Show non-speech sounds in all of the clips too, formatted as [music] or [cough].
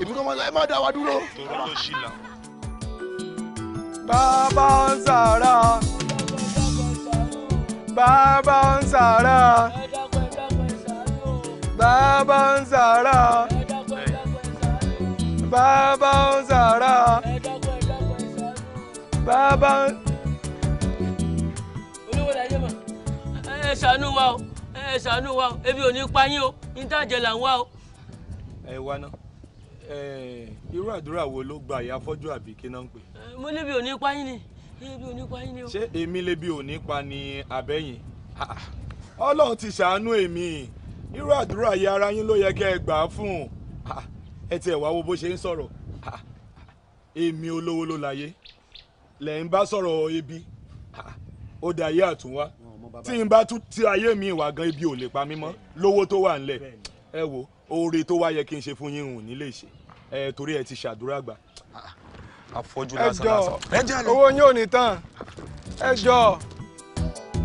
èmi kò máa sọ ẹ má dá wa dúró. tòró ló ṣì là. bàbá ń sàrà bàbá ń sàrà bàbá ń sàrà bàbá ń sàrà bàbá ń. ẹ ṣàánú wa o ẹ ṣàánú wa o ebi ò ní pa yín o ní tàjẹ̀ là ń wá o. ẹ wá náà. Eh, irú àdúrà wo ló gba ìyá fọ́jú àbí kí náà ń pè. Eh, mo lébi òní pa yín ni lébi òní pa yín ni o. ṣé èmi lébi òní pa ni abẹ́yìn ọlọ́run ti ṣàánú èmi irú àdúrà yìí ara yín ló yẹ kẹ́ ẹ gbà á fún ẹ tiẹ̀ wá wo bó ṣe ń sọ̀rọ̀ èmi olówó ló láyé lẹ́yìn bá sọ̀rọ̀ ebi ó dà ayé àtúnwá tí n bá tún ti ayé mi ìwà gan ibi ò lè pa mí mọ́ lówó tó wà ńlẹ̀ ẹ wò ó oore tó wá yẹ kí n ṣe fún yín hùn nílé ìṣe ẹ torí ẹ ti ṣàdúrà gbà. àfọ́jú ah, lásán lásán. owó yín ò ní tán ẹ jọ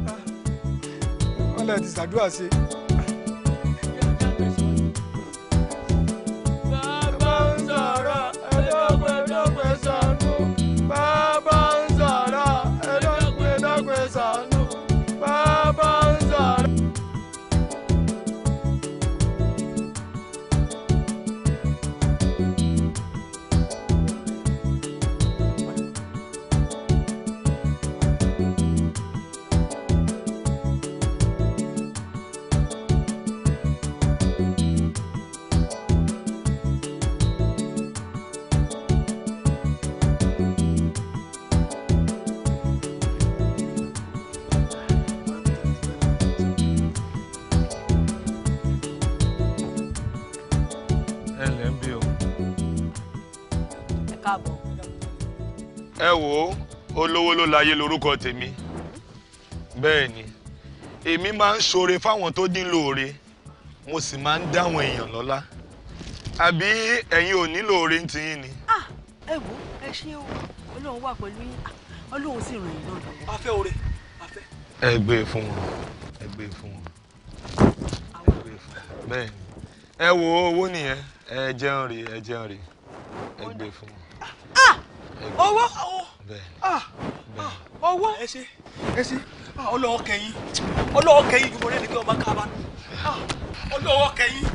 ah, wọn lè ti ṣàdúrà sí i. olówó ló láyé lórúkọ tèmi bẹ́ẹ̀ ni èmi máa ń ṣoore fáwọn tó dín lóore mo sì máa ń dáwọn èèyàn lọ́lá àbí ẹ̀yin ò nílò oore ń tiyín ni. ẹ wo ẹ ṣé o ọlọ́run wà pẹ̀lú yín ọlọ́run sì ràn yín náà lọ́wọ́. a fẹ́ oore a ẹ gbé e fún wọn ẹ gbé e fún wọn ẹ gbé e fún wọn bẹ́ẹ̀ ni ẹ wo owó nìyẹn ẹ jẹun rè ẹ jẹun rè ẹ gbé e fún wọn. E owó bẹ́ẹ̀ ah, ah, ọwọ́ ẹ ṣe ẹ ṣe ah, ọlọ́wọ́ kẹyìn ọlọ́wọ́ kẹyìn jùmọ̀ lẹ́nu kí ọba kábà ọlọ́wọ́ kẹyìn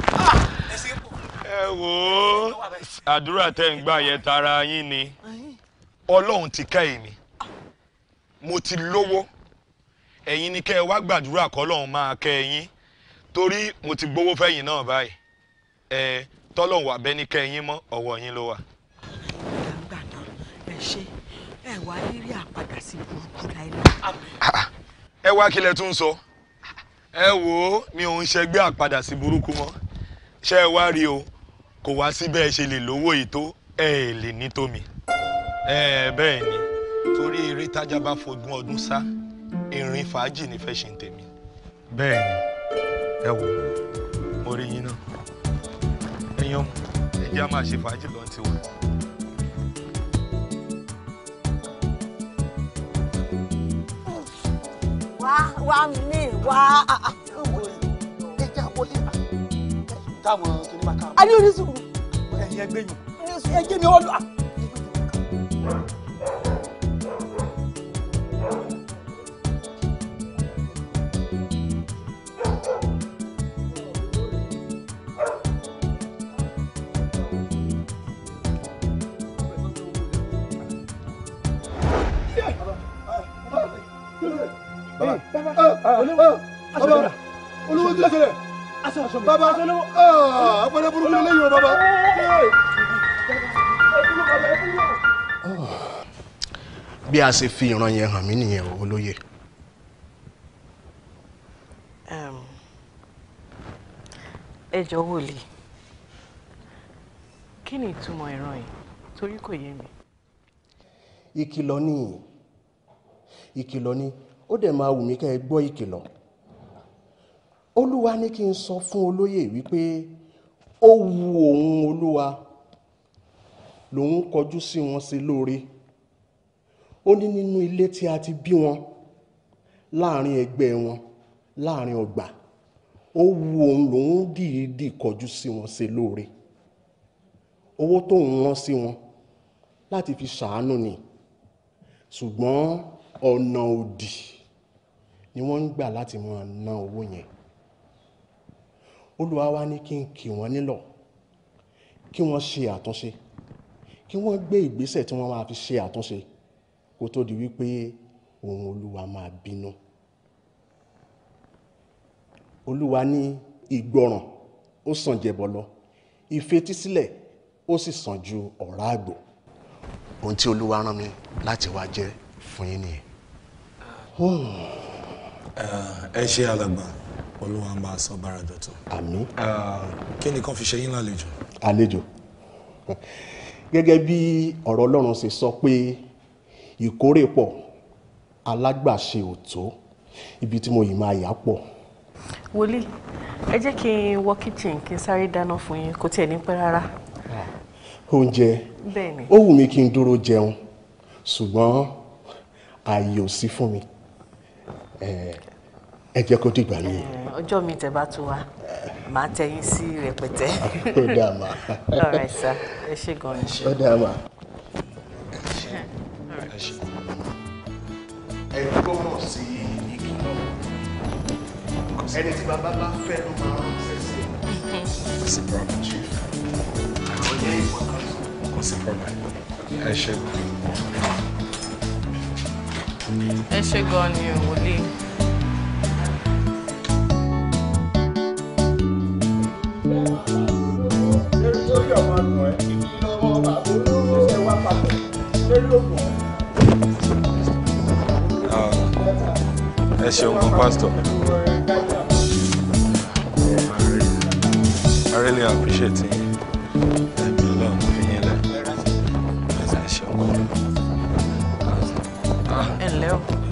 ẹ ṣe pọ̀. ẹ wò ó àdúrà tẹ́ ń gbà yẹn tara yín ni ọlọ́run ti ká èmi mo ti lówó ẹ̀yin ni kẹ́ ẹ wá gbàdúrà kọ́lọ́run máa kẹ́ ẹ̀yin torí mo ti gbowó fẹ́yìn náà báyìí ẹ tọ́lọ́run wà ní kẹ́ ẹ̀yin mọ́ ọwọ́ yín ló wà. ẹ ṣe ẹ wá rírí àpadà sí burúkú láìláì. ẹ wá kílẹ̀ tún sọ ẹ wò ó mi ò ń ṣẹgbẹ́ àpadà sí burúkú mọ́ ṣé ẹ wá rí o kò wá síbẹ̀ ẹ ṣe lè lówó yìí tó ẹ lè ní tómi ẹ bẹ́ẹ̀ ni torí eré tájà bá fogún ọdún sá ìrìn fàájì ní fẹ́ ṣe ń tèmi bẹ́ẹ̀ ni ẹ wò mo rí yín náà ẹ̀yin ọmọ ẹ jẹ́ á fàájì lọ́n tiwọn. wá wá mi wá. ẹ jẹ́ àwọlé táwọn kìnnìkan. a ní oníṣòwò. ẹ̀yin ẹgbẹ́ yìí. ẹ jẹ́ mi ọlọ́. baba baba olówó tí lẹsẹ dẹ baba àpẹẹrẹ ah, burúkú lẹ́yìn o baba. Ah. Ah. bí a ṣe fi ìran yẹn hàn mí nìyẹn olóye. ẹ jọ̀ọ́ wòlíì kí ni ìtumọ̀ ìran yìí torí kò yé mi. ìkìlọ̀ ni ìkìlọ̀ ni ó dẹ̀ máa wù mí kẹ́ ẹ gbọ́ ìkìlọ̀ olúwa ní kí n sọ fún olóyè wípé ó wu òun olúwa lòun kọjú sí wọn sí lóore ó ní nínú ilé tí a ti bí wọn láàrin ẹgbẹ́ wọn láàrin ọgbà ó wu òun lòun dìídì kọjú sí wọn sí lóore owó tóun rán sí wọn láti fi ṣàánú ni ṣùgbọ́n ọ̀nà òdì ni wọ́n ń gbà láti máa ná owó yẹn olúwa wá ní kí n kì wọ́n nílọ̀ kí wọ́n ṣe àtúnṣe kí wọ́n gbé ìgbésẹ̀ tí wọ́n máa fi ṣe àtúnṣe kó tó di wípé òun olúwa máa bínú olúwa ní ìgbọràn ó sàn jẹbọ lọ ìfetísílẹ̀ ó sì sàn ju ọ̀rá àgbò ohun tí olúwa rán mi láti wá jẹ́ fún yín nìyẹn. Hmm. Eh, ẹ ṣe alàgbà olúwa ń bá a sọ bára dọ̀tun. àmín. Ah, kí ni kan fi ṣe yín lálejò. àlejò gẹ́gẹ́ bí ọ̀rọ̀ ọlọ́run ṣe sọ pé ìkórè pọ̀ alágbàṣe ò tó ibi tí mo yìí máa yà pọ̀. wòlíì ẹ jẹ́ kí n wọ kitchen kí n sáré dáná fún yín kò tiẹ̀ ní pẹ́ rárá. Ah, oúnjẹ ó wù mí kí n dúró jẹun ṣùgbọ́n ààyè ò sí fún mi ẹ jẹ́ kó dìgbà yìí. Eh, ọjọ́ mi tẹ̀ bá tó wa màá tẹ̀yìn sí rẹpẹtẹ. ó dà mà. ọ̀rẹ́ sà ẹ ṣe gan ni. ó dà mà. ẹ gbọ́rọ̀ sí ìkìlọ̀ ẹni tí bàbá bá fẹ́ ló máa ń ṣẹ̀ṣẹ̀. kò sí problem chief. àwọn yẹn kan kò sí problem. ẹ ṣe ẹ ṣe gan ni wòlíì. lórí lórí ọmọ àgbọn ẹ ṣeun gan pastor I really appreciate it.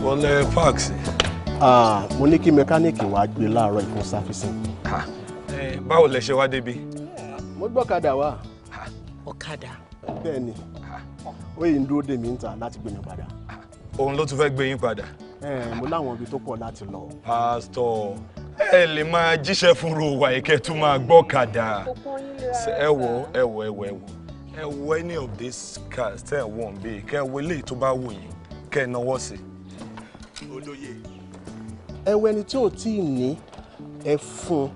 wọlé páàkì. mo ní kí mẹkáníìkì wàá gbé láàárọ̀ ìfún sáfísìn. báwo lẹ ṣe wá débi. mo gbọ́kadà wá. ọ̀kadà. bẹ́ẹ̀ ni ó yìí ń dúró dèmí ń ta láti gbé mi padà. òun ló tún fẹ́ gbé yín padà. mo láwọn ibi tó pọ̀ láti lọ. pásítọ̀ ẹ lè máa jíṣẹ́ fún ròwà ìkẹ́ tó máa gbọ́kadà. ẹ wọ ẹ wọ ẹ wọ ẹ wọ ẹ wọ any of these cars tẹ́ ẹ wọ̀n bíi kẹ́ ẹ wọ eléyìí tó yín kẹ́ ẹ náwó sí i ẹ wo ẹni tí ò tí ì ní ẹ fún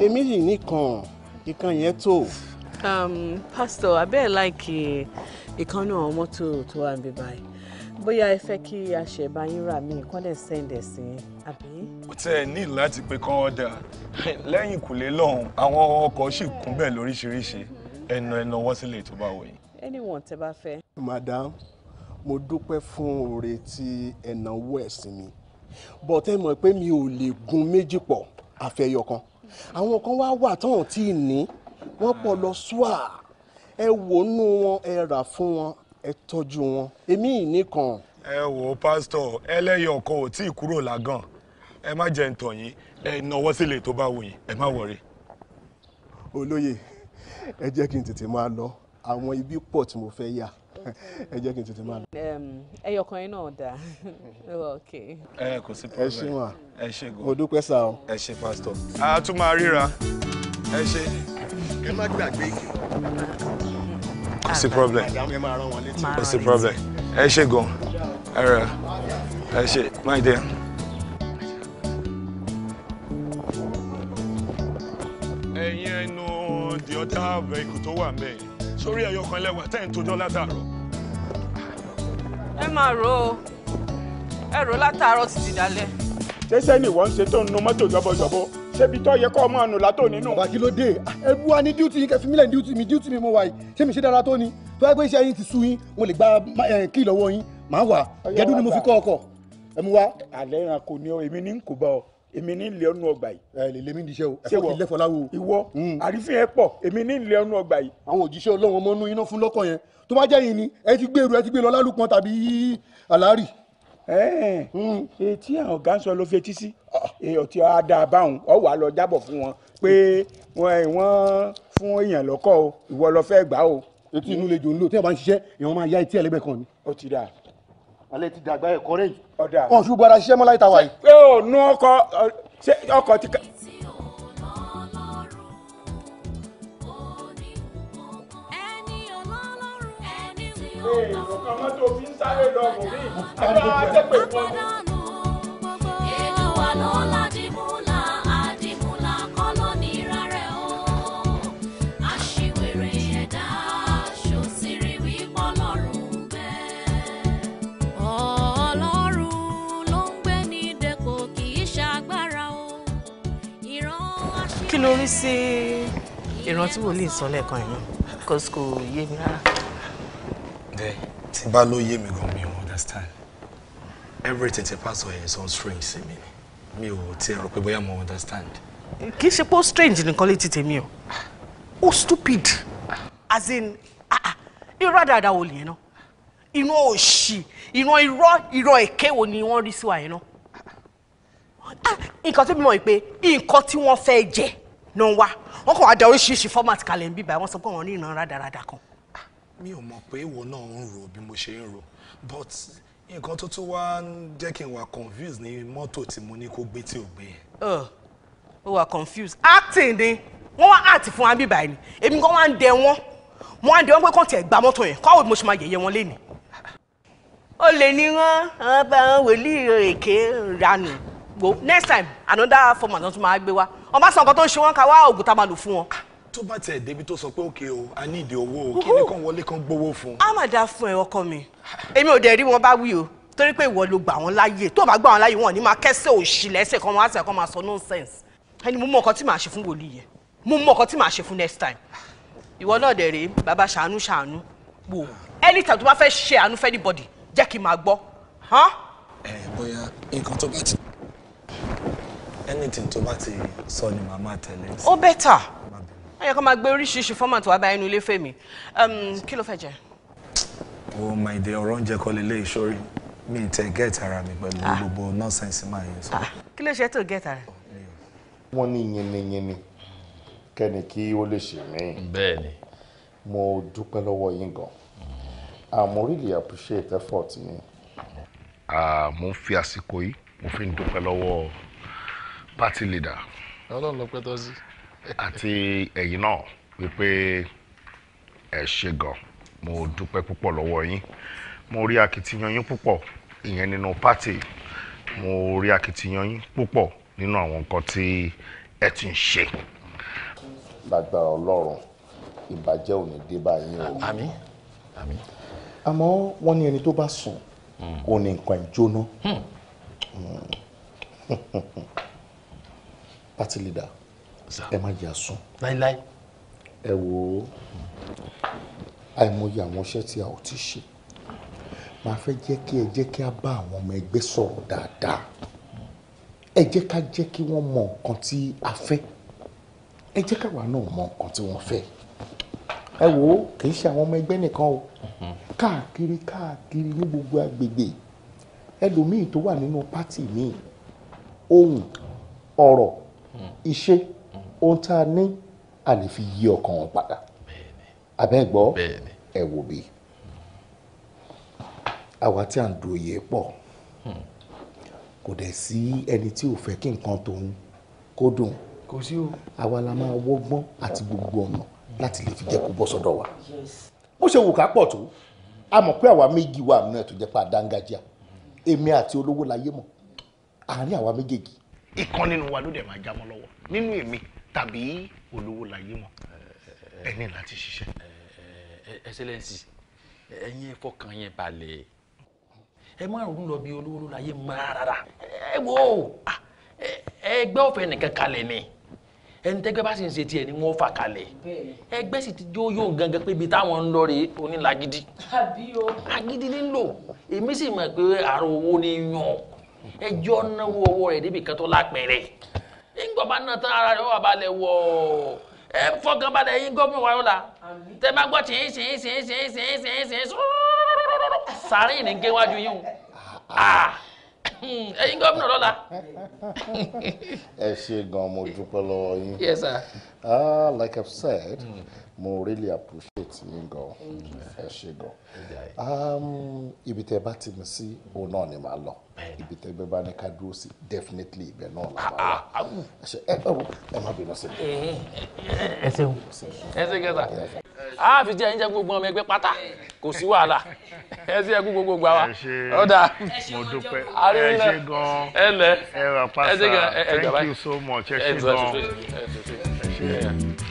èmi yìí nìkan ìkan yẹn tó. pásítọ̀ abẹ́ẹ̀ láìkì ìkan náà mọ́tò tó wà níbí báyìí bóyá ẹ fẹ́ kí aṣẹ̀bá yín rà mí kán lè sẹ́ǹdẹ̀ sí i àbí. kò tẹ́ ẹ ní láti pe kán ọ̀dà lẹ́yìn ìkùlé lọ́hùn àwọn ọkọ̀ sì kún bẹ́ẹ̀ lóríṣiríṣi ẹ̀nà ẹ̀nà ọwọ́ sílẹ̀ tó bá wọ̀ yín. anyone tẹ́ bá fẹ́. madam mo dúpẹ́ fún oore tí ẹ̀nà owó ẹ̀sìn mi but ẹ mọ̀ pé mi ò lè gun méjì pọ̀ àfẹyọ kan àwọn kan wá wà tán tí ì ní wọ́n pọ̀ lọ ṣùà ẹ wò nú wọn ẹ rà fún wọn ẹ tọ́jú wọn èmi ìní ẹ wo pásítọ̀ ẹlẹ́yọ̀ kan ò tí ì kúrò lágàn ẹ má jẹ́ ń tàn yín ẹ náwó sílẹ̀ tó bá wù ẹ má wọrí. olóye ẹ jẹ́ kí n tètè máa lọ àwọn ibi pọ̀ tí mo fẹ́ yà ẹ jẹ́ kí n tètè máa lọ. ẹyọkan yín náà dà [laughs] oh, ẹ kò sí problem ẹ ṣe wà ẹ ṣe gan mo dúpẹ́ sá o. ẹ ṣe pásítọ̀ a tún máa ríra ẹ ṣe. ẹ má gbàgbé kò sí problem kò sí problem ẹ ṣe gan ẹ ẹ ṣe my dear. ẹ̀yin ẹnu di ọ̀dà ààbẹ̀ ikú tó wà mẹ́yìn sórí ẹ̀yọkan lẹ́wà tẹ́ ń tójọ́ látàárọ̀ ẹ máa rò ó ẹ rò ó látàárọ̀ títí dalẹ́. ṣẹṣẹ ni ìwọ ń ṣe tó ń nu mọ́tò jọbọjọbọ ṣébi tó yẹ kó ọmọ ọnù látò nínú. bàbá kí ló dé ẹ wa ní díùtì yín kẹfí mílẹ̀ díùtì mi díùtì mi mo wà yìí ṣé mi ṣe dára tó ni tó yẹ pé iṣẹ́ yín ti sú yín mo lè gba eh, kí lọ́wọ́ yín màá wà gẹ́dú ni mo fi kọ́ ọkọ̀ ẹ mu wa. alẹ́ ìran kò ní ọ èmi ní kò bá ọ èmi ní ilé ọnù ọgbà yìí. ẹ lè lè mí níṣẹ́ o ẹ fọ́ kí lẹ́fọ́ láwo. ìwọ hmm. àrífín ẹ pọ̀ èmi ní ilé ọnù ọgbà yìí. àwọn òjíṣẹ́ ọlọ́run ọmọ inú iná fún lọ́kọ̀ yẹn tó bá jẹ́ yìí ni ẹ ti gbèrú ẹ ti gbé lọ lálùpọ̀ tàbí àlárì. Hmm. etí àwọn ọ̀gá ń sọ ló fi etí sí èèyàn eh, tí a dá a báwọn ọ wà lọ jábọ̀ fún wọn pé wọ́n eh, fún èèyàn lọ́kọ̀ o ìwọ lọ fẹ́ gbà o. etí inú lejò ń lò tí ẹ bá ń ṣiṣẹ́ èèyàn máa ya etí ẹlẹ́gbẹ̀ẹ́ kan ni. ó ti dáa alẹ́ ti dàgbà ẹ̀kọ́ rẹ̀ yìí. ọ̀ṣùgbọ́n ara ṣiṣẹ́ mọ́láyìí ta wà yìí. ṣé ọkọ̀ ti ọ̀kan mọ́tò fi ń sáré lọ mọ̀ ló ń rí sí ìran tí wòlíì sọ lẹ́ẹ̀kan yìí? Kò kò yé mi rárá. There, Tí bá ló mi gan mi ò understand. Everything ti pass on yẹn so strange to me. Mi o tiẹ̀ rò pé bóyá mo understand. Kì í ṣe strange nìkan létí tèmi o. Ó stupid. As in, ah, ah, irú àdàdà wo nìyẹn náà? Iná òṣì, iná irọ́, irọ́ èké wo ni wọ́n rí sí wa yẹn náà? Ah, nǹkan tó bí mọ̀ pé nǹkan tí wọ́n fẹ́ jẹ náà wá. Wọ́n kàn wá da oríṣiríṣi fọ́màtì kalẹ̀ ń bíbá wọn sọ pé wọ́n ní ìran rádaràda kan mi ò mọ̀ pé ìwọ náà ń rò bí mo ṣe ń rò but nǹkan tó tún wá ń jẹ́ kí n wà confused ní mọ́tò tí mo ní kó gbé tí ò gbé yẹn. wà confused acting ni wọ́n wá àti fún wa bíbá ẹni èmi kan wá ń dẹ wọ́n wọ́n á dẹ wọ́n pé kàn tiẹ̀ gba mọ́tò yẹn káwọ́ bí mo ṣe máa yẹ̀yẹ́ wọn léni. ó lè ní wọn àwọn bá wọn wòlíì èké ranù gbó next time another format náà tún máa gbé wa ọba sọ nǹkan tó ń ṣe wọn ká wá òògùn tá a máa lò fún wọn tó bá tiẹ̀ débi tó sọ pé òkè o a ní ìdí owó o kí ni kàn wọlé kan gbowó fún. a máa dáa fún ẹ ọkọ mi èmi ò dẹ̀ rí wọn bá wí o torí pé ìwọ ló gbà wọn láàyè tó bá gbà wọn láàyè wọn ní máa kẹsẹ̀ òṣì lẹ́sẹ̀ kan wọn á kan máa sọ nonsense ẹni mo mọ ọkọ tí màá ṣe fún wòlíì yẹn mo mọ ọkọ tí màá ṣe fún next time ìwọ náà dẹ̀ rèé bàbá ṣàánú ṣàánú wò anytime tó bá fẹ́ ṣe àánú fẹ́ anybody jẹ́ kí n máa gbọ́. ẹ bóyá nǹkan tó bá ti anything tó bá ti sọ ni màá máa tẹ̀lé. ó bẹ́tà ó yẹ kó máa gbé oríṣiríṣi fọ́màtì wá bá inú ilé fèmí um, kí ló fẹ́ jẹ. o oh my dear ọ̀rọ̀ oúnjẹ kọ́ lè lé ìṣòrí mi ì tẹ gẹ́ẹ̀tì ara mi pẹ̀lú ah. gbogbo nọ́ọ̀sẹ̀nsì máa yẹn sọ. Ah. kí ló ṣe tó gẹ́ẹ̀tì ara. wọ́n ní yinyinyinyini kẹ́ni kí ó lè ṣe mí. bẹ́ẹ̀ ni. mo dúpẹ́ lọ́wọ́ yín gan àmọ́ ah, really appreciate the effort yín. mo ń fi àsìkò yìí mo fi ń dúpẹ́ lọ́wọ́ party leader. ọlọ́run ló pẹ́ tọ́sí àti ẹ̀yin náà wípé ẹ ṣe gan mo dúpẹ́ púpọ̀ lọ́wọ́ yín mo rí akitiyan yín púpọ̀ ìyẹn nínú pátì mo rí akitiyan yín púpọ̀ nínú àwọn nǹkan tí ẹ ti ń ṣe. lágbára ọlọ́run ìbàjẹ́ ò ní dé báyìí o. àmín àmín. àmọ́ wọ́n ní ẹni tó bá sùn hmm. ó ní nǹkan ìjóná. Hmm. Hmm. [laughs] pátì leader ẹ má jà sùn. láíláí. ẹ wo àìmọye àwọn iṣẹ́ tí a ò ti ṣe máa fẹ́ jẹ́ kí ẹ jẹ́ kí a bá àwọn ọmọ ẹgbẹ́ sọ̀rọ̀ dáadáa ẹ jẹ́ ká jẹ́ kí wọ́n mọ nǹkan tí a fẹ́ ẹ jẹ́ káwa náà mọ nǹkan tí wọ́n fẹ́ ẹ wo kì í ṣe àwọn ọmọ ẹgbẹ́ nìkan o káàkiri káàkiri ní gbogbo agbègbè ẹlòmíì tó wà nínú pátì míì ohun ọ̀rọ̀ iṣẹ́ ohun tá a ní a lè fi yí ọkàn wọn padà abẹ́gbọ́ ẹ wò bí àwa tí à ń dòye pọ̀ hmm. kò dẹ̀ sí ẹni tí ò fẹ́ kí nǹkan tòun kó dùn kò sí o àwa la máa wọ́gbọ́n àti gbogbo ọ̀nà láti lè fi jẹ́ kó bọ́ sọ́dọ̀ wa bó ṣe wù ká pọ̀ tó a mọ̀ pé àwa méjì wà nínú ẹ̀ tó jẹ́ pé àdángájíà èmi àti olówó láyé mọ̀ àárín àwa méjèèjì ìkan nínú wa ló dẹ̀ máa já mọ́ lọ́wọ́ nínú èmi tàbí olówó láyé mọ̀ ẹni láti ṣiṣẹ́. ẹsẹlẹnsi ẹ̀yin fọkàn yẹn balẹ̀ ẹ má rún lọ bí olówó láyé mọ́ rárá ẹ wò ó ẹgbẹ́ ọ̀fẹ́ nìkan kalẹ̀ ni ẹni tẹ́gbẹ́ bá sì ń ṣe tiẹ̀ ni wọ́n fà kalẹ̀ ẹgbẹ́ sì ti jó yóò gangan pé ibi táwọn ń lọ rèé onílagídí agídí ní lò èmi sì mọ̀ pé àrò owó ni yàn ẹjọ́ náwó ọwọ́ rẹ̀ débi kan tó lápẹ̀rẹ̀ ńgbọ̀nba náà tán ara rẹ̀ wà balẹ̀ wọ̀ ẹ fọkàn balẹ̀ yín gómìnà wa yóò la tẹ bá gbọ́ tìyín sìyín sìyín sìyín sìyín sìyín sìyín sàárín ní gé wájú yín o ẹ̀yin gómìnà lọ́la. ẹ ṣe gan mo dúpẹ́ lọ́wọ́ yín. yes sir. ah like i said. Mm mo really appreciate yín gan ẹ ṣe gan um, ibi tẹ bá ti mi sí òun náà ni màá lọ ibi tẹ bẹ bá ní ká dúró sí definitely ibẹ̀ náà la máa lọ ah, ah, ah. ẹ ẹ má bínú sí mi. Eh, eh, eh, ẹ ṣeun ẹ ṣe kẹta a fi jẹ ẹyinjẹ gbogbo ọmọ ẹgbẹ́ pátá kò sí wàhálà ẹ ṣe ẹkú gbogbo gba wa ó dáa mo dúpẹ́ ẹ ṣe gan ẹ lẹ ẹ rà pásá thank you so much ẹ ṣe gan ẹ ṣe.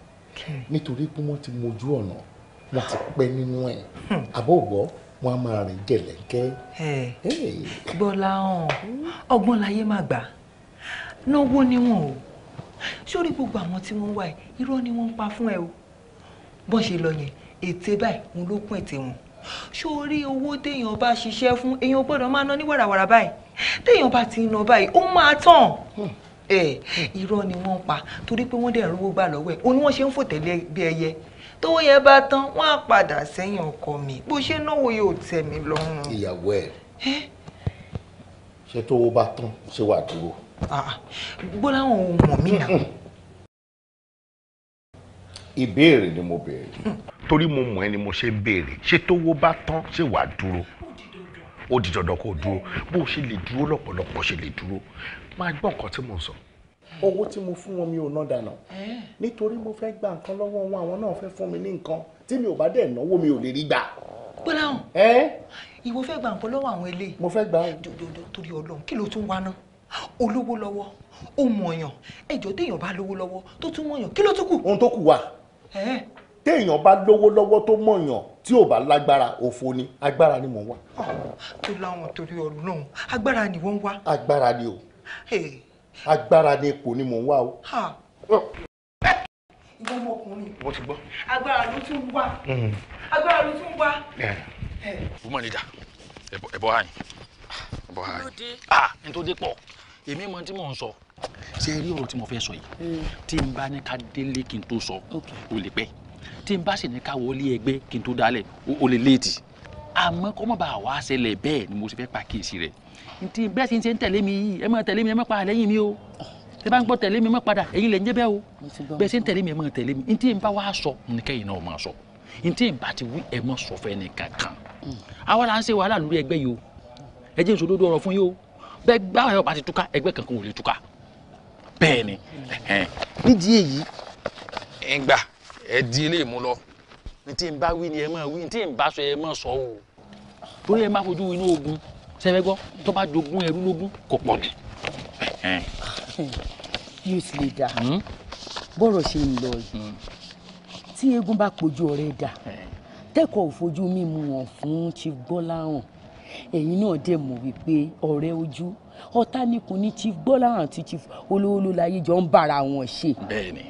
nítorí pé wọ́n ti mojú ọ̀nà wọ́n ti pẹ́ nínú ẹ̀ hmm. àbọ̀ gbọ́ wọ́n á máa rìn jẹ̀lẹ̀ńkẹ́. gbọ́lá hàn ọgbọ́n láyé má gbà náwó níwọ̀n o sórí gbogbo àwọn tí wọ́n wà irọ́ ni wọ́n ń pa fún ẹ o bọ́n ṣe lọ yẹn ète báyìí òun ló kún ète wọn sórí owó téèyàn bá ṣiṣẹ́ fún èèyàn gbọ́dọ̀ máa ná ní wàràwàrà báyìí téèyàn bá ti ń ná báyìí ó máa tàn. Hmm. Eh, irọ́ ni wọ́n ń pa torí pé wọ́n dẹ̀ rówó gbà lọ́wọ́ ẹ̀ òun ni wọ́n ṣe ń fò tẹ̀lé bí ẹyẹ tówó yẹn bá tán wọ́n á padà sẹ́yìn ọkọ mi bó ṣe náwó yóò tẹ́ mi lọ́rùn. ìyàwó ẹ eh? ṣé tówó bá tán ṣé wàá dúró. gbọ́dọ̀ ah, ah. àwọn ohun mọ̀ mí náà. Hmm, hmm. ìbéèrè ni mo béèrè hmm, torí mo mọ̀ ẹ́ ni mo ṣe ń béèrè ṣé tówó bá tán ṣé wàá dúró ó di dandan kó dúró bó ṣe lè dúró lọ́pọ̀lọpọ̀ ṣe lè dúró máa gbọ́ nǹkan tí mò ń sọ. owó tí mo fún wọn mi ò ná dànù nítorí mo fẹ́ gba nǹkan lọ́wọ́ wọn àwọn náà fẹ́ fún mi ní nǹkan tí mi ò bá dẹ̀ náwó mi ò lè rí gbà. gbọ́láhùn ìwọ fẹ́ gba nǹkan lọ́wọ́ àwọn eléyìí. mo fẹ́ gbà á. dòdòdò torí ọlọ́run kí ló tún wá ná olówó lọ́wọ́ ó mọ̀ọ́yàn ẹjọ́ téèyàn bá lówó lọ́wọ́ tó tún mọ̀ọ́yàn kí ló tún kù. ohun tó kù wà téèyàn bá lówó lọ́wọ́ tó mọ̀yàn tí ò bá lágbára òfo ni agbára ni mò ń wá. tó láwọn torí ọlọ́run agbára ni wọ́n wá. agbára ni o agbára ni ipò ni mò ń wá o. ìwọ ọmọkùnrin mo ti gbọ́. agbára ló tún wá. Mm-hmm. agbára ló tún wá. woman leader ẹ bọ́ àyìn ẹ bọ́ àyìn ah n tó dé pọ̀ èmi mọ tí mò ń sọ ṣe rí ọ̀rọ̀ tí mo fẹ́ sọ yìí mm. tí n bá ní ká délé kí n tó sọ o lè pẹ́ tí n bá sì ní ká wọlé ẹgbẹ́ kí n tó dálẹ̀ ó lè léètì àmọ́ kọ́mọ́bà wàá ṣẹlẹ̀ bẹ́ẹ̀ ni mo ti fẹ́ pàkíyèsí rẹ̀ ntí bẹ́ẹ̀ sì ń ṣe ń tẹ̀lé mi yìí ẹ máa tẹ̀lé mi ẹ máa pa àlẹ́yìn mi o tẹ bá ń gbọ́ tẹ̀lé mi máa padà ẹ̀yin lẹ̀ ń jẹ́ bẹ́ẹ̀ o bẹ́ẹ̀ sì ń tẹ̀lé mi ẹ máa tẹ̀lé mi ntí n bá wá sọ nìkẹ́ yìí náà máa sọ ntí n bá ti wí ẹ máa sọ fẹ́ nìkan kan àwa ń ṣe wàhálà lórí ẹgbẹ́ yìí o ẹ jẹ́ ìṣòdodo ọ̀rọ̀ fún yìí o bẹ́ẹ̀ bá ti túká di ilé ìmú lọ ntí n bá wí ni ẹ máa wí ntí n bá sọ ẹ máa sọ o torí ẹ máa sẹ́fẹ́ gbọ́ tó bá jogún ẹrú lógún kò pọ̀ jù. Ah, youth leader hmm? bọ́rọ̀ ṣe ń lọ yìí hmm. tí eégún bá pojú ọ̀rẹ́ dà tẹ́kọ̀ọ́ òfojú mímu hàn fún chief gbọ́láhàn ẹ̀yin náà dẹ̀ mọ̀ wípé ọ̀rẹ́ ojú ọ̀tá ní chief gbọ́láhàn àti chief olówóló láyé jọ ń bára wọn ṣe. bẹ́ẹ̀ni.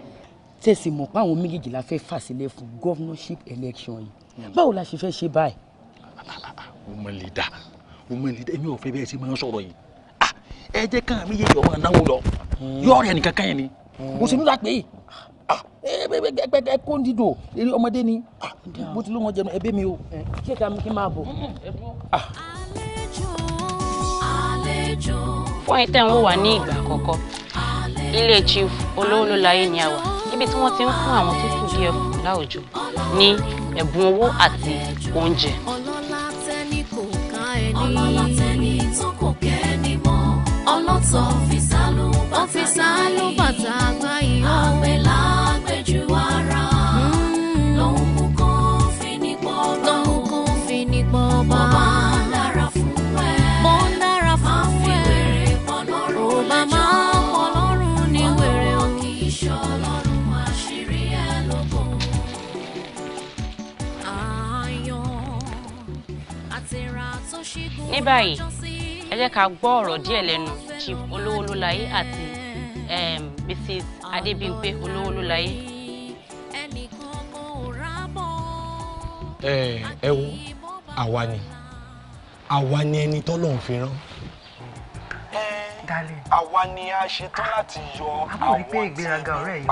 tẹ̀sí mọ̀ pé àwọn méjèèjì la fẹ́ fàṣẹlẹ̀ fún governorship election yìí hmm. báwo la ṣe fẹ́ ṣe báyìí. ọmọ lè dà kó mọ ní èmi ò fẹ́ bẹ́ẹ̀ máa ń sọ̀rọ̀ yìí ah, ẹ jẹ́ káà mi yé yọ̀ náwó lọ yọ̀ ọ̀rẹ́ nìkan kan yẹn ni mo sì ń rà pé ẹ kó ń dìdò eré ọmọdé ni bó ah, ti ló wọn jẹun ẹbí mi o. ṣé ká mi kí n máa bọ̀. Ah. fún ẹ̀yin tẹ́ ń wò ní ìgbà àkọ́kọ́ ilé chief olówó ló láyé ni a wà níbi tí wọ́n ti ń fún àwọn tó kù díẹ̀ fún láwùjọ ní ẹ̀bùn owó àti oúnjẹ ọlọ́lá tẹni tán kò kẹ́ ni mọ́ ọlọ́tọ̀ ní báyìí ẹ jẹ́ ká gbọ́ ọ̀rọ̀ díẹ̀ lẹ́nu chief olówólólayé àti mrs ehm, adébímpé olówólólayé. ẹ ẹ wo àwa ni àwa ni ẹni tọ́lọ́run fi rán dalẹ̀. àwa ni a ṣetán láti yọ àwọn tí ní ipa tí à ń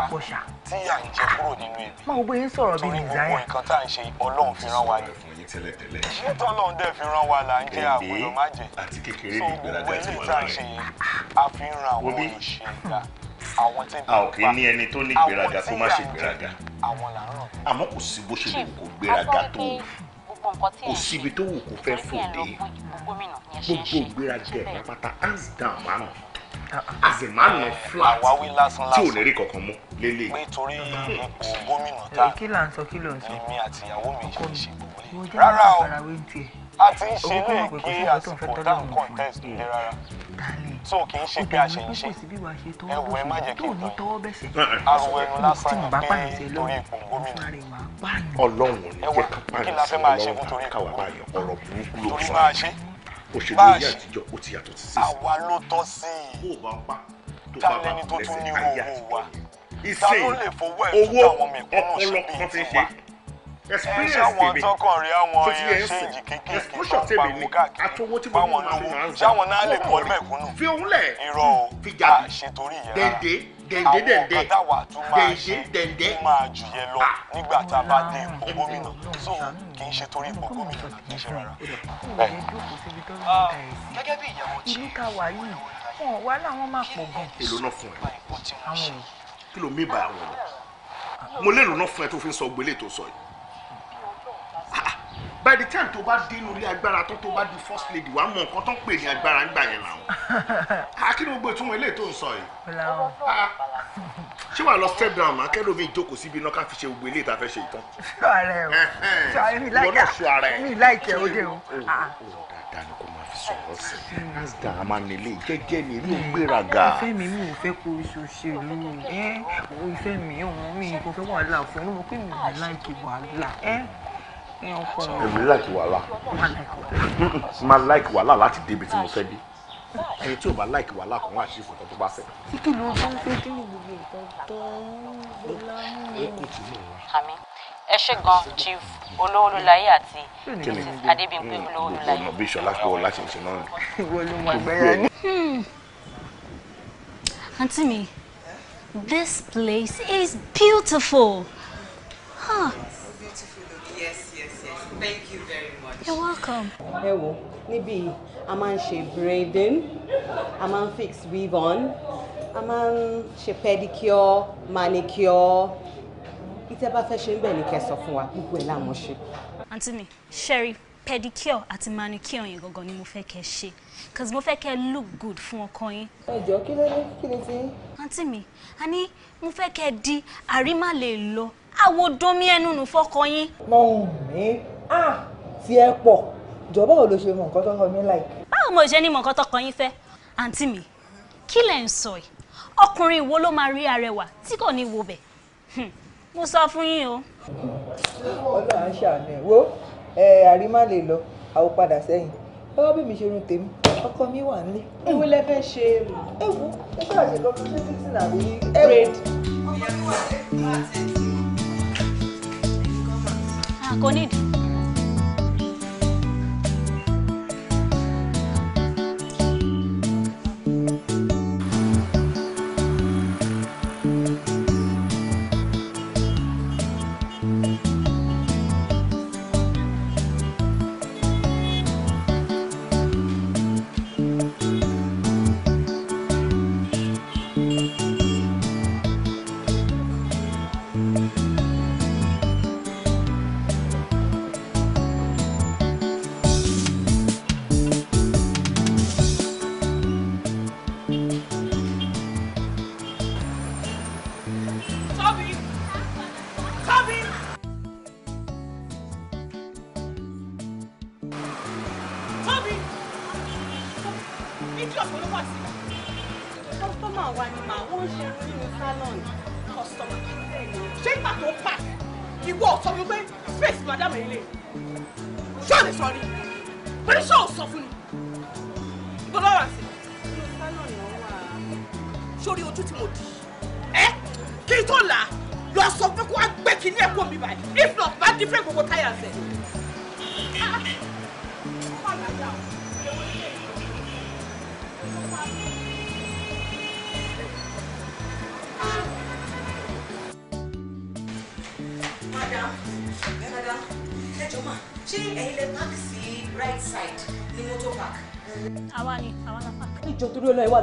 jẹ kúrò nínú ibi. máa wo bóyá sọ̀rọ̀ bíi nìjáyà. torí gbogbo nǹkan tá à ń ṣe ọlọ́run fi rán wa ni tẹ́lẹ̀tẹ́lẹ̀. ṣé tọ́lọ̀ ń dẹ̀ fi ràn wá là ń jẹ́ àgbọ̀dọ̀ má àti kékeré ní ìgbéraga tí wọ́n lára rẹ̀. a fi ń ran àwọn olùṣe ìgbà àwọn tí ń bá a kì í ní ẹni tó ní ìgbéraga tó má ṣe ìgbéraga. àmọ́ kò sí bó ṣe lè kó gbéraga tó kò síbi tó wù kó fẹ́ fòde gbogbo ìgbéraga ẹ̀ pátá hands down máa ń azimanu flat tí ò ní kankan mú lélẹ̀. pé hmm. ipò gómìnà eh, ta èmi àtìyàwó mi ṣe é ṣe gbogbo rárá o a ti ń ṣe ilé kí àsìkò down contest lè rárá so kì í ṣe pé a ṣe ń ṣe ẹ wọ ẹ má jẹ kí n tán ariwo ẹnu lásán ni ah, ah. pé torí ipò gómìnà ọlọ́run ò ní jẹ́ ká pààyàn sí ọlọ́run káwa báyọ̀ ọ̀rọ̀ burúkú ló sọ òṣèlú ayé àtijọ́ ó ti yàtọ̀ sí sí. àwa ló tọ́ sí i ta lẹni tó tún ní owó wa ta ló lè fowó ẹ̀ tún táwọn mẹ̀kúnnù ṣe bí ìfún wa experience tèmi tó ti yẹ ń sìn exposure tèmi ni àtọwọ́ tí mo mú ma fi máa ń gbà fi òun lẹ̀ fi jà dèndé dèndé dèndé dèndé dèndé máa jù yẹ lọ ah. nígbà tá a bá dé ipò gómìnà so kì í ṣe torí ipò gómìnà kì í ṣe rárá. gẹ́gẹ́ bí ìyàwó tí ìlú ta wà yìí wọn wà láwọn máa pọ̀ gan. èlò náà fún ẹ kí ló mí bá àwọn mo lè lò náà fún ẹ tó fi ń sọ gbélé tó sọ yìí by the time tó bá dénú ilé agbára tó tó bá di first lady wàá mọ nǹkan tó ń pè ní agbára ńgbà yẹn làwọn akínúgbò tún wọn tó ń sọ yìí [laughs] ṣé wàá lọ step down máa kẹ́lò mi jókòó síbi iná ká fi ṣe gbogbo eléyìí tá fẹ́ ṣe ìtàn. sọ̀rọ̀ ẹ̀ o mi láìka mi láìka òde o. i nasda a máa nílé jẹ́jẹ́ mi ò hmm. gbéraga. ìfẹ́ mi mi ò fẹ́ kó ṣòṣèlú ìfẹ́ mi ò mi kò fẹ́ wàhálà fún un mo pé mi láìkè wàhálà èmi like wàhálà ma like wàhálà láti débi tí mo fẹ́ dé ẹni tí o bá like wàhálà kò wọ́n àṣìfò tó tó bá fẹ́. tí ló bá ń fẹ́ kí ni gbogbo nǹkan tó ń lọ́wọ́. ó ẹ ṣé gan chief olówólúláyé àti mrs adébímpé mm, olówólúláyé. gbogbo ọ̀nà bí ìṣọ̀lá pé ọ̀la ṣe ṣe náà. ni. àǹtí hmm. mi this place is beautiful. Huh. Thank you very much. You're welcome. Ẹ wo, níbí a máa ń ṣe braiding, a máa ń fix weave on, a máa ń ṣe pedicure, manicure. Ìtẹ́ bá fẹ́ ṣe ń bẹ̀ ní kẹ́ sọ fún wa, gbogbo ẹ̀ láwọn ṣe. Àǹtí mi, Sherry, pedicure àti manicure yẹn gangan ni mo fẹ́ kẹ́ ṣe cause mo fẹ́ kẹ́ look good fún ọkọ yín. ẹ jọ kí ló ní kí ni ti. àǹtí mi a ní mo fẹ́ kẹ́ di àrímà lè lọ àwo domi ẹnu nù fọkọ yín. mọ mi ah ti ẹ pọ̀ jọ̀bọ́ ò ló ṣe mọ nǹkan tọkọ mi láì. báwo mo ṣe ní mọ nǹkan tọkọ yín fẹ́ àǹtí mi kí lẹ̀ ń sọ yìí ọkùnrin wo ló máa rí arẹwà tí kò ní wo bẹ̀ hmm, mo sọ fún yín o. ọlọ́run á ṣàánú ẹ̀ wo àrímá lè lọ àwọn padà sẹ́yìn báwo bí mi ṣe rún tèmi ọkọ mi wà nílé. ewu lẹ fẹ́ ṣe rè. ewu ẹ bá fún fífíìsì náà ní. braid. kò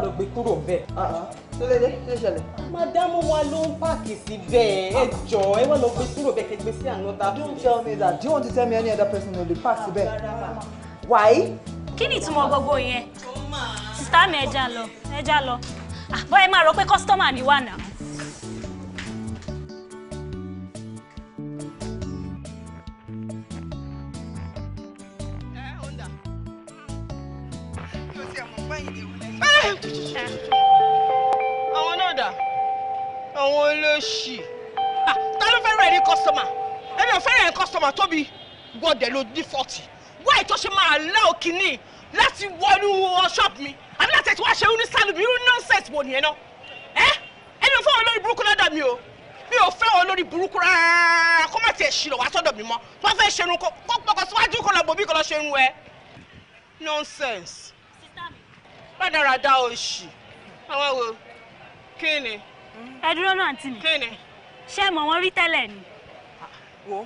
ló gbé kúrò bẹ́ẹ̀. Sọlẹ́dẹ́ ah, ah. kí ló ṣẹlẹ̀? Màdámù wa ló ń páàkì síbẹ̀ ẹ jọ ẹ wá lọ gbé kúrò bẹ́ẹ̀ kẹgbẹ́ sí another place. tell me that. Do you want to tell me any other person who dey park síbẹ̀? Why? Kí ni ìtumọ̀ gbogbo yẹn? Sista mi ẹja lọ, ẹja lọ. Àbọ̀ ah, ẹ máa rò pé kọ́sítọ́mà ni wà náà. òṣì ta ló fẹ́ràn ẹni kọ́sọ́mà ẹni ò fẹ́ràn ẹni kọ́sọ́mà tóbi wọ́ọ̀dẹ̀ ló ní fọ́ọ̀tì wáyé tó ṣe máa lẹ́ òkìní láti wọnú ṣọ́ọ̀bù mi àbí láti ẹ̀tí wá ṣe irú ní sálùmí irú nọ́ọ̀sẹ̀sì wò nìyẹn náà ẹ ẹni ò fẹ́ wọn lórí burúkú lọ́dọ̀ mi o mi ò fẹ́ wọn lórí burúkú rárá kó má tiẹ̀ ṣìlọ̀ wá sọ́dọ̀ mi mọ́ tó fẹ́ ṣerun kó pọkọ síwájú kó lọ bòbí kó lọ ṣerun ẹ nọ́ọ̀sẹ̀sì rádaràda òṣì àwọn wo kí ni ẹ dúró náà àǹtí mi ṣé ẹ mọ̀ wọ́n rí tẹ́lẹ̀ ni. Ah, wo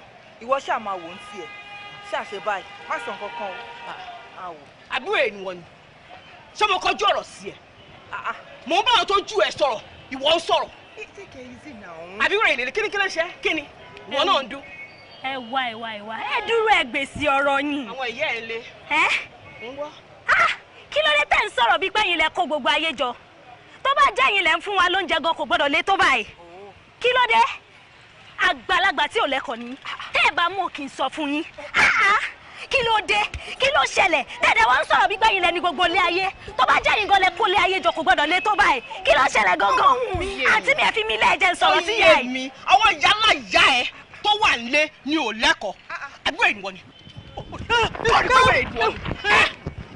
ìwọ ṣáà máa wò ó ń tiẹ̀ ṣáà ṣe báyìí má sàn kankan o. Ah. Ah, àbúrò ènìyàn ni ṣé mo kọjú ọ̀rọ̀ sí ẹ mò ń bá àwọn tó jù ẹ sọ̀rọ̀ ìwọ ń sọ̀rọ̀. àbúrò ènìyàn kí ni kí ló ṣe kí ni ìwọ náà ń dún. ẹ wá ẹ wá ẹ wá ẹ dúró ẹ gbèsè ọ̀rọ̀ yìí. àwọn ìyá ẹ le. ẹ ń wá. kí ló dé tẹ́ ń sọ̀rọ̀ bí gbẹ̀yìn lẹ kó gbogbo ayé jọ tó bá jẹ́ ẹ̀yin ń fún wa lóúnjẹ gan kò gbọ́dọ̀ lé tó báyìí kí ló dé àgbàlagbà tí ò lẹ́kọ̀ọ́ ni tẹ́ ẹ bá mú kí n sọ fún yín kí ló dé kí ló ṣẹlẹ̀ tẹ̀dẹ̀ wọ́n ń sọ̀rọ̀ bí gbẹ̀yìn lẹ́ni gbogbo ilé ayé tó bá jẹ́ ìgànlẹ̀ kó lé ayé jọ kò gbọ́dọ̀ lé tó báyìí kí ló ṣẹlẹ̀ gangan àti mi ẹ̀ fi mi lé ẹ̀jẹ̀ sọ̀rọ̀ sí yẹ̀ yìí. ọwọ́ ìyá ńlá ẹ tó wà nílé ni ò lẹ́kọ̀ọ́ àbúrò ìwọ ni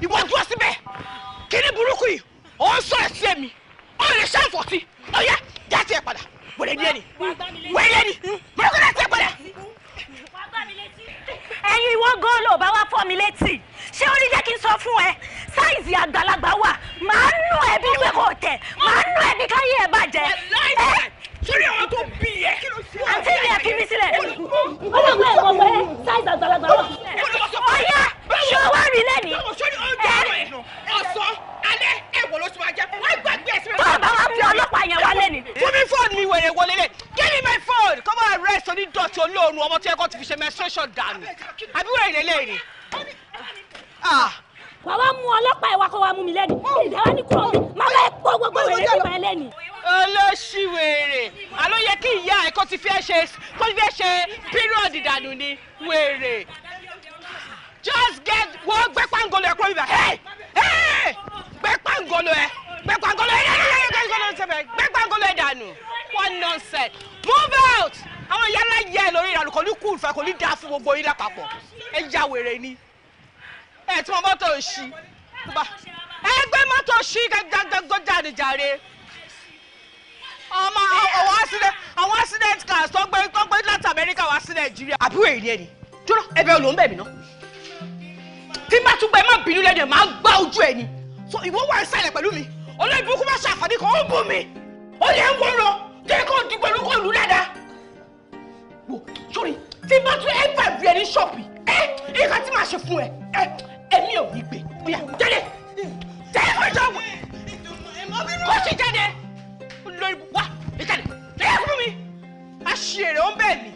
ìwọ dúró síbẹ̀ kí ni burúkú yìí ó ń sọ̀rọ̀ sí èmi ó lè ṣe àfọ̀sí ó yá já tiẹ̀ padà wẹ̀rẹ̀ díẹ̀ ni wẹ̀rẹ̀ ni mọ̀lẹ́kọ̀ já tiẹ̀ padà. ẹ̀yin ìwọ gan ló bá wá fọ́ mi létí ṣé ó rí jẹ́ kí n sọ fún ẹ sáìzì àgbàlagbà wà màá nù ẹbí pé kò tẹ̀ màá nù ẹbí káyé ẹ bàjẹ́ sórí àwọn tó bí yẹ. àti ilé ẹ̀kí mi sílẹ̀. ó lọ pé ìwọ pé ṣáìsì àgbàlagbà wà. ọ̀yá ṣé o wá rí lẹ́ni. sórí oúnjẹ rẹ̀ ọ̀sán alẹ́ ẹ̀wọ̀ ló ti máa jẹ́ wọ́n gbàgbé ẹ̀sìn rẹ̀. bọ́ọ̀ bá wa fi ọlọ́pàá yẹn wá lẹ́ni. fún mi fóònù mi wèrè wọlé lẹ give me my phone come on rest onídọ̀tí olóòórùn ọmọ tí ẹ̀kọ́ ti fi ṣe menstruation dànù àbí wẹ̀rẹ̀ lẹ́yìn wà wá mú ọlọ́pàá ẹ̀ wá kó wá mú mi lẹ́nu ìdá wa ní kúrò mi má bá ẹ pọ̀ gbogbo wèrè nípa ẹ lẹ́nu. olóṣìwèrè àló yẹ kí ìyá ẹ kó ti fi ẹ ṣe kó ti fi ẹ ṣe pírọ̀dì dànù ni wèrè just get wọ́n gbé pàǹgọ́lù ẹ kúrò mi bá gbé pàǹgọ́lù ẹ gbé pàǹgọ́lù ẹ gbé pàǹgọ́lù ẹ dànù one nonsense move out àwọn yàrá yẹ lórí ìrànlọ́kọ̀ ní kùn fẹ́ kò ní dáa fún gbogbo yín lápapọ̀ ẹ yá wèrè ni ẹ tí mo mọ́tò ṣí ẹ gbé mọ́tò ṣí gbẹgbẹgbẹ jáde jàre ọmọ àwọn accident àwọn accident cars tó gbé tó gbé láti America wá sí Nàìjíríà. àbúrò èrè ẹni dúró ẹbẹ olóhùn ń bẹ̀ mí ná tí má tún gbẹ má bínú lẹ́nu ẹ̀ máa gbá ojú ẹ̀ ni so ìwọ wà ń sàlẹ̀ pẹ̀lú mi olóyìnbó kó má ṣàǹfààní kan ó bù mí ó yẹ ń wọ́rọ̀ jẹ́ kó di pẹ̀lú kó lù dáadáa wò sórí tí má tún ẹ̀ bá rí ẹ ní ṣọ́ọ̀bù ẹ̀ ẹ̀ ká tí má ṣe fún ẹ ẹ̀ èmi ò ní gbé bóyá jáde jáde kó jọ wọ kó sì jáde lórí wá ìjáde lẹ́yìn fún mi àṣìṣe ò ń bẹ̀ mí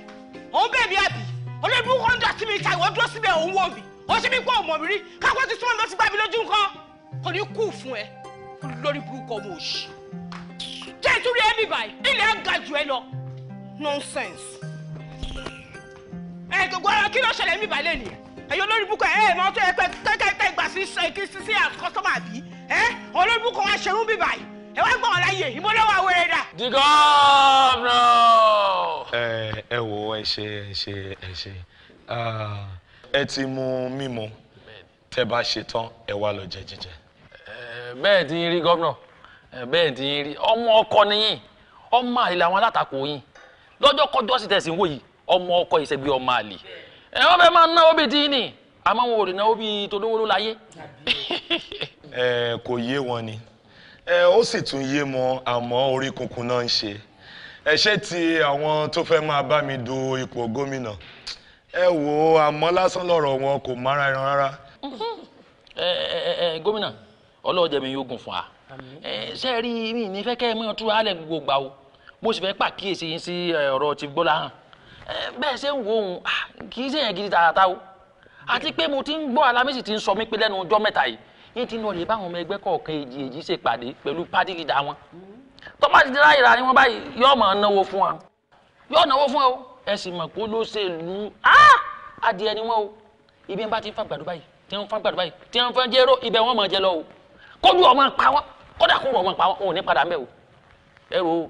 ò ń bẹ̀ mí àbí olórí burúkú ń dà sí mi ìta ìwọ dúró síbẹ̀ òun wò mí ó ṣe mí pé ọmọ mi rí káwọn ti súnmọ́ mi ló ti gbá mi lójú nǹkan kò ní kú fún ẹ lórí burúkú ọmọ òṣì jẹ́ ìtúrí ẹ̀mí báyìí ilẹ̀ ga jù ẹ lọ nonsense ẹ̀ gbogbo ara kí ló ṣẹlẹ̀ ẹ̀mí báyìí lẹ́nìí ẹ̀yin olórí búkọ ẹ̀ ẹ̀ mọ́ tó yẹ pé kẹ́kẹ́ gbà sí sí as customer bí ẹ̀ olórí búkọ wa ṣerú bí báyìí ẹ wá gbọ́n láyè ìbọn lọ́wọ́ àwẹ̀rẹ̀ dà. di gọ́ọ̀nà. ẹ ẹ wo ẹ ṣe ẹ ṣe ẹ ṣe ẹ ti mu mímu tẹ bá ṣe tán ẹ wá lọ jẹ jíjẹ. bẹ́ẹ̀ ti rí gọ́ọ̀nà bẹ́ẹ̀ ti rí ọmọ ọkọ nìyí ọmọ àlè làwọn alátakò yìí lọ́jọ́ kọjọ́ sì tẹ̀sí wò yìí ọmọ ọkọ ìṣẹ́gbẹ́ ọmọ àlè ẹ wọ́n fẹ́ máa náwó bíi dín ní àmọ́ wọn ò lè náwó bíi tòdówóró láyé. ẹ kò yé wọn ni ẹ ó sì tún yé mọ àmọ́ orí kunkun náà ń ṣe ẹ ṣe ti àwọn tó fẹ́ máa bá mi du ipò gómìnà ẹ wò ó àmọ́ lásán lọ́rọ̀ wọn kò mára ẹran rárá. ẹ ẹ ẹ gómìnà ọlọ́ọ̀jẹ̀ mi yóò gùn fún wa ṣe rí mi ní fẹ́ kẹ́ ẹ mọ́ ọtún alẹ́ gbogbo gbà o mo sì fẹ́ pàkíyèsí yín sí ọ̀rọ̀ ti gbọ́lá hàn bẹ́ẹ̀ ṣe ń wo òun kì í ṣe yẹn gidi tààràtà o àti pé mo ti ń gbọ́ alámísì ti ń sọ mí pé lẹ́nu ọjọ́ mẹ́ta yìí yín ti nọ lè báwọn ọmọ ẹgbẹ́ kọ̀ọ̀kan èjì èjì ṣe pàdé pẹ̀lú pádì lìdá wọn tó bá ti dá ìlànà wọn báyìí yóò máa náwó fún wa yóò náwó fún ẹ o ẹ sì mọ̀ pé olóṣèlú adìẹ ni wọn o ibi ń bá ti ń fa gbàdú báyìí tí ń fa gbàdú báyìí tí ń fa jẹ́rọ ibẹ̀ wọn máa jẹ lọ o kójú ọmọ pa wọn kódà kó ọmọ pa wọn òun ní padà ń o ẹ rò ó.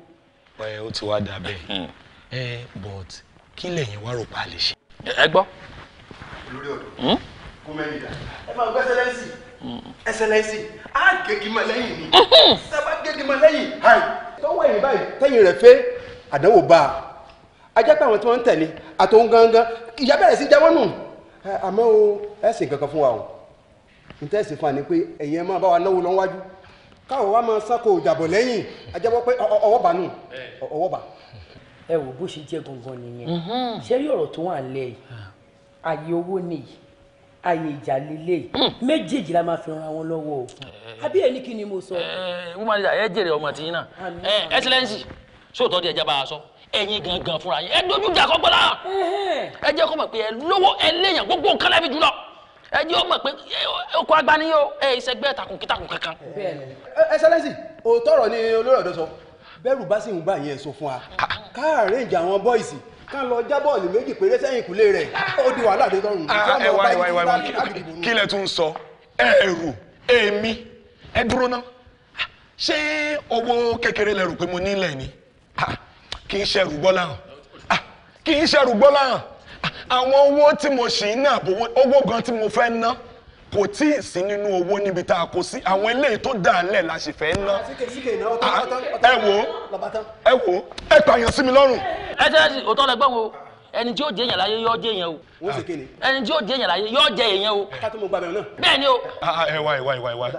ẹ ó ti wá dà hmm. but kí lẹ́yìn wá rò pa lè ṣe. ẹ gbọ́. olórí ọ̀dọ́ hmm? kó mẹ́rin dà ẹ máa gbẹ́sẹ̀ lẹ́sì ẹsẹ̀ lẹ́sì á hmm. gègé ma lẹ́yìn ni sábà gègé ma lẹ́yìn hàn tọ́wọ́ ẹ̀yìn báyìí tẹ́yìn rẹ̀ fẹ́ àdánwò bá a ajá pé àwọn tí wọ́n ń tẹ̀lé àtòun gangan ìyá bẹ̀rẹ̀ sí jáwọ́ nù àmọ́ o ẹ̀sìn kankan fún wa o ìtẹ́sí fún wa ni pé ẹ̀yin ẹ máa bá wa náwó lọ́wọ́jú káwọ́ wa máa sáko ìjàbọ̀ lẹ́yìn ajá wọ́n pé ọwọ́ bá nù ọwọ́ bá ẹ wò bó ṣe jẹ́ gangan nìyẹn mhm. ṣé rí ọ̀rọ̀ tó wà nílẹ̀ ah. yìí ààyè owó nìyí ààyè ìjà lélẹ̀ hmm. méjèèjì la máa fi ran àwọn lọ́wọ́ o eh. àbí ẹni kí ni mo sọ. wọ́n eh, máa ń jà ẹ jèrè ọmọ tìyín náà ẹsẹlẹ́nsì sóòtọ́ di ẹja bá a sọ ẹ̀yin gangan fúnra yín ẹ dojú ìjà kọ́gbọ́n lára ẹ jẹ́ kó mọ̀ pé ẹ lówó ẹ léèyàn gbogbo nǹkan lẹ́bi jùlọ ẹ jẹ́ ó mọ̀ pé oko agbani yóò ẹ ìṣẹ́gbẹ́ takunkitakun kankan. ẹsẹlẹ́nsì eh, òótọ́ ọ̀rọ̀ ni olórí ọ̀dọ́ sọ bẹ́rù bá sì ń gbà yẹn sọ fún wa ká àrẹ́ǹjì àwọn bọ́ìsì ká lọ já bọ́ọ̀lù méjì péré sẹ́yìn ìkúlé rẹ̀ ó di wàhálà dé tọrùn. Ah, ẹ wá ìwà ìwà kí lẹ tún sọ ẹrù èmi ẹ dúró ná ṣé owó kékeré lẹ pé mo nílẹ̀ ni kì í ṣẹrù gbọ́lá hàn kì í ṣẹrù gbọ́lá hàn àwọn owó tí mo ṣì ń ná owó gan tí mo fẹ́ ná kò tí ì sí nínú owó níbi tá a kó sí àwọn eléyìí tó dà lẹ̀ la ṣe fẹ́ ná. ẹ wo ẹ wo ẹ pààyàn sí mi lọ́rùn. ẹ tẹ́ òótọ́ lẹ gbọ́n o ẹni tí yóò jẹ èèyàn láyé yóò jẹ èèyàn o. wọ́n ṣe kéde. ẹni tí yóò jẹ èèyàn láyé yóò jẹ èèyàn o. ká tó mo gba bẹ̀rẹ̀ náà. bẹ́ẹ̀ ni o. ẹ ah, wá ah, ẹ wá ẹ wá ẹ wá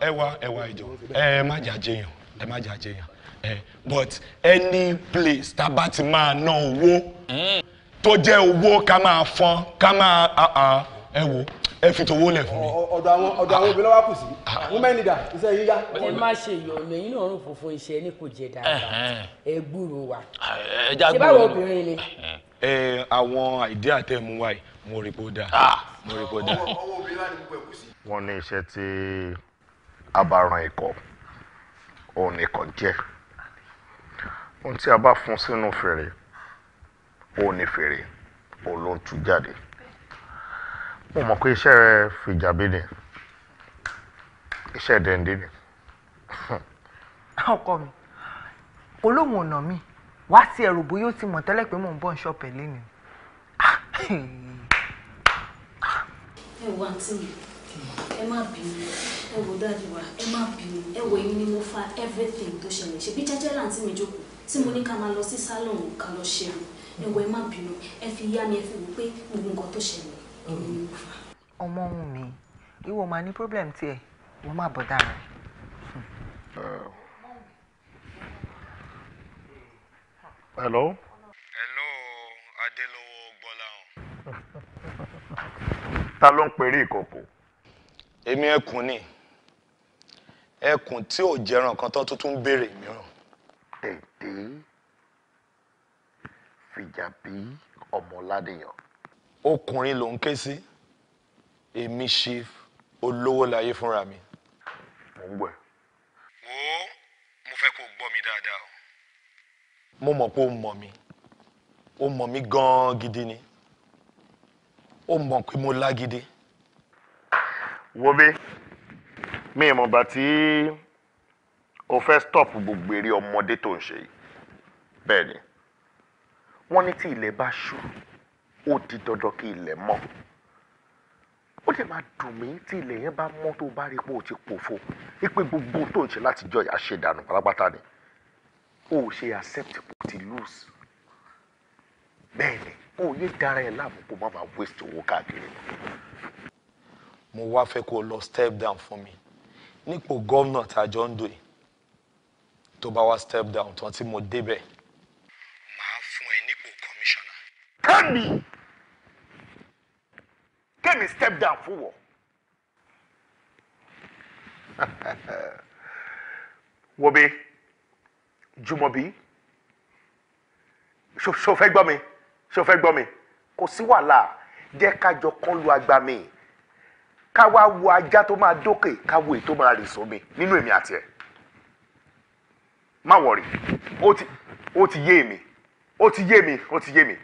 ẹ wá ẹ wá ìjọ ẹ má jà jẹyàn ẹ má jà jẹyàn ẹ but any place tá a bá ti máa ná owó tó jẹ́ owó ká máa fọ́n ká máa ah, ẹ wò ẹ fi tòwó lẹ̀ fún mi. ọ̀dọ̀ àwọn ọ̀dọ̀ àwọn obìnrin wa kù sí women leader iṣẹ́ yíyá. ẹ má ṣe ìyọnu ẹ̀yin náà rún fòfo iṣẹ́ ní kò jẹ dáadáa ẹ gbúròó wa ṣé báwo obìnrin ni. ẹ àwọn àìdí àtẹ̀mú wa yìí mo rí kó dáa ah! mo rí kó dáa. ọwọ́ obìnrin wa ni gbogbo ẹ̀ kù sí. wọ́n ní iṣẹ́ tí a bá ran ikọ̀ òun nìkan jẹ́ ohun tí a bá fún sínú fèrè òun ní fèrè òun ló ń tú jáde mo mọ̀ pé iṣẹ́ rẹ fìjàbí ni iṣẹ́ dẹ̀ǹdé ni. ọkọ mi olóhùn ọ̀nà mi wá sí ẹrù bóyá ó ti mọ̀ tẹ́lẹ̀ pé mò ń bọ̀ ń ṣọ̀pẹ̀ lẹ́nu. ẹ wá àǹtí ẹ má bínú ẹ wò dáàdì wa ẹ má bínú ẹ wò yín ni mo fa everything tó ṣẹlẹ̀ ṣe bí jẹ́jẹ́ láǹtí mi jókòó tí mo ní ká máa lọ sí sálọ̀n ká lọ ṣerun ẹ wò ẹ má bínú ẹ fi yá mi ẹ fi wò pé gbogbo nǹkan tó ṣẹlẹ̀ ọmọ ohun mi ìwọ máa ní problem tiẹ̀ wọ́n máa bọ̀ dára. hello. hello adelowo gbọ́láhùn. ta ló ń perí ìkọ̀kọ̀. èmi ẹkùn ni ẹkùn tí ò jẹran kan tán tuntun ń béèrè mìíràn. tètè fìjà bí ọmọ ọkùnrin ló ń ké sí èmi ṣe olówó láyé fúnra mi. mo ń gbọ́ ẹ. wo mo fẹ́ kó o gbọ́ mi dáadáa o. mo mọ̀ pé o mọ̀ mi o mọ̀ mi gan-an gidi ni o mọ̀ pé mo lágídí. wo mi ì mọ̀gbà tí o fẹ́ stop gbogbo eré ọmọdé tó ń ṣe yìí bẹ́ẹ̀ ni wọ́n ní tí ilẹ̀ bá ṣú ó di dandan kí ilẹ̀ mọ́ ó dẹ̀ máa dùn mí tí ilẹ̀ yẹn bá mọ́ tó bá rí pé ó ti pòfo wípé gbogbo tó ń ṣe láti jọ ìyá ṣe pátápátá ni ó ṣe accept kò ti lose bẹ́ẹ̀ ni ó yé dára ẹ̀ láàmú kó má máa waste owó káàkiri. mo wá fẹ́ kó o lọ step down fún mi nípò gómìnà tá a jọ ń do yìí tó bá wá step down tán tí mo débẹ̀. màá fún ẹ nípò kọmíṣánná. kẹ́mi kémi step down fún wọ. wobe Jùmọ̀bí ṣo fẹ́ gbọ́ mi ṣo fẹ́ gbọ́ mi kò sí wàhálà jẹ́ kájọ kan lu agba mi ká wá wo ajá tó máa dókè ká wo èyí tó máa rè sómi nínú èmi àti ẹ̀ má wọ̀rì ó ti yé mi ó ti yé mi ó ti yé mi.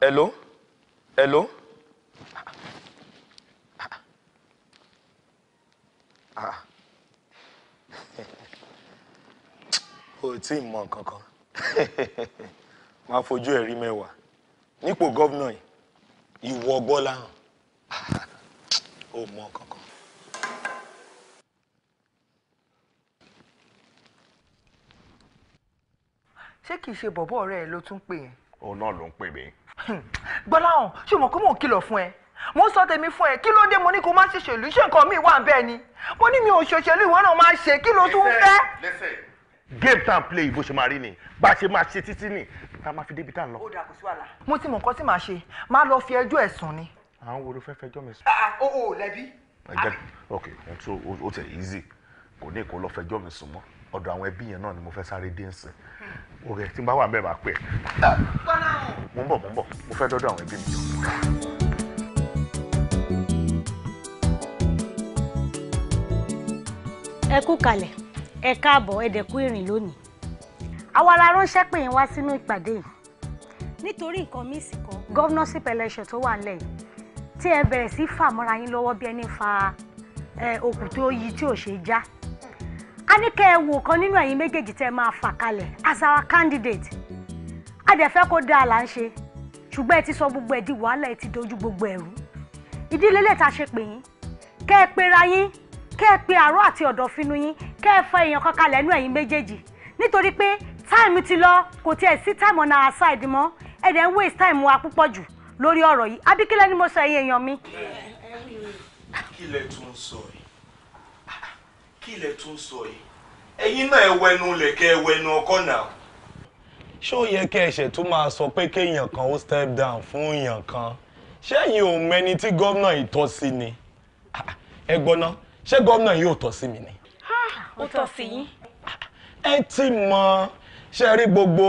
hello hello Ah, tí ì mọ nǹkan kan [laughs] máa fojú ẹ̀rí mẹ́wàá nípò gómìnà yìí ìwọ Gbọ́lá hàn ó [laughs] mọ nǹkan kan. ṣé kìí ṣe bọ̀bọ̀ ọ̀rẹ́ ẹ ló tún pè yẹn. òun náà ló ń pè mí gbọ́láhàn ṣé o mọ̀ pé mò ń kìlọ̀ fún ẹ mo sọ tèmi fún ẹ kí ló dé mo ní kó má ṣe ṣèlú ṣé nǹkan míì wà ń bẹ́ẹ̀ ni mo ní mi ò ṣòṣèlú ìwọ náà máa ṣe kí ló tún fẹ́. listen game time play bó ṣe máa rí ni bá a ṣe máa ṣe títí ni tá a máa fi débi tá à ń lọ. ó dà kó sí wàhálà. mo ti mọ̀ nǹkan tí màá ṣe máa lọ fi ẹjọ́ ẹ̀ sùn ni. à ń wo ló fẹ́ fẹjọ́ mi sùn. o ò lẹ́bi. ok so o tẹ easy kò ní kó lọ fẹjọ́ mi sùn mọ́ ọ̀dọ̀ àwọn ẹbí yẹn náà ni mo fẹ́ sáré dé nsìn. o rẹ̀ tí n bá wà mo ń bọ̀ mo ń bọ̀ mo fẹ́ dọ́dọ̀ àwọn ẹbí mi jọ. ẹ kú kalẹ̀ ẹ káàbọ̀ ẹ dẹ̀ kú ìrìn lónìí àwa la ránṣẹ́ pè yín wá sínú ìpàdé yìí nítorí nǹkan míìsì kan governorship election tó wà nílẹ̀ yìí tí ẹ bẹ̀rẹ̀ sí fà mọ́ra yín lọ́wọ́ bí ẹni fa okùn tó yí tí ò ṣe já a ní kẹ́ ẹ wò kan nínú ẹ̀yin méjèèjì tẹ́ máa fà kalẹ̀ as our candidate a dẹ̀ fẹ́ kó dáa là ń ṣe ṣùgbọ́n ẹ ti sọ gbogbo ẹ̀ di wàhálà ẹ ti dojú gbogbo ẹ̀rú ìdílé lè ta ṣe pè yín kẹ́ ẹ pera yín kẹ́ ẹ pe àárọ̀ àti ọ̀dọ̀ fínú yín kẹ́ ẹ fọ èèyàn kankan lẹ́nu ẹ̀yin méjèèjì nítorí pé táìmù ti lọ kò tiẹ̀ sí táìmù ọ̀nà àṣàìdì mọ́ ẹ dẹ̀ ń waste táìmù wa púpọ̀ jù lórí ọ̀rọ̀ yìí abíkílẹ̀ ni mo sọ ẹ̀yin èèyàn mi. kí lẹ tún sọ yìí kí lẹ tún sọ yìí ẹ̀yin náà ẹ wẹnu lẹkẹ ṣé ó yẹ kí ẹ̀ṣẹ̀ tó máa sọ pé kéèyàn kan ó step down fún èèyàn kan ṣẹ́yìn ò mẹni tí gómìnà yìí tọ́ sí ni ẹ gbọ́ná ṣé gómìnà yìí ò tọ́ sí mi ni. ó tọ́ sí yín. ẹ ti mọ ṣe rí gbogbo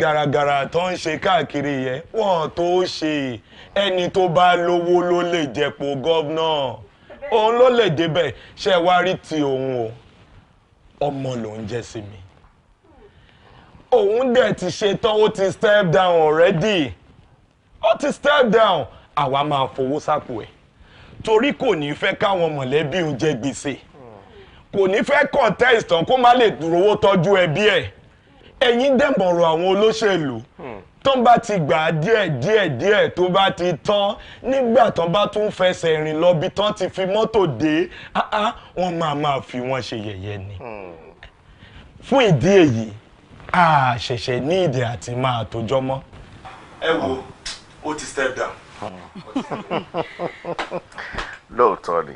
gàràgàrà tó ń ṣe káàkiri yẹn wọn tó ṣe ẹni tó bá lówó ló lè jẹpọ gómìnà òun ló lè débẹ̀ ṣe wá rí ti òun o ọmọ lòún jẹ́ sí mi òun dẹ̀ ti ṣetán ó ti step down already ó ti step down àwa máa fowó sápò ẹ̀ torí kò ní fẹ́ káwọn mọ̀lẹ́bí òun jẹ gbèsè kò ní fẹ́ contest tán kó má lè rówó tọ́jú ẹbí ẹ̀ ẹ̀yin dẹ̀mọ̀rọ̀ àwọn olóṣèlú hmm. tó bá ti gbà á díẹ̀ díẹ̀ díẹ̀ tó bá ti tán nígbà tó bá tún fẹsẹ̀ rìn lọ bí tán ti fi mọ́tò dé ah, ah, wọ́n máa máa fi wọ́n ṣe yẹ̀yẹ́ ni hmm. fún ìdí èyí a ṣẹ̀ṣẹ̀ ní ìdè àti máa tójọ́ mọ́. ẹ wo ó ti step down. lóòótọ́ ni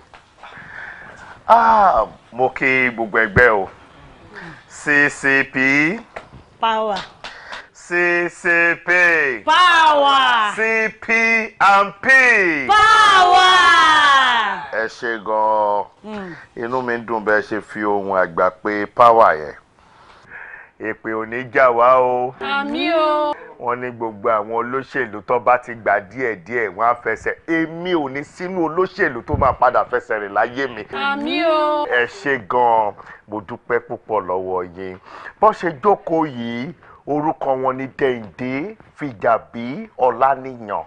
mo kí gbogbo ẹgbẹ́ o ccp. power. ccp. power. cp and p. power ẹ ṣe gan-an hmm. inú mi dùn bẹ́ẹ̀ ṣe fi ohun àgbà pé power yẹn èpè ò ní jà wá o. àmín o. wọ́n ní gbogbo àwọn olóṣèlú tó bá ti gbà díẹ̀díẹ̀ wọ́n á fẹsẹ̀ èmi ò ní sínú olóṣèlú tó máa padà fẹsẹ̀ rìn láyé mi. àmín o. ẹ ṣe gan-an mo dúpẹ́ púpọ̀ lọ́wọ́ yín bó ṣe jókòó yìí orúkọ wọn ni Dèǹdé Fìjàbí Ọláníyàn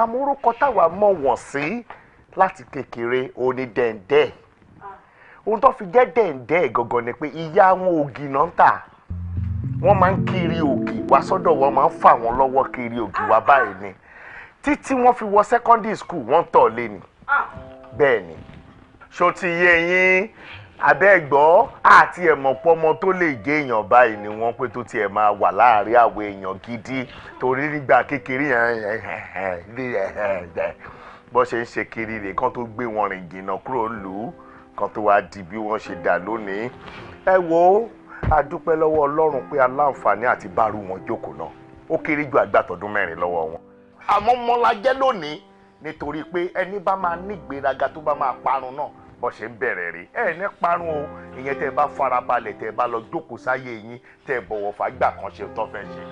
àmọ́ orúkọ táwa mọ̀ wọ́n sí láti kékeré òní Dèǹdé ohun tó fi jẹ́ Dèǹdé gangan ni pé ìyá wọn ògì náà ń wọ́n máa ń kiri òkè wá sọ́dọ̀ wọn máa ń fà wọ́n lọ́wọ́ kiri òkè wá báyìí ni títí wọ́n fi wọ secondary school wọ́n tọ̀ lé ni bẹ́ẹ̀ ni ṣó ti yé yín abẹ́gbọ́ àti ẹ̀mọ̀pọ́mọ tó lè gé èèyàn báyìí ni wọ́n pé tó tiẹ̀ máa wà láàárín àwọn èèyàn gidi torí nígbà kékeré yẹn bó ṣe ń ṣe kiri rè kán tó gbé wọn rìn jìnnà kúrò lù ú kán tó wá di bí wọ́n ṣe dà lónìí ẹ wo a dúpẹ́ lọ́wọ́ ọlọ́run pé aláǹfààní àti bárù wọn jókòó náà ó kéré ju àgbàtọ̀dún mẹ́rin lọ́wọ́ wọn. àmọ́ mọ́lájẹ́ lónìí nítorí pé ẹni bá máa nígbéraga tó bá máa parun náà bọ́ ṣe ń bẹ̀rẹ̀ rí ẹ ní parun o ìyẹn tẹ́ bá farabalẹ̀ tẹ́ bá lọ jókòó sáyé yín tẹ́ bọ̀wọ̀ fàgbà kan ṣe tó fẹ́ ṣe.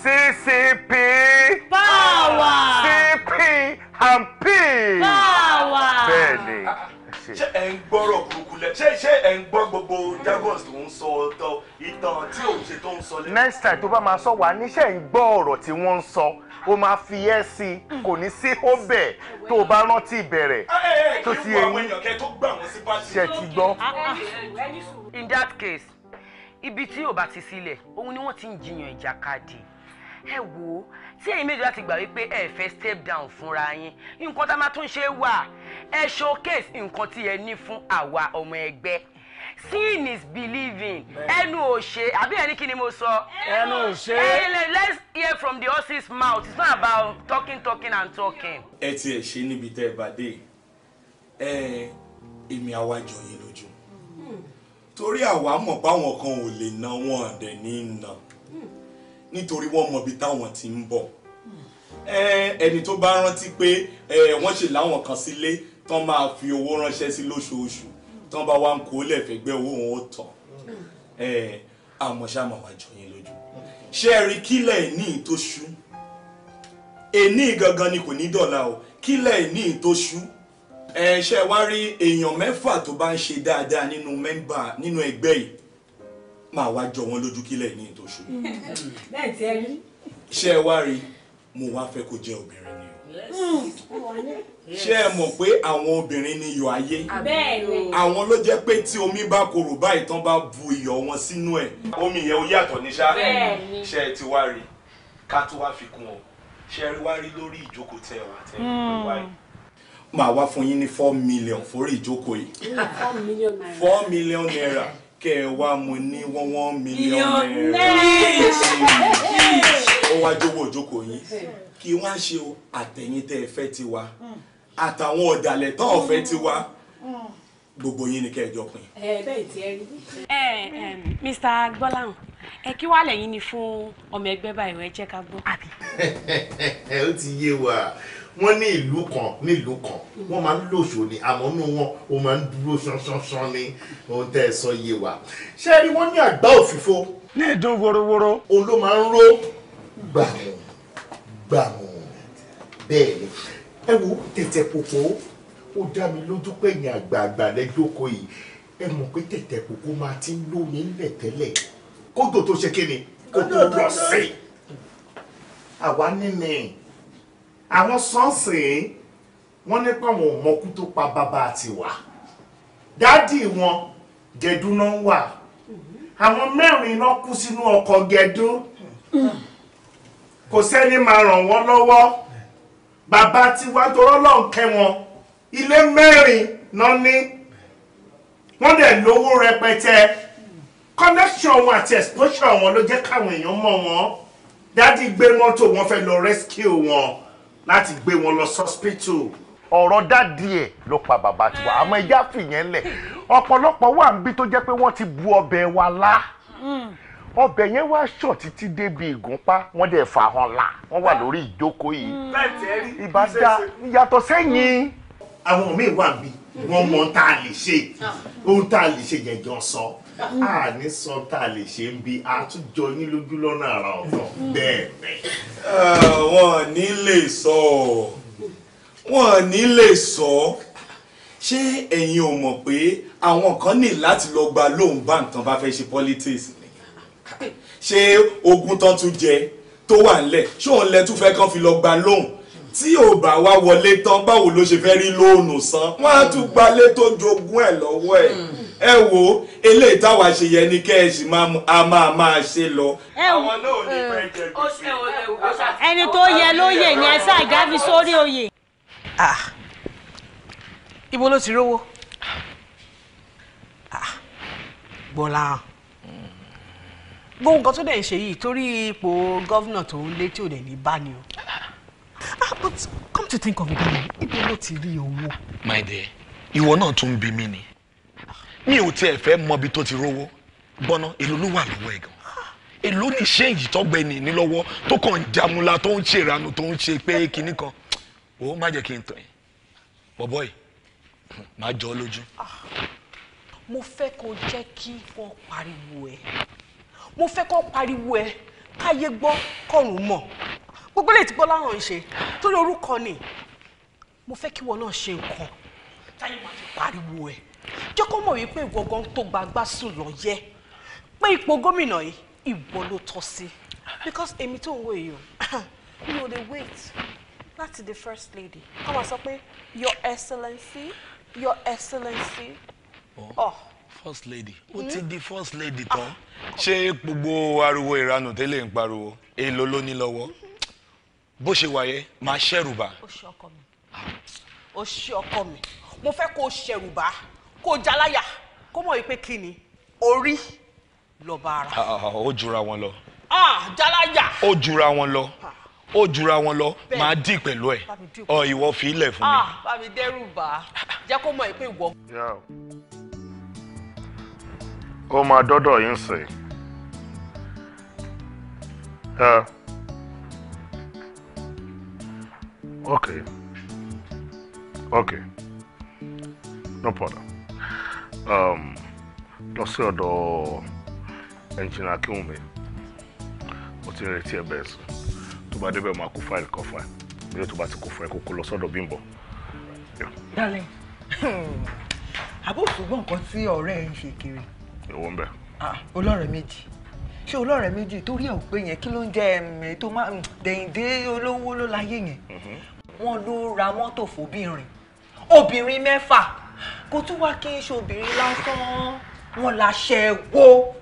CCP power CP and P power bẹ́ẹ̀ ni ṣé ẹ ń gbọ́rọ̀ burúkú lẹ ṣé ṣé ẹ ń gbọ́ gbogbo jagos tó ń sọ ọtọ ìtàn tí òun ṣe tó ń sọ lẹ. next time tó bá máa sọ wà níṣẹ́ ń gbọ́ ọ̀rọ̀ tí wọ́n ń sọ ó máa fi ẹ́ sí kò ní sí ó bẹ̀ tó bá rántí ìbẹ̀rẹ̀ tó ti eyín ṣe ti gbọ́. Ah, ah, ah, in that case ibi tí ò bá ti sílẹ̀ òun ni wọ́n ti ń jiyàn ìjàkadì ẹ wò tí ẹ̀yin méjì láti gbà wípé ẹ fẹ́ step down fúnra yín nǹkan tá a máa tún ṣe wà ẹ showcase nǹkan tí ẹ ní fún àwa ọmọ ẹgbẹ́ seeing is believing ẹnu ò ṣe àbí ẹni kí ni mo sọ. ẹnu ò ṣe. let's hear from the horse's mouth it's not about talking talking and talking. ẹ tiẹ̀ ṣe níbi tẹ́ ẹ bá dé ẹ èmi àwájọ yín lójú hmm. torí àwa mọ̀ báwọn kan ò lè ná wọn ọ̀dẹ̀ ní í nítorí wọ́n mọbi táwọn ti ń bọ̀ ẹni tó bá rántí pé wọ́n ṣe láwọn kan sílé tán máa fi owó ránṣẹ́ sí lóṣooṣù tán bá wá ń kó lẹ́fẹ̀gbẹ́ owó wọn ó tọ̀ àmọ́ ṣá máa wá jọ lójú ṣé ẹ rí kílẹ̀ ní tó ṣú èní gangan ni kò ní dọ̀la o kílẹ̀ ní tó ṣú ẹ ṣe wá rí èèyàn mẹ́fà tó bá ń ṣe dáadáa nínú mẹ́mbà nínú ẹgbẹ́ yìí máa wá jọ wọn lójú kílẹ̀ ní ìtòṣù. Mm. [laughs] bẹ́ẹ̀ tí ẹ rí. ṣé ẹ wá rí mo wá fẹ́ kó jẹ́ obìnrin ni o. ṣé ẹ mọ̀ pé àwọn obìnrin ni iyọ̀ ayé. àwọn ló jẹ́ pé tí omi bá korò báyìí tán bá bu iyọ̀ wọn sínú ẹ̀. omi yẹn ó yàtọ̀ ní ṣá. ṣé ẹ ti wá rí ká tó wá fi kún ọ ṣé ẹ wá rí lórí ìjókòó tẹ wà tẹ màá wá fún yín ní four million fórí ìjókòó yìí four million naira kẹ ẹ wá mu ní wọ́n wọ́n mílíọ̀nù náírà ó wá jówó òjókòó yín kí wọ́n ṣe àtẹ̀yìn tẹ́ ẹ fẹ́ ti wa àtàwọn ọ̀dàlẹ̀ tán ọ̀fẹ́ ti wa gbogbo yín ni kẹjọ pin. ẹ bẹ́ẹ̀ tí ẹ rí. ẹ ẹ Mr. Gbọ́láhàn ẹ kí wàá lẹ́yìn ni fún ọmọ ẹgbẹ́ báyìí ẹ jẹ́ ká gbọ́. [laughs] ó ti yé wa wọ́n ní ìlú kan ní ìlú kan wọ́n máa ń lòṣò ni àmọ́ inú wọn ó máa ń dúró ṣánṣánṣán ní ohun tẹ́ ẹ sọ yé wa ṣé rí wọ́n ní àgbá òfìfo. ní ìdún worowóró. òun ló máa ń ró gbàmù gbàmù bẹ́ẹ̀ ni ẹ wo tètè pòpò ó dá mi lójú pé ẹ̀yin àgbààgbà lẹ jókòó yìí ẹ mọ̀ pé tètè pòpò máa ti ń lómi ńlẹ̀ tẹ́lẹ̀ kódò tó ṣe kí ni kódò rọ̀ sí àwa nínú àwọn sọ́ọ̀sìn wọ́n ní pé àwọn òmọkú tó pa bàbá àti wà dádì wọn gẹ̀dú náà wà àwọn mẹ́rin náà kú sínú ọkọ̀ gẹ̀dú kò sẹ́ni máa ràn wọ́n lọ́wọ́ bàbá tiwa torọ́ lọ́n kẹ́ wọn ilé mẹ́rin náà ní wọ́n dẹ̀ lówó rẹpẹtẹ connection wọn àti exposure wọn ló jẹ́ káwọn èèyàn mọ̀ wọ́n dádì gbé mọ́tò wọn fẹ́ lọ rescue wọn láti gbé wọn lọ sọ́spítù. ọ̀rọ̀ dádì ẹ̀ ló pa bàbá tiwa àmọ́ ẹja fìyẹn lẹ̀ ọ̀pọ̀lọpọ̀ wà ń bí tó jẹ́ pé wọ́n ti bu ọbẹ̀ wa lá hmm. ọbẹ̀ yẹn wá ṣọ̀ títí débi ìgúnpá wọ́n dẹ̀ fà hàn là wọ́n wà lórí ìjókòó yìí hmm. ìbádá yàtọ̀ sẹ́yìn. àwọn míì wà bí wọ́n mọ ohun tá a lè ṣe ah. ohun tá a lè ṣe yẹn jọ sọ a ní sọ tá a lè ṣe ń bi àtújọ yín lójú lọ́nà àrà ọ̀tọ̀ bẹ́ẹ̀ ni. wọn ní lè sọ wọn ní lè sọ ṣé ẹ̀yin ò mọ̀ pé àwọn kan ní láti lọ gba lóun bá nǹkan bá fẹ́ ṣe politics ni ṣé ogun tán tún jẹ tó wà ńlẹ̀ ṣé òun lẹ tún fẹ́ kán fi lọ gba lóun tí ò bá wá wọlé tán báwo ló ṣe fẹ́ rí lóònù san wọ́n á tún gbalé tó jogún ẹ̀ lọ́wọ́ ẹ̀. Hmm ẹ wo eléyìí táwa ṣe yẹ ni kẹ́ ẹ sì máa máa máa ṣe lọ. àwọn náà ò ní fẹ́ jẹ gbèsè. ẹni tó yẹ lóyè ni ẹ ṣáàjá fi sórí oyè. Ah. ibo ló ti rówó gbọ́lá ah. gbogbo nǹkan tó dẹ̀ ń ṣe yìí torí ipò gọ́vnà tó ń lé tí ò dẹ̀ ní bá ni o. ah but come to think of it ibo ló ti rí owó. my dear ìwọ náà tún bí mi ni mi ò tiẹ̀ fẹ́ mọ ibi tó ti rówó gbọ́ná èlò ló wà lọ́wọ́ ẹ̀ gan èlò ní ṣéǹjì tọ́gbẹ́ni ní lọ́wọ́ tó kàn ń jamula tó ń ṣe ìranu tó ń ṣe pé kinní kan ó má jẹ́ kí n tàn yín bọ̀bọ́ yìí má jọ ọ́ lójú. Ah, mo fẹ́ kó jẹ́ kí wọ́n pariwo ẹ̀ mo fẹ́ kó pariwo ẹ̀ káyé gbọ́ kọ́run mọ̀ gbogbo lè ti gbọ́ láwọn ń ṣe torí orúkọ ni mo fẹ́ kí wọ́n náà ṣe nǹkan táyé máa fi pariwo ẹ̀ jẹ́ kó mọ̀ wípé ìwọ gan tó gbagbá sùn lọ yẹ pé ipò gómìnà yìí ìwọ ló tọ́ sí because èmi tó ń wò yìí o [laughs] mi ò lè wait láti the first lady wọ́n máa sọ pé your excellency your excellency. Oh. oh. first lady ó hmm? ti di first lady tán ṣé gbogbo ariwo ìranù tẹ́lẹ̀ ń pariwo èèlò ló ní lọ́wọ́ bó ṣe wáyé máa ṣẹ̀rùbà. ó ṣe ọkọ mi ó ṣe ọkọ mi mo fẹ́ kó o ṣẹ̀rùbà kó jaláyà kó mọ̀ wípé kí ni orí lọ́ba ara. Ah, ah, ah, ó jura wọn lọ. jaláyà. ó jura wọn lọ ó jura wọn lọ máa dì pẹ̀lú ẹ̀ ọ ìwọ fi ilẹ̀ fún mi. bá mi dẹ́rù bá jẹ́ kó mọ̀ pé ìwọ. ó máa dọ́dọ̀ yín sè é. ok no problem. Um, lọ sí ọ̀dọ̀ ẹnjìnà akínwùmí mo ti ń retí ẹ bẹ́ẹ̀ sùn tó bá débẹ̀ máa kó fáìlì kan fún ẹ bí ó tó bá ti kó fún ẹ lọ sọ́dọ̀ bímbọ. darling hmm, àbófin gbọ́n nǹkan tí ọ̀rẹ́ ẹ̀ ń ṣe kiri. ìwọ ń bẹ. Ah, olóòrè méjì ṣé olóòrè méjì torí ẹ̀ ò pé yẹn kí ló ń jẹ ẹ̀mí hmm, tó máa hmm, dẹ̀yìndé olówó ló láyé yẹn mm-hmm. wọ́n ló ra mọ́tò fòbìnrin obìnrin mẹ́fà kò tún wá kí n ṣe obìnrin lásán wọn láṣẹ wo.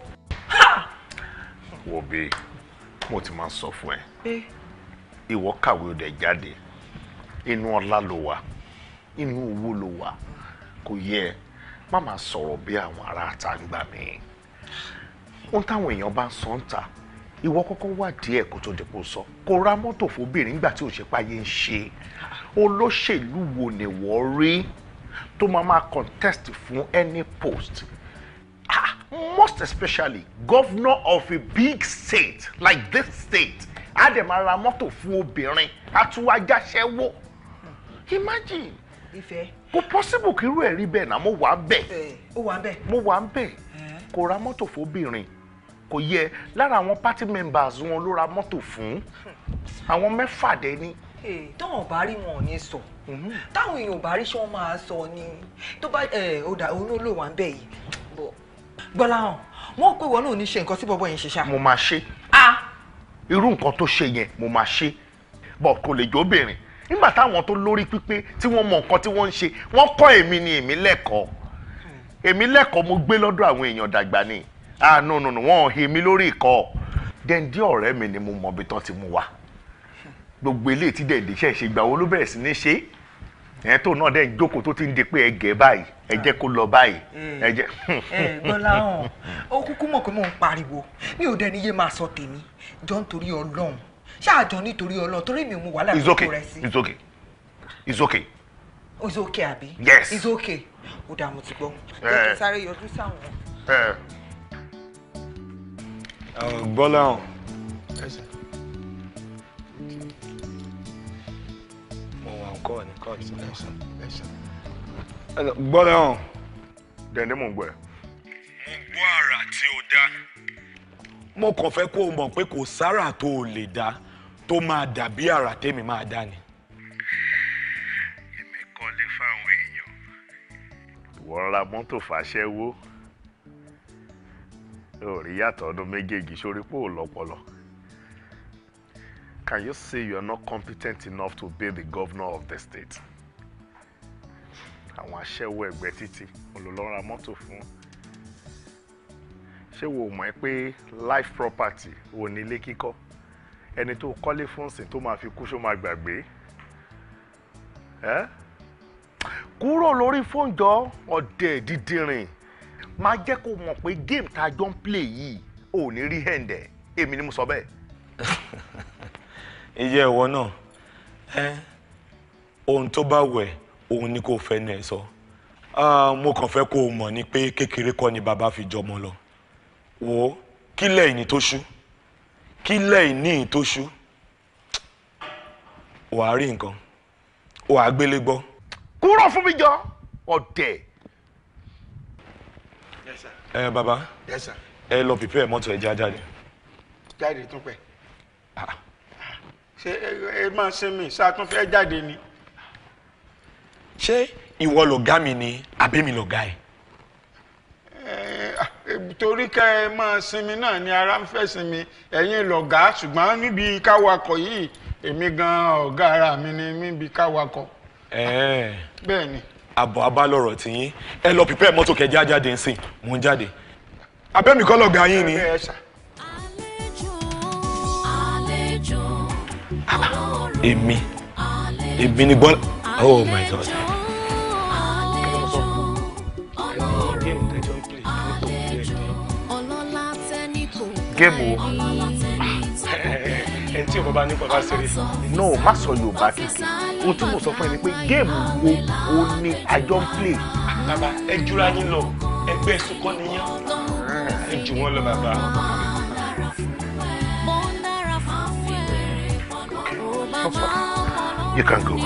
wo bí mo ti máa sọ fún ẹ ìwọ kàwé ọdẹ jáde inú ọlá ló wà inú owó ló wà kò yẹ má máa sọ̀rọ̀ bí àwọn ará ta ń gbà mí ohun táwọn èèyàn bá ń sọ ń ta ìwọ kọ́kọ́ wà díẹ̀ kó tó dìpọ sọ kó ra mọ́tò fóbìnrin nígbà tí òṣèpáyé ń ṣe olóṣèlú wo ni wọ́n rí tó máa máa contest fún any post ah most especially governor of a big state like this state á dẹ̀ máa ra mọ́tò fún obìnrin á tún wá jáṣẹ́wó imagine ìfẹ́ kò possible kí irú ẹ̀ rí bẹ́ẹ̀ náà mo wà bẹ́ẹ̀ ó mo wà bẹ́ẹ̀ kò ra mọ́tò fóbìnrin kò yẹ lára àwọn party members wọn ló ra mọ́tò fún hmm. àwọn mẹ́fà dẹ́ni. tọ́wọ̀n bá rí wọn ò ní sọ. So táwọn èèyàn ò bá rí ṣé wọ́n máa sọ ni tó bá ọ̀dà olóòwà ń bẹ̀ yìí bọ̀ gbọ́lá hàn wọ́n pé wọn náà ní ṣe nǹkan tí bọ́bọ́ yẹn ṣe ṣá. mo máa ṣe irú nǹkan tó ṣe yẹn mo máa ṣe bọ̀ kò lè jó obìnrin nígbà táwọn tó lórí pípé tí wọ́n mọ nǹkan tí wọ́n ń ṣe wọ́n kọ́ èmi ni èmi lẹ́kọ̀ọ́ èmi lẹ́kọ̀ọ́ mo gbé lọ́dọ̀ àwọn èèyàn dàgbà ni ah no no wọ́n hì mí lórí ìkọ́ dẹ́ndé ọ̀rẹ́ mi ni mo mọ̀ bí tán ti mú wa gbogbo ilé tí dẹ̀dẹ̀ ṣe ṣe ìgbà wo ló bẹ̀rẹ̀ sí ní ṣe ìyẹn tó náà dẹ̀ ń jókòó tó ti ń di pé ẹgẹ̀ báyìí ẹ jẹ́ kó lọ báyìí ẹ jẹ́. ẹ mm. eh, gbọ́lá hàn ó kúkú mọ̀ pé mò ń pariwo mi ò dẹni yé máa sọ tèmi jọ nítorí ọlọ́run ṣáàjọ nítorí ọlọ́run torí mi ò mú wàhálà kókó rẹ sí. it's okay it's okay. it's okay àbí. yes it's okay. ó dààmú ti gbọ́. Eh. jẹ́ kí sáré yọjú eh. hàn. kọ́ ni kọ́ ti sọ. gbọ́dọ̀ hàn. gẹ̀ǹdé mò ń gbọ́ ẹ. mo gbọ́ àrà tí o dá. mo kàn fẹ́ kó o mọ̀ pé kò sára tó o lè dá tó máa dàbí àrà tèmi máa dá ni. èmi kọ́lé fáwọn èèyàn. ìwọ ra mọ́tò fàṣẹ wo. o rí yàtọ̀ ọdún méjèèjì sórí pò lọ́pọlọ. Can you say you are not competent enough to be the governor of the state? Àwọn aṣẹ́wó ẹ̀gbẹ́ títì olùlọ́ra mọ́tò fún. Ṣé wo mọ̀ ẹ́ pé life property wo ni ilé kíkọ́? Ẹni tó kọ́lé fún sìn tó máa fi kú ṣó máa gbàgbé? Ẹ́ kúrò lórí fóúnjọ ọ̀dẹ̀ dídìrín máa jẹ́ kó mọ̀ pé game tá a jọ ń play yìí ò ní rí hẹ̀ǹdẹ̀ èmi ni mo sọ bẹ́ẹ̀. [laughs] iye ẹ̀wọ̀ náà ẹ ohun tó bá wẹ̀ ohun ni kò fẹ́ ní sọ ah, mo kàn fẹ́ kó o mọ̀ ni pé kékeré kọ́ ni bàbá fi jọmọ lọ wò ó kí lẹ́yìn ní tó ṣú kí lẹ́yìn ní tó ṣú wàá rí nǹkan wàá gbélé gbọ́. kúrò fún mi jọ ọ̀dẹ̀. Yes sir. ẹ baba. Yes sir. ẹ lọ pípẹ́ mọ́tò ẹ̀ jájáde. jáde tún pẹ́. ah ṣe ẹ máa sinmi ṣàtún fẹ́ jáde ni. ṣé ìwọ lọ̀gá mi ni àbí mi lọ̀gá ẹ. torí ká ẹ máa sinmi náà ni ara ń fẹ́ sinmi ẹ̀yin lọ̀gá ṣùgbọ́n níbi káwakọ̀ yìí èmi gan ọ̀gá ara mi ni níbi káwakọ̀. bẹ́ẹ̀ ni. àbọ̀ abálọ̀rọ̀ tiyín ẹ lọ pípẹ́ mọ́tò kẹjá jáde ń sìn mò ń jáde abẹ́mi kọ́ lọ̀gá yín ni. ẹ ẹ ṣá èmi èmi ni bọ́lá oh my god. géèmù wo [laughs] ẹni tí yorùbá ní bàbá ṣeré. no má sọ yorùbá kékeré ohun tí mo sọ fún ẹ ni pé géèmù wo o ní àjọ ń play. bàbá ẹ jura yín lọ ẹgbẹ́ sunkọ́ nìyẹn ẹ jù wọ́n lọ bàbá. Papa, [laughs] you can go.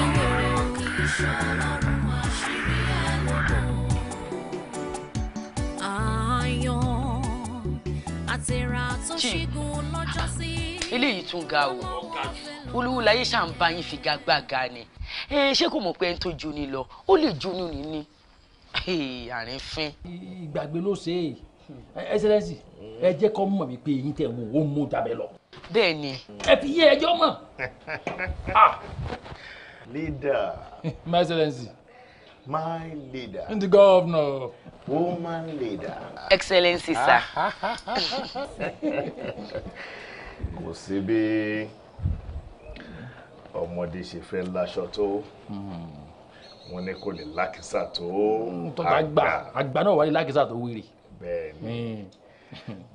Chief, eléyìí tún ga o. Olúwo láyé ṣàǹbá yín figagbága ni. Ṣé kò mọ̀ pé ẹni tó jóni lọ, ó lè jóni nìní. Àárín fín. Ìgbàgbé ló ṣe é. Excellency, ẹ jẹ́ kó mọ̀ wípé eyín tẹ̀ wọ́n ó mú jábẹ́ lọ bẹ́ẹ̀ ni. ẹ fi yé ẹjọ́ mọ̀. [laughs] Ah. leader. [laughs] my excellency. my leader. n ti governor. woman leader. excellency sir. [laughs] kò sí bí ọmọdé ṣe fẹ́ láṣọ tó hmm. wọn ní kò lè lákìsà tó hmm, àgbà àgbà náà wà ní lákìsà tó wíìrì. bẹ́ẹ̀ ni. Mm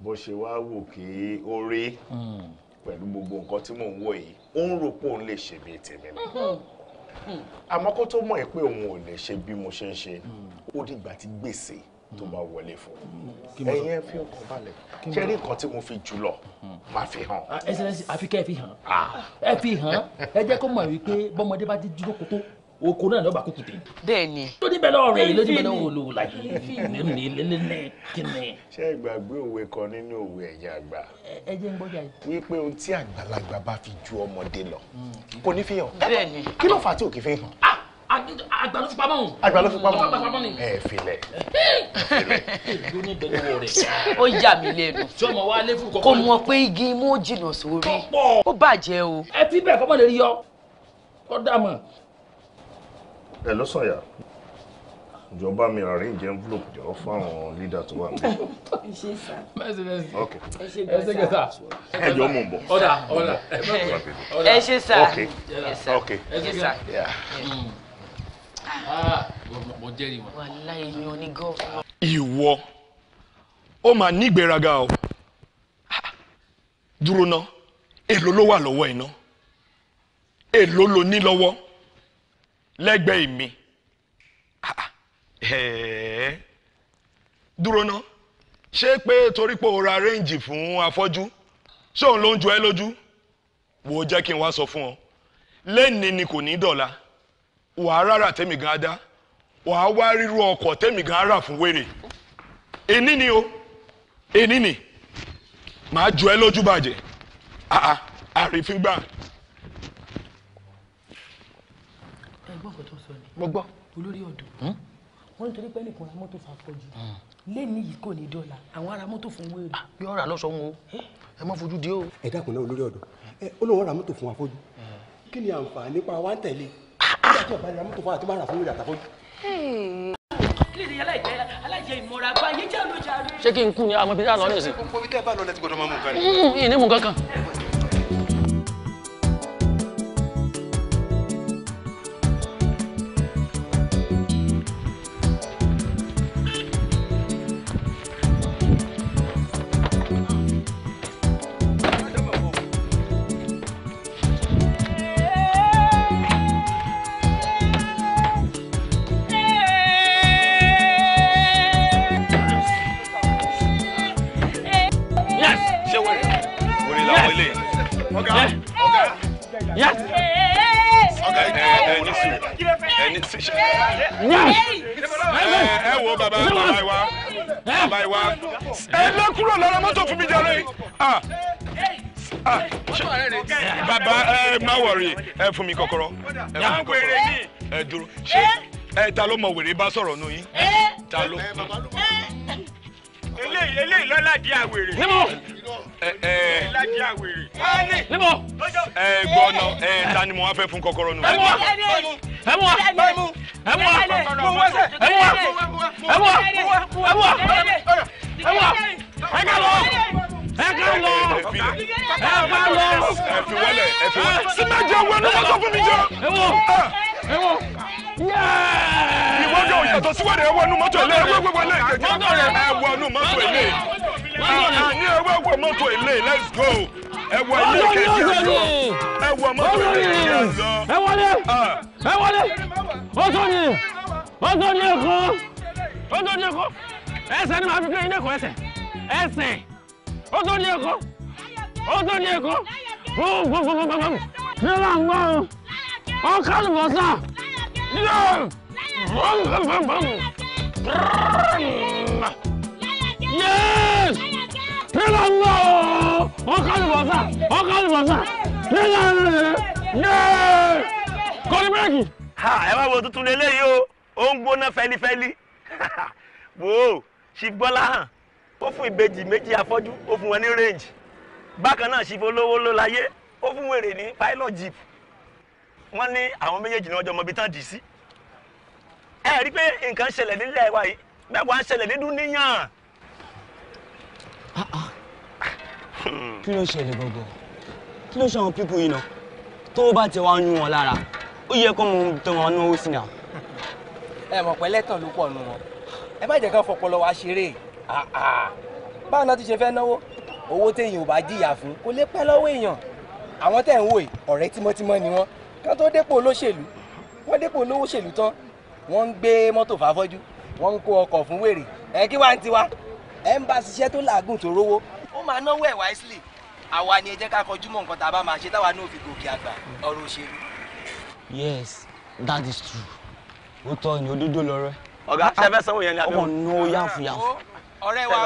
bó ṣe wá wò kí ó rí hmm. pẹ̀lú gbogbo nǹkan tí mò ń wò yìí ó ń rò pé òun lè ṣe bíi tèmi ni hmm. Hmm. àmọ́ kó tó mọ̀ ẹ́ pé òun ò lè ṣe bí mo ṣe ń ṣe ó dìgbà tí gbèsè tó bá wọlé fún un ẹ̀yin ẹ fi ọkàn balẹ̀ ṣe rí nǹkan tí mo fi jù lọ máa fi hàn. ẹsẹ̀ ah, ẹsẹ̀ àfi kẹ́ ẹ fi hàn ah. ẹ fi hàn ẹ jẹ́ kó mọ̀ wípé bọ́mọdé bá ti dúró kótó oko náà ni ọba kúkú tè. bẹ́ẹ̀ni. tó níbẹ̀ lọ rẹ̀ ló níbẹ̀ lọ́wọ́ olówó láyé lẹ́nìí kíni. ṣé ìgbàgbé òwe kan nínú òwe ẹ̀yà àgbà. ẹ jẹ́ ń gbọ́dọ̀ yìí. wípé ohun tí àgbàlagbà bá fi ju ọmọdé lọ hmm, kò ní fi hàn. bẹ́ẹ̀ni. kí ló fà á tí ò kì í fi hàn ah, àgbà ló fi pamọ́ o. àgbà ló fi pamọ́ o. ẹ filẹ. ó yà mí lẹ́nu. sọmọ wa lé fún kọkọ. kò mọ̀ pé igi imú jìnnà sórí. ó bàjẹ́ o. ẹ ti bẹ̀ kọ́ ẹ ló sọ̀yà ìjọba mi arrange envelope jọ fáwọn leader tó wà níbẹ̀. ẹ ṣe sá. ẹ ṣe bẹ́ẹ̀ sá. ẹ jọ mọ̀ bọ̀. ọ̀dà ọ̀dà ẹ ṣe sá. ok ok ẹ ṣe sá. Ah, mo jẹ́rìí wọn. wàhálà èèyàn ni gọ́ọ̀fù. ìwọ ó máa nígbéraga o dúró ná èló ló wà lọ́wọ́ iná èló ló ní lọ́wọ́ lẹ́gbẹ̀ẹ́ mi dúró ná ṣé pé torí pé o ra réǹjì fún afọ́jú ṣé òun ló ń jọ ẹ́ lójú wò ó jẹ́ kí n wá sọ fún ọ lẹ́ni ni kò ní dọ̀la wàá rárá tẹ́mi gan adá wàá wá ríru ọkọ̀ tẹ́mi gan rà fún wèrè èní ni o èní ni màá jọ ẹ́ lójú bàjẹ́ àrífín gbà. mo gbọ́. olórí ọ̀dọ́ hmm? wọ́n nítorí pé nìkan ra mọ́tò fàfọ́jú lẹ́ni yìí kò ní dọ́là àwọn ará mọ́tò fún wéèrè. Ah, yóò rà lọ́sọ̀ wọn o ẹ má fojú di o. ẹ dákun náà olórí ọ̀dọ́ ẹ olówó ra mọ́tò fún afọ́jú hmm. kí ni àǹfààní pa wá ń tẹ̀lé ah, ah. nígbà tí ọ̀bá ra mọ́tò fún àti bá rà fún wéèrè àtàfọ́jú. kí ni aláìjẹ aláìjẹ ìmọ̀ra gba yín jẹ́ olójà rẹ. ṣé kí n kú ni àwọn ọmọ bíi àlọ́ nìyẹn sí. gbogbo ibi tẹ́ ẹ bá lọ lẹ́tí gbọ́dọ̀ ẹ fún mi kọ́kọ́rọ́ ẹ fún mi kọ́kọ́rọ́ ẹ dúró ṣé ẹ ta ló mọ wèrè bá sọ̀rọ̀ nù yín ta ló. eléyìí eléyìí lọ́la di àwèrè. níbo ẹ ẹ láti àwèrè. níbo ẹ gbọ́nà ẹ ta ni mo wá fẹ́ fún kọ́kọ́rọ́ nù. ẹ mú wa ẹ mú wa ẹ mú wa ẹ mú wa ẹ mú wa ẹ mú wa ẹ mú wa ẹ mú wa ẹ mú wa ẹ mú wa ẹ ká lọ ẹ ká lọ ẹ fi wọlé ẹ fi wọlé. sinajẹ wo ẹni wọn sọ fún mi jọ. ẹwọ ẹwọ ìwọ́jọ́ ìyàtọ̀ síwádìí ẹwọ́ ẹnu mọ́tò ilé ẹwọ́ ẹwọ́ ilé ìjẹjẹ ẹwọ́ ẹnu mọ́tò ilé àní ẹwọ́ ẹwọ́ mọ́tò ilé let's go ẹwọ́ ilé kẹjẹ lọ ẹwọ́ mọ́tò ilé kẹjẹ lọ. ẹ wọlé ẹ wọlé ó sọ ní ó sọ ní ẹkọ ó sọ ní ẹkọ ẹsẹ ni màá fi gbé yín ní ẹkọ ẹsẹ ẹsẹ ó tó ní ẹ̀kọ́ ó tó ní ẹ̀kọ́ ó gbọgbọgbọgbọgbọ ní ọ̀la ń gbọ́ o ó kálù bọ̀ sá yíyá gbọngbọngbọngbọng yéés ní ọ̀la ń gbọ́ o ó kálù bọ̀ sá ó kálù bọ̀ sá yíyá yéés kọ́ni bírèkì. ẹ wá wo tuntun lélẹ́yìí o ó ń gbóná fẹlifẹli [laughs] wo ṣì gbọ́lá hàn ó fún ìbejì méjì afọ́jú ó fún wọn ní range bákan náà ṣìfọ lówó ló láyé ó fún wèrè ní pilot jeep wọ́n ní àwọn méjèèjì ní ọjọ́ mọ̀bí tán dì í sí ẹ rí i pé nǹkan ṣẹlẹ̀ nílẹ̀ wa yìí mẹ́wàá ń ṣẹlẹ̀ nídùú níyàn. Ah, ah. kí ló ṣẹlẹ̀ gbọ̀ngàn kí ló ṣe àwọn pípọ̀ yìí náà tó bá ti wá ń yún wọn lára ó yẹ kó mo tẹ wọn náwó sí náà. ẹ mọ̀ pé ló pọ̀ nù wọn ẹ má jẹ́ ká fọpọlọ wa ṣeré báwọn náà ti ṣe fẹ́ náwó owó téèyàn ò bá jìyà fún kò lè pẹ́ lọ́wọ́ èèyàn àwọn tẹ̀ ń wò yìí ọ̀rẹ́ tímọ́tímọ́ ni wọ́n kán tó dépò olóṣèlú wọ́n dépò olówóṣèlú tán wọ́n ń gbé mọ́tò fàfọ́jú wọ́n ń kó ọkọ̀ fún wèrè ẹ kí wá ń tiwa ẹ ń bá ṣiṣẹ́ tó làágùn tó rówó ó máa náwó ẹ̀ wisely àwa ni ẹ jẹ́ ká kọjú mọ́ nǹkan tá a bá máa ṣe táwa náà fi gòkè àgbà ọ̀rọ̀ òṣèlú. yes that is true ó tọ́ ni òdodo lọ́rọ̀ ọ̀gá ṣe fẹ́ sanwó yẹn ni àbẹ̀wò ọmọ nù ó yáfùyáfù ọ̀rẹ́ wa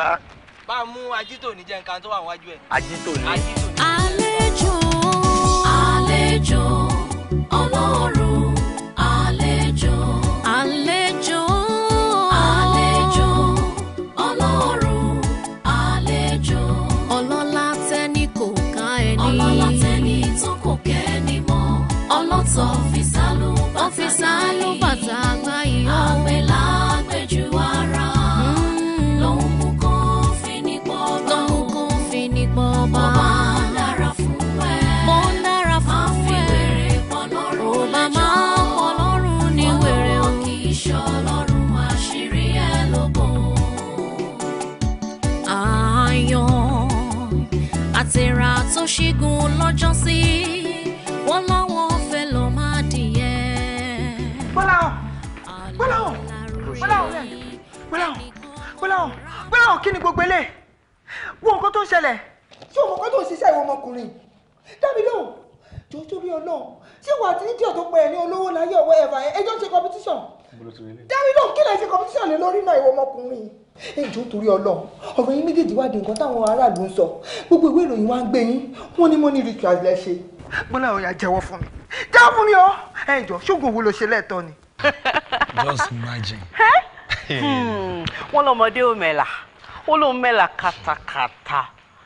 bá a mú ajito níjẹ́ nǹkan tó wà wájú ẹ̀. ajito ni. àlejò àlejò. ṣígun lọ́jọ́ sí wọ́n láwọn fẹ́ lọ máa dìyẹ. gbọ́láwọ̀ gbọ́láwọ̀ gbọ́láwọ̀ gbọ́láwọ̀ gbọ́láwọ̀ gbọ́láwọ̀ kí ni gbogbo ilé wo nǹkan tó ń ṣẹlẹ̀. ṣé òun kọ́ tó ń ṣiṣẹ́ ìwọ ọmọkùnrin dábì lóhùn jọ torí ọlọ́run tí wàá ti ní díẹ̀ tó pẹ́ ní olówó láyé ọwọ́ ẹ̀fà ẹjọ́ ṣe competition dábì lóhùn kí lè ṣe competition lórí náà ìwọ ọmọkùnrin ẹjọ́ torí Ọlọ́run ọ̀rọ̀ yín méjèèjì wá di nǹkan táwọn aráàlú ń sọ gbogbo ìwé ìròyìn wa ń gbé yín wọ́n ní money rituals lẹ ṣe. gbọ́dọ̀ ọ̀yà jẹ́wọ́ fún mi jẹ́wọ́ fún mi o ẹjọ́ ṣoògùn wo ló ṣe lẹ́ẹ̀tọ́ ni. just imagine. [laughs] Hmm. Hmm. wọ́n lọ́mọdé ò mẹ́la ó ló ń mẹ́la kàtàkàtà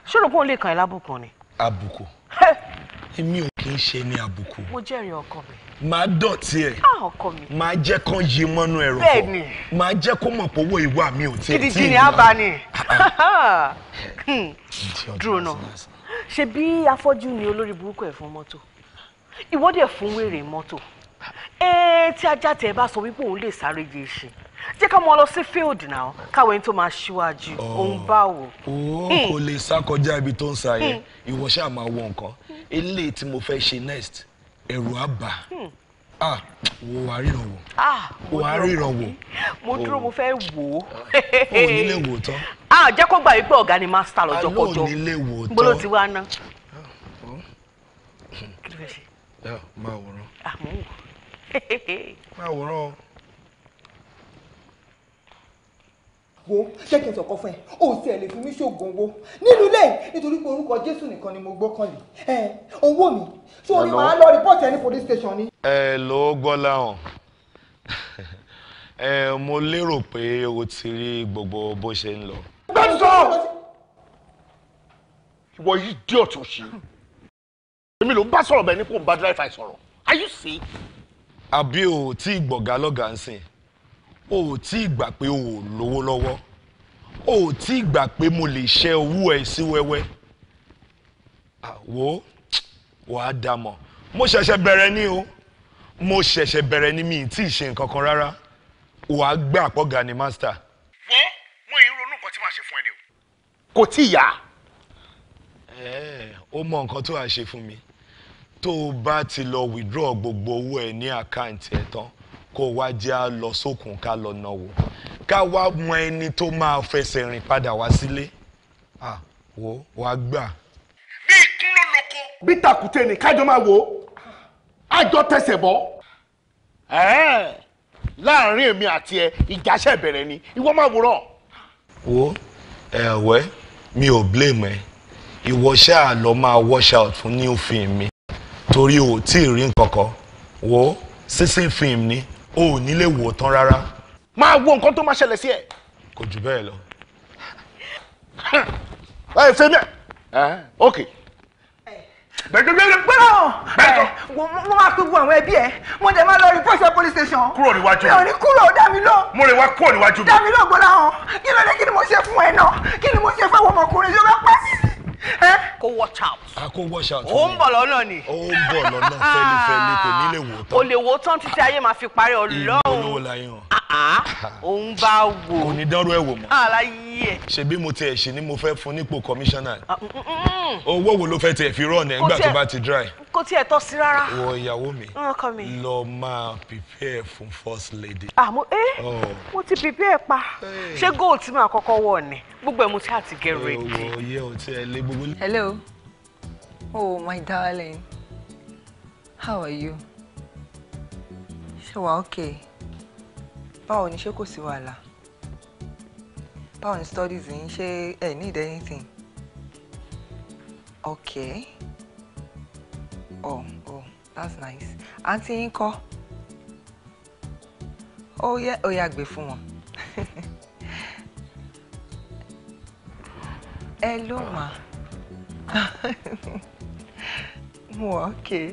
ṣé ló pọ́n lè kàn ẹ́ lábùkù ni. àbùkù èmi ò kì í ṣe ní àbùkù. mo jẹ́rìí ọkọ mi máa dọ̀tí ẹ̀ máa jẹ́ kán yí mọ́nú ẹ̀rọ pọ̀ máa jẹ́ kó mọ̀ pé ìwà mi ò tiẹ̀ tí ì ní. gidigidi abani dúró náà ṣe bí afọ́jú ni olórí burúkú ẹ̀ fún mọ́tò ìwọ́dẹ̀ fún wèrè mọ́tò ee tí ajá tẹ bá sọ wípé òun lè sáré yé ṣe jẹ́ ká mọ lọ sí field náà káwé tó máa ṣíwájú òun bá wò. o hmm. kò lè sá kọjá ibi tó ń sa yẹn hmm. ìwọ ṣáà máa wọ nǹkan hmm. eléyìí tí mo fẹ́ ṣe next ẹ̀rù á bà á hmm. wo wàá ríran wò wàá ríran wò. mo dúró mo fẹ́ wò ó. o ò nílé wò tán. a jẹ́ kó gbà wípé ọ̀gá ni master lọ́jọ́kọ́jọ́ gbọ́dọ̀ ti wá ná. máa wòran máa wòran o. wo jẹ́ kí n sọ̀kọ́ fún ẹ o ò tiẹ̀ lè fi mí ṣoògùn owó nínú ilé nítorí pé orúkọ Jésù nìkan ni mo gbọ́kànlé ẹ owó mi ṣé orí màá lọ rìpọ́ọ̀tì ẹ police station ni. ẹ ló gbọ́lá hàn ẹ mo lérò pé o ti rí gbogbo bó ṣe ń lọ. bẹ́ẹ̀ ìwọ yìí dí ọ̀tún ṣe èmi ló ń bá sọ̀rọ̀ bẹ́ẹ̀ ni kò ń bá dírẹ́fà sọ̀rọ̀ are you sick. àbí o tí gbọ̀gá lọ́gàá ń sìn o ò tí ì gbà pé o ò lówó lọ́wọ́ o ò tí ì gbà pé mo lè ṣe owó ẹ̀ sí wẹ́wẹ́ àwo wàá dà mọ̀ mo ṣẹ̀ṣẹ̀ bẹ̀rẹ̀ ní o mo ṣẹ̀ṣẹ̀ bẹ̀rẹ̀ ní mi tí ì ṣe nǹkan kan rárá wàá gbé àpọ̀gà ni master. wọ́n mo ì ronú nǹkan tí màá ṣe fún ẹ ni o. kò tí ì yá. ẹ ẹ ó mọ nǹkan tó wàá ṣe fún mi tó o bá ti lọ withdraw gbogbo owó ẹ ní àkáǹtì ẹ tán kó wá jẹ́ á lọ sókun ká lọ náwó ká wá mọ ẹni tó máa fẹsẹ̀ rìn padà wá sílé à wò wá gbà. bí ikún ló lóko. bí tàkùté ni kájọ máa wò ó àjọ tẹsẹ̀ bọ́. láàárín èmi àti ẹ ìjà ṣe ni ìwọ máa wòran. wo ẹ̀wẹ́ mi ò blame ẹ ìwọ ṣáà lọ máa wash out fún new film mi torí o ò tí ì rí nǹkan kan wo sísìn film ni o ò ní lè wò ó tán rárá. máa wo nǹkan tó máa ṣẹlẹ̀ sí ẹ. kò jù bẹ́ẹ̀ lọ. ẹ fẹ́ mi ẹ ok. bẹ́ẹ̀ bẹ́ẹ̀ bẹ́ẹ̀ mo máa pe gbogbo àwọn ẹbí ẹ mo dẹ̀ máa lọ report sí police station. kúrò níwájú mi mi ò ní kúrò dá mi lọ. mo lè wá kúrò níwájú mi. dá mi lọ gbọ́dọ̀ hàn kí ló dé kí ni mo ṣe fún ẹ náà kí ni mo ṣe fún àwọn ọmọkùnrin yóò bá pa mí kó watch out. a kó watch out. ó ń bọ̀ lọ́nà ni. ó ń bọ̀ lọ́nà fẹ́lifẹ́li kò ní lè wò tán. kò lè wò tán títí ayé máa fi parí ọlọ́run. ìlú olówó la yẹn o á òun bá wò. kò ní dánrú ẹ wò mọ́. aláyé ẹ. ṣebí mo tiẹ̀ ṣe ni mo fẹ́ fún nípò kọmíṣánná. Ah, mm, mm, mm. owó wo ló fẹ́ tiẹ̀ fi rán ọ̀nà nígbà tó bá ti dry. kò tiẹ̀ tọ́ sí rárá. wọ ìyàwó mi lọ máa prepare fún first lady. àmọ́ ah, ẹ eh? oh. mo ti prepare pa eh. ṣé gold tí màá kọ́kọ́ wọ̀ ni gbogbo ẹ̀ mo ti àti get ready. ẹ wọ iye ọtí ẹ lé gbogbo. hello oh my darling how are you? ṣe wà ókè. Okay? báwo ni ṣé kò sí wàhálà báwo ni studies yín ṣé ẹ need anything okay oh oh that's nice àǹtí yín kọ́ ó yẹ ó yà gbé fún wọn [laughs] ẹ ló mà [laughs] wọ́n okay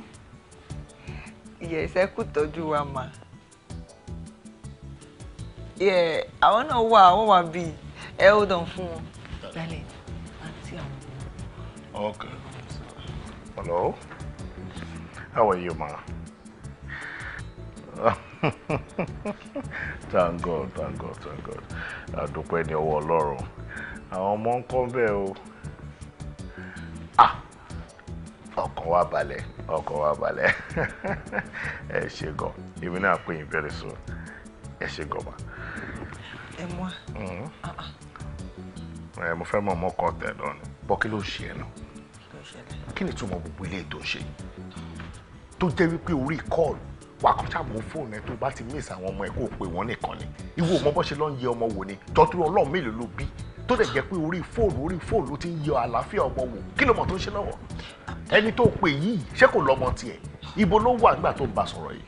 yes ẹ kú tọ́jú wa mà yẹ àwọn náà wà àwọn wà bíi ẹ ó dàn fún wọn. dalẹ àǹtí àwọn. okay hello how are you ma. [laughs] thank god thank god thank god àdúpẹ́ ní ọwọ́ ọlọ́run àwọn ọmọ ń kọ́ bẹ́ẹ̀ o ah ọkàn wa balẹ̀ ọkàn wa balẹ̀ [laughs] ẹ ṣe gan èmi náà pè very soon Eh, she go, ma ẹ mú wa. ẹ mo fẹ́ mọ ọmọ kan tẹ̀ lọ́nà bọ́ kí ló ń ṣe ẹ nà kí ni túmọ̀ gbogbo ilé tó ń ṣe tó jẹ́ wípé orí kọ́ọ̀lù wà kàn ṣàbò fóònù ẹ tó bá ti miss àwọn ọmọ ẹ kó o pè wọ́n nìkan ni ìwọ ọmọ bọ́ ṣe lọ́ ń yẹ ọmọ wò ni jọ́tú ọlọ́run mélòó ló bí tó dẹ̀ jẹ́ pé orí fóònù orí fóònù ló ti ń yọ àlàáfíà ọmọ wò kí ló mọ̀ tó ń ṣe lọ́wọ́ ẹni tó pè yìí ṣé kò lọ́mọ tiẹ̀ ibo ló wà nígbà tó ń bá sọ̀rọ̀ yìí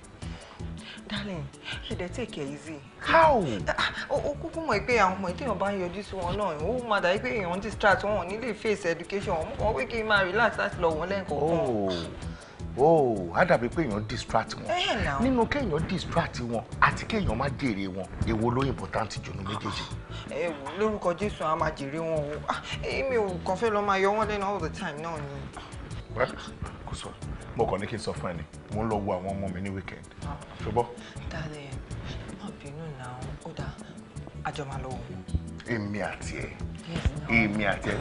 darling ṣe dey take care easy. how. Ah, o kúkú mọ̀ pé àwọn ọmọ ìtẹ̀yàn bá ń yọjú sí wọn náà ó máa dàbí pé èèyàn distract wọn ní lè face education wọn kàn pé kí n máa relax láti lọ wọn lẹ́ẹ̀kọ̀ọ̀kan. Oh, oh á dàbí pé èèyàn distract wọn nínú kéèyàn distract wọn àti kéèyàn má jèrè wọn èwo ló important jù ní méjèèjì. Ah, ẹ wò lórúkọ jésù a máa jèrè wọn o ah, èmi ò kàn fẹ́ lọ máa yọ wọn lẹ́nu all the time náà ni. kò sọ mo kàn ní kí n sọ fún ẹ ni mo ń lọ wo àwọn ọmọ mi ní weekend ah. ṣùgbọ́n. dalẹ má bínú náà ó dáa àjọ máa lọ wò. èmi àti ẹ èmi àti ẹ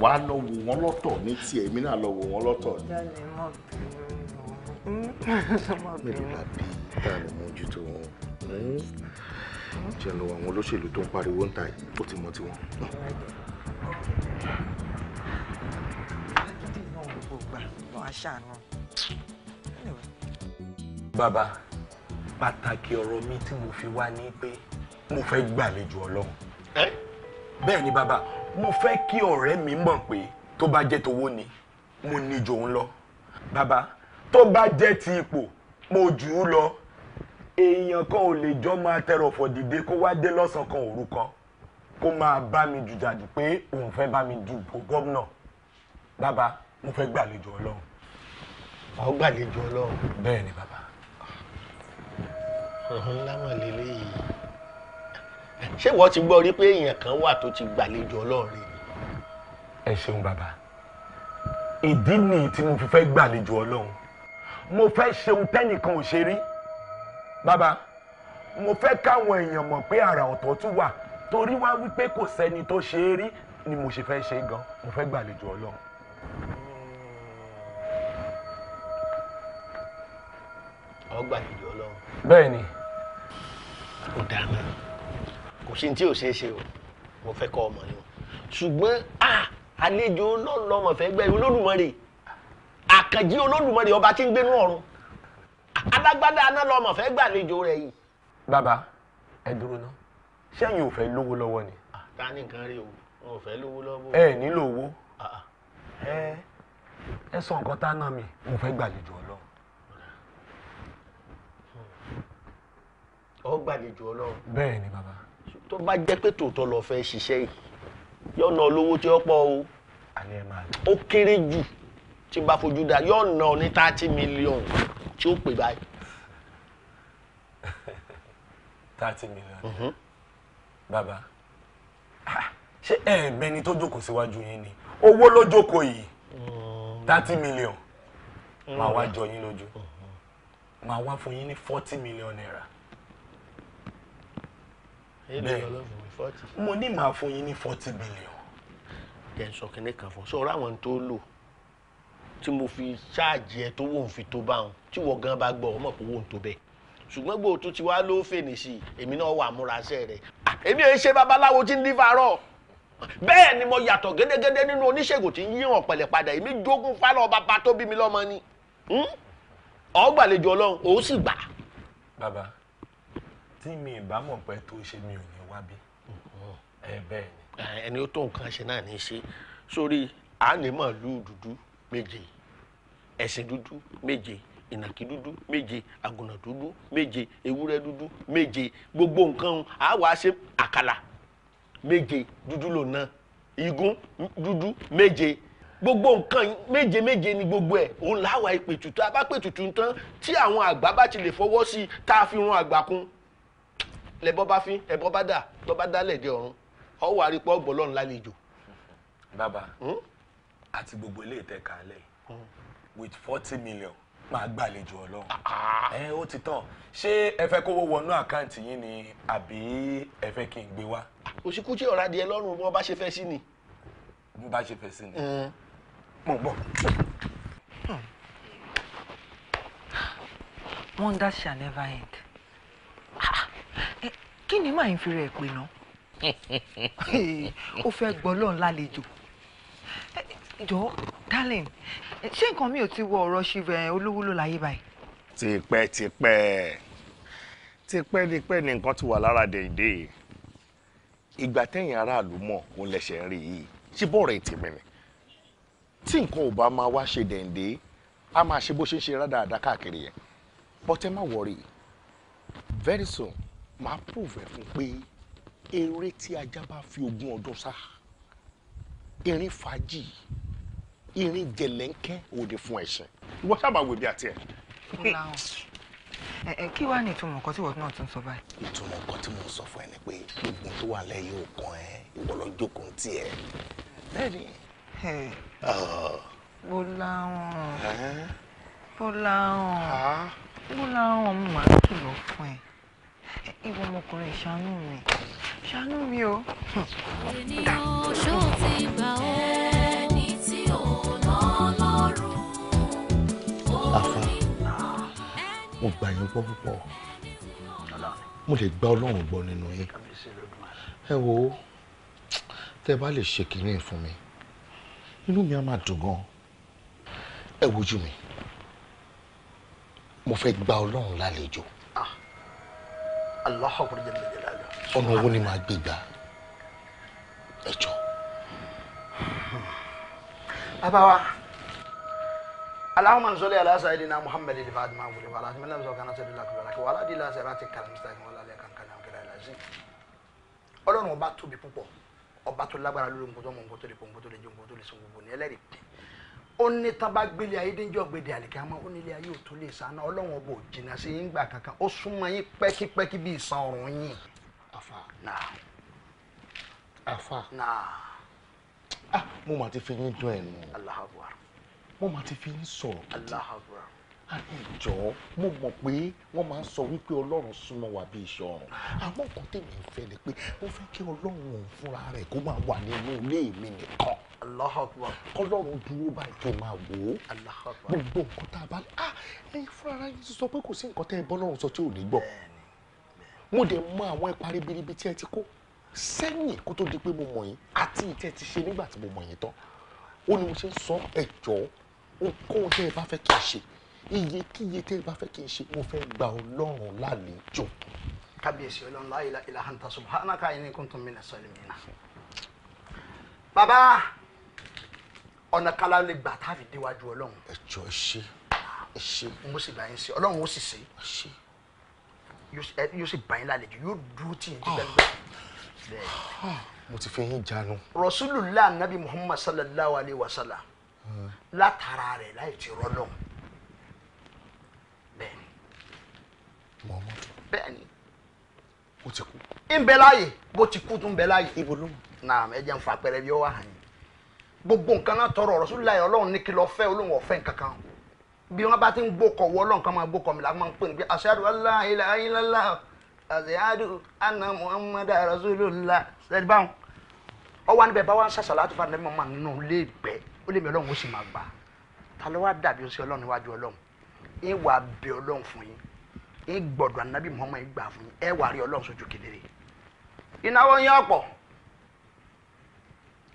wàá lọ wò wọn lọ́tọ̀ ní tiẹ̀ èmi náà lọ wò wọn lọ́tọ̀ ni. dalẹ má bínú. mélòó la bí tá a lè wọn mm-hmm. jẹ́ lọ àwọn olóṣèlú tó ń pariwo ń ta ó ti mọ tiwọn. àṣà náà. Baba, pàtàkì ọ̀rọ̀ mi tí mo fi wá ní pé mo fẹ́ gbàlejò ọlọ́run bẹ́ẹ̀ ni bàbá mo fẹ́ kí ọ̀rẹ́ mi mọ̀ pé tó bá jẹ́ tówó ni mo ní jò ń lọ bàbá tó bá jẹ́ ti ipò mo jù ú lọ èèyàn kan ò lè jọ máa tẹrọ̀fọ̀ dìde kó wá dé lọ́sàn kan òru kó máa bá mi jùjàdì pé òun fẹ́ bá mi dùbò gómìnà bàbá mo fẹ́ gbàlejò ọlọ́run a ó gbàlejò ọlọ́run. bẹ́ẹ̀ ni bàbá. ọ̀rọ̀ ńlá mà lélẹ́yìí ṣé ìwọ ti gbọ́ rí pé èèyàn kan wà tó ti gbàlejò ọlọ́run rí ni. ẹ ṣeun bàbá ìdí nìyí tí mo fi fẹ́ gbàlejò ọlọ́run mo fẹ́ ṣeun tẹ́nìkan ò ṣe rí bàbá mo fẹ́ káwọn èèyàn mọ̀ pé àrà ọ̀tọ̀ tún wà torí wá wípé kò sẹ́ni tó ṣe é rí ni mo ṣe fẹ́ ṣe gan mo fẹ́ gbàlejò ọlọ́run. ọgbàlejò ọlọ́run. bẹ́ẹ̀ni. ó dáná kò sí tí ò ṣeé ṣe o mo fẹ́ kọ́ ọmọ ni o ṣùgbọ́n àlejò ọlọ́run fẹ́ gbẹ́ olódùmarè àkànjí olódùmarè ọba tí ń gbénú ọ̀run alágbádá aná lọmọ fẹ́ gbàlejò rẹ̀ yìí. bàbá ẹ dúró ná sẹ́yìn ò fẹ́ lówó lọ́wọ́ ni. ta ni nǹkan rí o ò fẹ́ lówó lọ́wọ́. ẹ nílò owó ẹ ẹ sọ nǹkan tá a ná mi mo fẹ́ gbàlejò ọ gbàlejò Ọlọ́run. bẹ́ẹ̀ ni bàbá. tó bá jẹ́ pé tòótọ́ lọ fẹ́ ṣiṣẹ́ yìí yọ̀nà olówó tí ó pọ̀ o ó kéré jù tí bá fojú da yọ̀nà ní thirty million tí ó pè báyìí. [laughs] thirty million mm-hmm. Baba. ṣé ẹ̀ẹ̀mẹ́ni tó jókòó síwájú yín ni owó ló jókòó yìí mm. thirty million màá wá mm. jọ yín lójú mm-hmm. màá wá fún yín ní forty million naira bẹ́ẹ̀ mo ní màá fún yín ní forty billion. jẹ́ n sọ kínní kan fún ọ sọ̀rọ̀ àwọn tó lò tí mo fi ṣáàjì ẹ tó wò ń fi tó bá wọn tí wọ́n gan bá gbọ́ ọmọ kò wò ń tó bẹ́ẹ̀ ṣùgbọ́n gbòò tó ti wá ló fèèní sí i èmi náà wà múraṣẹ́ rẹ̀ ah, èmi ò ṣe babaláwo tí ń dífàárọ̀ bẹ́ẹ̀ ni mo yàtọ̀ gédégédé nínú oníṣègùn tí ń yíran pẹ̀lẹ́ padà èmi jogún fálọ̀ bàbá tó bí mi lọ́mọ ni hmm? ọ̀gbàlejò ọlọ́run òun sì gbà. bàbá tí mi ì bá mọ̀ pé tó ṣe mi ò ní wá bí. ẹ bẹ́ẹ̀ ni. ẹni ó tó nǹkan ṣe náà ní í ṣe sórí àánimọ̀lú dúdú méje ẹ̀sìn dúdú méje ìnàkí dúdú méje àgùnà dúdú méje ewúrẹ́ dúdú méje gbogbo nǹkan á wàá ṣe àkàlà méje dúdú lò náà igun dúdú méje gbogbo nǹkan méje méje ni gbogbo ẹ̀ òun làwọn ìpètùtù abápètùtù tán tí àwọn àgbà bá ti lè fọwọ́ sí i tá a fi run àgbà kún lẹ́bọ́ bá fín ẹ̀bọ́ bá dà tó bá dálẹ̀ dé ọ̀run ọ wà á rí pọ́ ọgbọ́n lọ́run lálejò. bàbá hmm? àti gbogbo ilé ìtẹ̀ka alẹ́ with forty million máa gbàlejò ọlọ́run ah, ah. ẹ ó ti tán ṣé ẹ fẹ́ kówó wọnú àkáǹtì yín ni àbí ẹ fẹ́ kí n gbé wá. òṣìkú ọ̀rá adìẹ lọ́rùn bí wọ́n bá ṣe fẹ́ sí ni. bí wọ́n bá ṣe fẹ́ sí ni. Eh. mo ń bọ̀. Hmm. wonders shall never end. Ah, kí ni màá fi rẹ̀ pè ná [laughs] ó fẹ́ gbọ́ lọ́n lálejò jọ darling ṣé nǹkan mi ò ti wọ ọ̀rọ̀ ṣìbẹ̀ olówó ló láyé báyìí. tipẹ́ tipẹ́ tipẹ́ tipẹ́ ni nǹkan ti wà lára dèndé ìgbà tẹ̀yìn aráàlú mọ̀ òun lẹ̀ṣẹ̀ ń rí yìí ṣé bọ́ọ̀rọ̀ ìtìmí ni tí nǹkan ò bá máa wá ṣe dèndé a máa ṣe bó ṣe ń ṣe rádaràda káàkiri yẹn but ẹ má wọrí very soon máa prove fún pé eré tí ajá bá fi ogún ọdún sá irin fàájì irin jẹlẹ́ńkẹ́ òde fún ẹ̀sìn ìwọ sábà wèbi àti ẹ̀. ó láwọn ẹ kí wàá ní ìtumọ̀ nǹkan tí wọ́n náà tún sọ báyìí. ìtumọ̀ nǹkan tí mò ń sọ fún ẹ ni pé gbogbo tó wà lẹ́yìn òkan ẹ ìwọ lọ jókòó ń tiẹ̀ bẹ́ẹ̀ni. ó láwọn ó láwọn ó láwọn mo máa kìlọ̀ fún ẹ ìwọ ọmọkùnrin ṣàánú mi ṣàánú mi o. ènìyàn ṣó ti gbà ẹni tí ò lọ́lọ́rùn. àfa mo gbà yín gbọ́ púpọ̀ mo lè gba ọlọ́run gbọ́ nínú yín ẹ wo tẹ́ bá lè ṣe kínní fún mi inú mi á máa dùn gan ẹ wojú mi mo fẹ́ gba ọlọ́run lálejò. Allahu Akbar jẹ́ nílẹ̀ lálẹ́. ọ̀nà owó ni màá gbé gbà ẹ jọ. bàbá wa Allahumma salli ala sayyidina Muhammad al-fatihi ma wuli wàhálà àti mẹ́lẹ́mùsọ̀ kan náà sẹ́dí lakú lọ́la kí wàhálà dìlà sẹ́rà ti kàlẹ́ mùsítà kí wọ́n lálẹ́ kankan náà kẹlẹ́ lásì. ọlọ́run ọba tóbi púpọ̀ ọba tó lágbára lórí nǹkan tó mọ̀ nǹkan tó lè pọ̀ nǹkan tó lè jẹ nǹkan tó lè sọ gbogbo ní ẹlẹ́rìí ó ní tán bá gbélé ayé dénjọ́ gbèdé àlìkámọ́ ó nílé ayé ò tó lè sáná ọlọ́run ọba ò jìnnà sí yín gbà kankan ó súnmọ́ yín pẹ́kípẹ́kí bí ìsan ọ̀run yín. àfà náà àfà náà. ah mo mà ti fi yín dún ẹnu. Allahu Akbar. mo mà ti fi yín sọrọ. gidi. Allahu Akbar. àlejò mo mọ̀ pé wọ́n máa ń sọ wípé ọlọ́run súnmọ́ wa bí iṣẹ́ ọ̀run àmọ́ nǹkan tèmi ń fẹ́ ni pé mo fẹ́ kí ọlọ́run òun fúnra rẹ̀ kó máa wà nínú ilé mi nìkan. aláhàkùbà kọlọ́run dúró báyìí tó máa wò ó aláhàkùbà gbogbo nǹkan tá a bá lè ah ẹyin fúnra ara yín ti sọ pé kò sí nǹkan tẹ́ ẹ bọ́lọ́run sọ tí ò ní gbọ́ mo dẹ̀ mọ àwọn ipa ribiribi tí ẹ ti kó sẹ́yìn kó tó di pé mo mọ̀ yín àti ìtẹ́ ti ṣe nígbà tí mo mọ̀ yín tán ó ní mo ṣe ń sọ ẹ̀jọ́ ohunkóhun tẹ́ ẹ bá fẹ́ kí n ṣe iyekíye tẹ́ ẹ bá fẹ́ kí n ṣe mo fẹ́ gba ọlọ́run lálejò. kábíyèsí ọlọ́run láyé ilà hanta subhanaka inni kuntum mina salimina. bàbá ọ̀nà kala lè gbà táfi déwájú ọlọ́run. ẹ jọ ẹ ṣe ẹ ṣe. mo sì bá yín sí ọlọ́run ó sì ṣe. ẹ ṣe. yóò sì bá yín lálejò yóò dúró tì yín dígbàdúgbà. Ah. Ah. mo ti fi yín jánu. rasulullah nabi muhammad sallallahu alayhi wa sallam hmm. látara rẹ̀ láì ti rọ́lọ́run. bẹ́ẹ̀ni. muhammadu. bẹ́ẹ̀ni. ó ti kú. ń bẹ láàyè bó ti kú tún bẹ láàyè. ibo ló wà. naam ẹ jẹ́ n fa pẹrẹ bí ó wà hàn yín. gbogbo nǹkan náà tọrọ ọ̀rọ̀ sùn láyọ̀ ọlọ́run ní kí lọ fẹ́ olóhùn ọ̀fẹ́ nǹkankan bí wọ́n bá ti ń gbókọ̀ wọ ọlọ́run kan máa mi la máa ń pè ní pé aṣáájú aláìlá ayélujára aṣáájú anna muhammadu báwọn níbẹ̀ bá ń nínú ilé ìgbẹ́ ó lè mi ọlọ́run ó sì máa gbà ta ló wá dàbí muhammadu gbà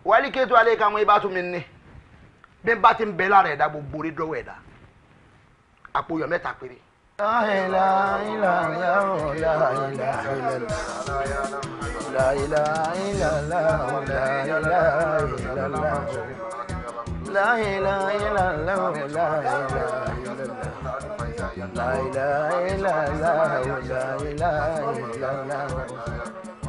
wàhálì kéétu alẹ́ kan àwọn ibà tún mi ní bí n bá ti ń bẹ lára ẹ̀dá gbogbo rí dọ́wọ́ ẹ̀dá àpò yọ mẹ́ta péré. láìla la ilaha illallah la ilaha illallah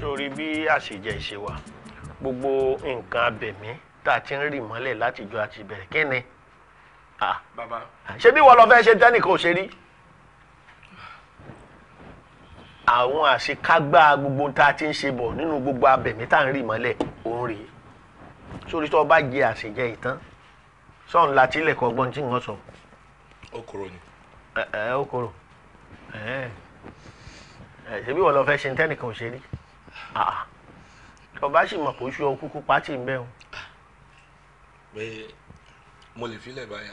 torí bí àṣejẹ ìṣe wa gbogbo nǹkan abẹ̀mí tá a ti ń rì mọ́lẹ̀ látijọ́ àti bẹ̀rẹ̀ kí ni. bàbá ṣé bí wọ́n lọ fẹ́ ṣe tẹ́nìkan ò ṣe rí. àwọn àṣekágbá gbogbo tá a ti ń ṣe bọ̀ nínú gbogbo abẹ̀mí tá a ń rì mọ́lẹ̀ òun rèé sórí tó bá jẹ àṣejẹ ìtàn sọ̀n láti ilẹ̀ kọ́ gbọ́n tí wọ́n sọ. ó kúrò ni. ẹ ẹ ó kúrò ẹ ṣebí wọn lọ fẹ́ ṣe tẹ́nìkan ò ṣe rí ọba sì mọ̀ pé oṣù ọkùnkùn pàtì ń bẹ̀ wọn. pé mo lè filẹ̀ báyà.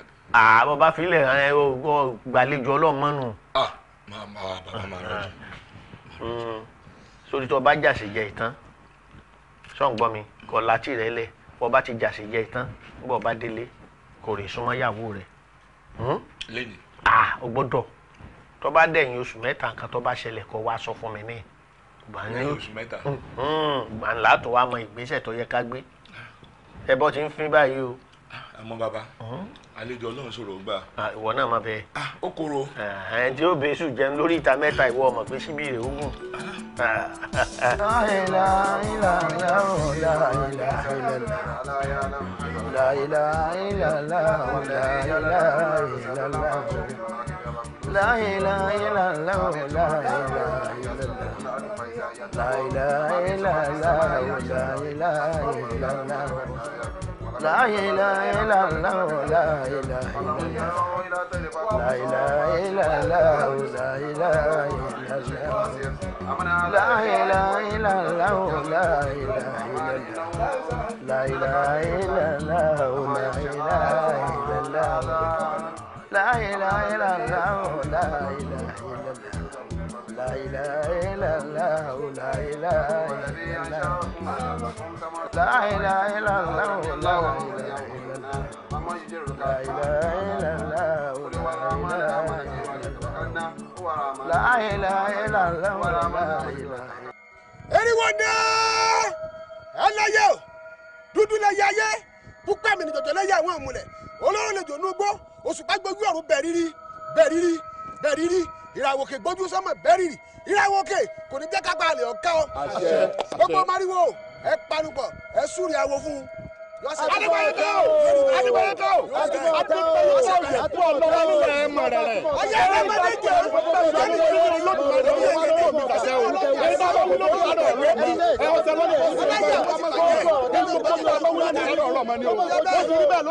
àbọ̀ bá filẹ̀ ẹ gbàlejò ah máa máa bàbá máa rọjò. sórí tó bá jàṣejẹ ìtàn sọ̀n gbọ́ mi kọ́ láti rẹ̀ lẹ̀ bọ́ bá ti jàsè jẹ tán bọ́ bá délé kò rè súnmọ́ ìyàwó rẹ̀. Hmm? lẹ́yìn. ah o gbọ́dọ̀ tó bá dẹ̀yìn oṣù mẹ́ta nǹkan tó bá ṣẹlẹ̀ kó wá sọ fún mi ní. dẹ̀yìn oṣù mẹ́ta. Hmm, hmm, gbàǹlá tó wá mọ ìgbésẹ̀ tó yẹ ká gbé ẹbọ ti ń fín báyìí o. Ah, àmọ́ bàbá àlejò Ọlọ́run ṣòro gbà. ìwọ náà máa bẹ. ó koro. ẹ tí ó bẹsù jẹun lórí ìta mẹ́ta ìwọ ọmọ pé síbí rẹ ogun. La لا إله إلا الله لا إله إلا لا إله إلا الله لا إله إلا الله لا إله إلا الله لا إله إلا الله لا إله إلا الله لا إله إلا الله لا إله إلا الله لا إله إلا الله لا إله إلا الله لا إله إلا الله لا إله إلا الله لا إله إلا الله لا إله إلا الله لا إله إلا الله eriwo náà ẹlẹyẹ o dúdú lẹ yẹ ayé púpẹ mi ni jọjọ lẹ yẹ àwọn òmùlẹ olóró lè jò ní ugbó oṣù pàgbẹ wíwọrùn bẹẹ rírí bẹẹ ìràwòkè gbójú sọmọ bẹ́rìrì ìràwòkè kò ní jẹ́ kápá àlè ọ̀ká ọ. gbogbo mariwo ẹ panupọ̀ ẹ súrì awo fún un. adigunle tó adigunle tó adigunle tó ọlọ́wọ́ ẹ mọ̀ rẹ̀. ọyẹ ẹ bá dé jẹ ọjọ́ni tó yẹ lọ́dún rẹ̀ ní ẹ̀yẹ tó mi kàṣẹ o. ẹ bá wọn lọ́dún lọ́dún rẹ̀ ní ẹ ọ̀sẹ̀ lọ́dún rẹ̀ ní ẹ ọ̀sẹ̀ lọ́dún rẹ̀ ní ẹ ọ̀sẹ̀ lọ́dún rẹ̀ ní ẹ ọ̀sẹ̀ lọ́dún rẹ̀ ní ẹ ọ̀sẹ̀ lọ́dún rẹ̀ ní ẹ ọ̀sẹ̀ lọ́dún rẹ̀ ní ẹ ọ̀sẹ̀ lọ́dún rẹ̀ ní ẹ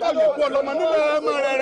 ọ̀sẹ̀ lọ́dún rẹ̀ ní ẹ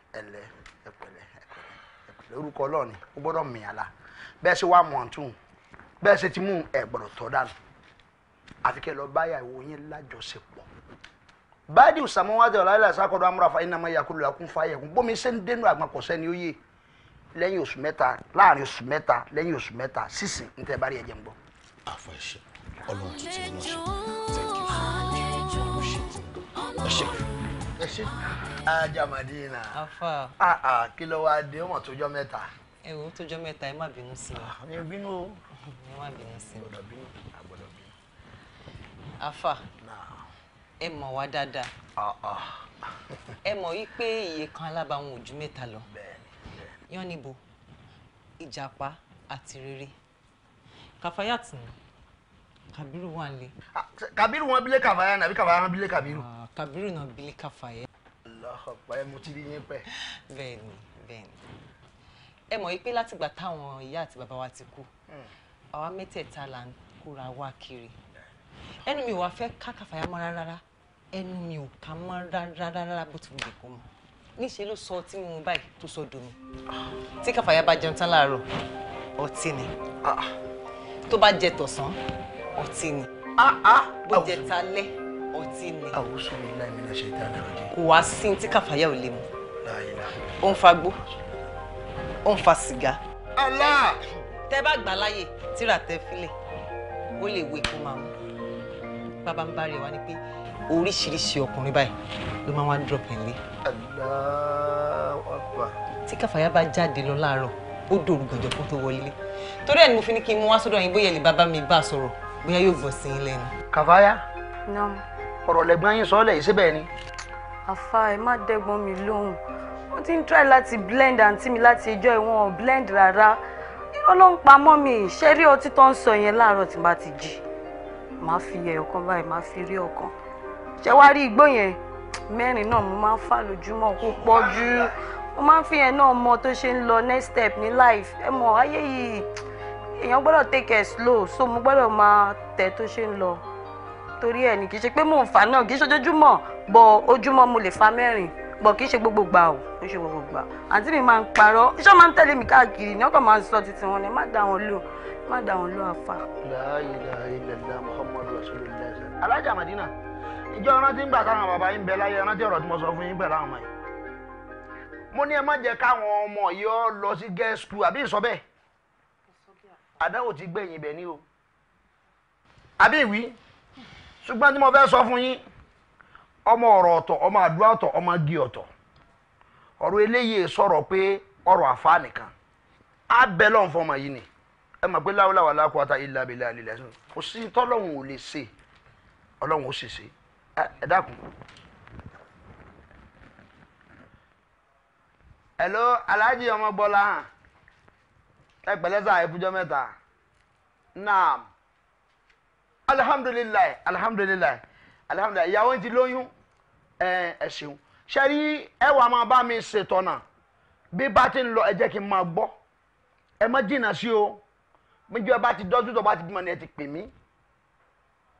ẹlẹ ẹpẹ̀lẹ́ ẹpẹ̀lẹ́ ẹpẹ̀lẹ́ orúkọ ọlọrin ó gbọ́dọ̀ mìíyàlá bẹ́ẹ̀ ṣe wà mọtún bẹ́ẹ̀ ṣe ti mú ẹ gbọ́dọ̀ tọ dànù àfi kẹ lọ báyà ìwò yín lájọṣepọ̀ báyìí ọ̀sàmọ́ wájú ọ̀làlẹ́ àṣàkọ́dọ̀ amúrafa iná máa yà kó lóla kún fáyà kún bómi ṣe ń dénú àgbàkọ̀ṣẹ́ ni ó yé lẹ́yìn oṣù mẹ́ta láàrin oṣù mẹ́ta lẹ́yìn oṣù mẹ́ta sísìn ní tẹ́ bá rí ẹ̀jẹ̀ ń bọ̀. àfọ ẹṣẹ Ọlọ́run tuntun ló ṣe ṣe ẹ ṣe ajá madina ah, ah, kí ló wá dé ọmọ tójọ́ mẹ́ta. ẹ wo tójọ́ mẹ́ta ẹ má bínú sí i. Ah, mi ò bínú o. ẹ má bínú sí i. gbọ́dọ̀ bínú àgbọ́dọ̀ bínú. afa ẹ mọ̀ wá dáadáa ẹ mọ̀ yí pé iye kan alábàáwọn ojú mẹ́ta lọ yánnibo ìjàpá àti rere kàfáyàt ni kàbírù wà ń lé. kàbírù wọn bílé kàfáyà nàbí kàfáyà wọn bílé kàbírù. kàbírù náà bílé kàfáyà ọ̀pẹ́ mo ti rí yín pẹ́. bẹ́ẹ̀ni bẹ́ẹ̀ni ẹ mọ̀ wípé látìgbà táwọn ìyá àti bàbá wa ti kú hmm. àwa mẹ́tẹ̀ẹ̀ta là ń kóra wá kiri ẹnu mi ò wá fẹ́ kákàfàyà mọ́ rárá ẹnu mi ò ká mọ́ rárá bó ti wù mọ́ níṣẹ́ ló sọ ọtí mímu báyìí tó sọ domi tí káfàyà bá jẹun tán láàárọ̀ ọtí ni ah, ah. tó bá jẹ tọ̀sán ọtí ni ah, bó jẹ talẹ́ ọtí ni. àwòsàn mi láì mi náà ṣe dáná rẹ. kò wá sí ní tí káfáyà ò lè mu. ó ń fagbó ó ń fa sìgá. Allah. tẹ bá gbà láyè tíra tẹ fílẹ̀ ó lè wé kó máa mú bàbá ń bá rẹ wá ni pé oríṣiríṣi ọkùnrin báyìí ló máa wá drop in lé. tí káfáyà bá jáde lọ láàárọ̀ ó dòrú gànjọ́ kó tó wọlé torí ẹ̀ ni mo fi ní kí n mú wá sọ́dọ̀ yín bóyá ẹ lè bá mi bá a sọ̀rọ̀ bóyá yóò gbọ́ sí yín lẹ́nu. kàfáyà. nọ́ọ̀mù ọ̀rọ̀ lẹ́gbọ́n yín sọ́ọ́lẹ̀ yìí síbẹ̀ ni. àfa ẹ má dẹ́gbọ́n mi lóhùn wọ́n ti ń try láti blend àǹtí mi láti ẹjọ́ ìwọ̀n blend rárá ọlọ́run pamọ́ mi ṣe rí ọtí tó ń sọ yẹn láàárọ̀ tí bá ti jí màá fi ẹ̀ọ̀kan báyìí màá fi rí ọ̀kan ṣé wàá rí igbó yẹn mẹ́rin náà mo máa ń fà lójúmọ́ kó pọ̀ jù mo máa ń fi yẹn náà mọ tó ṣe ń lọ next step ní life ẹ mọ̀ ayé yìí èèyàn gbọ́dọ̀ take it slow so mo gbọ́dọ̀ máa tẹ̀ tó ṣe ń lọ torí ẹ̀ ní kì í ṣe pé mò ń fà náà kì í ṣe ojoojúmọ́ bọ̀ ojúmọ́ mo lè fa mẹ́rin bọ̀ kì í ṣe gbogbo gbà o kì í ṣe gbogbo gbà àǹtí mi máa ń parọ́ iṣẹ́ máa ń tẹ̀lé mi káàkiri ní ọkàn máa ń sọ títí wọn ni má dá wọn lò má dá wọn lò àfà. la ilaha illallah muhammadu rasulullah alájà madina ìjọ rántí ńgbà táwọn bàbá yín bẹ láyé rántí ọ̀rọ̀ tí mo sọ fún yín pẹ̀lú àwọn ọmọ ní ẹ má jẹ́ káwọn ọmọ yìí lọ sí girls school àbí ìsọ bẹ́ẹ̀ àdáwò ti gbẹ̀yìn ibẹ̀ ni o àbí ìwí ṣùgbọ́n tí mo fẹ́ sọ fún yín ọmọ ọ̀rọ̀ ọ̀tọ̀ ọmọ àdúrà ọ̀tọ̀ ọmọ igi ọ̀tọ̀ ọ̀rọ̀ eléyìí sọ̀rọ̀ pé ọ̀rọ̀ àfa nìkan á bẹ lọ́n fọmọ yìí ni ẹ mọ̀ pé láwùláwà aláàkúwàtà ilà bẹ̀lẹ̀ àlìlẹ̀ sùn kò sí tọ́lọ́hún ò lè ṣe ọlọ́hún ó sì ọmọ hàn alihamudulilayi alihamudulilayi alihamudulilayi ìyàwó ti lóyún ẹ ẹ ṣeun ṣẹ́rí ẹ wàá máa bá mi ṣètọ́nà bí bá ti ń lọ ẹ jẹ́ kí n máa gbọ́ ẹ má jìnnà sí o méjì ọba ti dọ́jú tó bá ti bímọ ni ẹ ti pè mí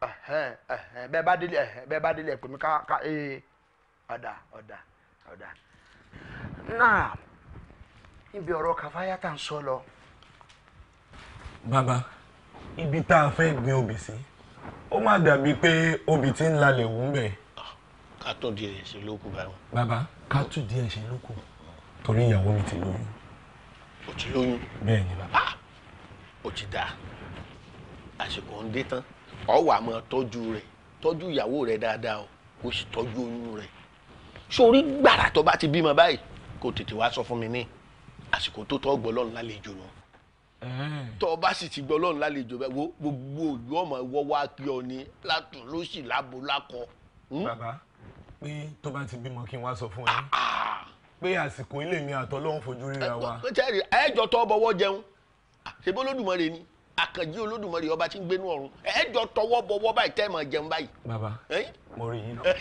bẹ́ẹ̀ bá délé bẹ́ẹ̀ bá délé pè mí ká ká ee ọ̀dà ọ̀dà ọ̀dà náà níbi ọ̀rọ̀ kàfáyà tá à sọ lọ. bàbá ibi tá a fẹ́ gbin obì sí. Si ó má dàbí pé obì tí ń lalẹ̀ wù ń bẹ̀. ká tó díẹ̀ ṣe ló kù báyìí. bàbá ká tó díẹ̀ ṣe ló kù torí ìyàwó mi ti lóyún. ó ti lóyún. bẹ́ẹ̀ ni bàbá. ó ah! ti dáa àsìkò ń dé tán ọ wà máa tọ́jú rẹ̀ tọ́jú ìyàwó rẹ̀ dáadáa o kò sì tọ́jú oyún rẹ̀ sórí gbàrà tó bá ti bímọ báyìí kó tètè wá sọ fún mi ní àsìkò tó tọ́ gbọ́ lọ́nà lálejò náà tó o bá sì ti gbọ́ ọlọ́run lálejò bẹ́ẹ̀ wo gbogbo òjò ọmọ ìwọ́ wá kí ọ ni látún ló sì lábo lákọ. bàbá pé tó bá ti bímọ kí n wá sọ fún yín pé àsìkò ilé mi àtọ́lọ́hún fojú ríra wa. ẹjọ́ tó bọ́wọ́ jẹun ṣebí olódùmarè ni àkànjí olódùmarè ọba tí ń gbénú ọ̀run ẹjọ́ tọwọ́ bọ́wọ́ báyìí tẹ́ jẹun báyìí. bàbá mo rí yín náà.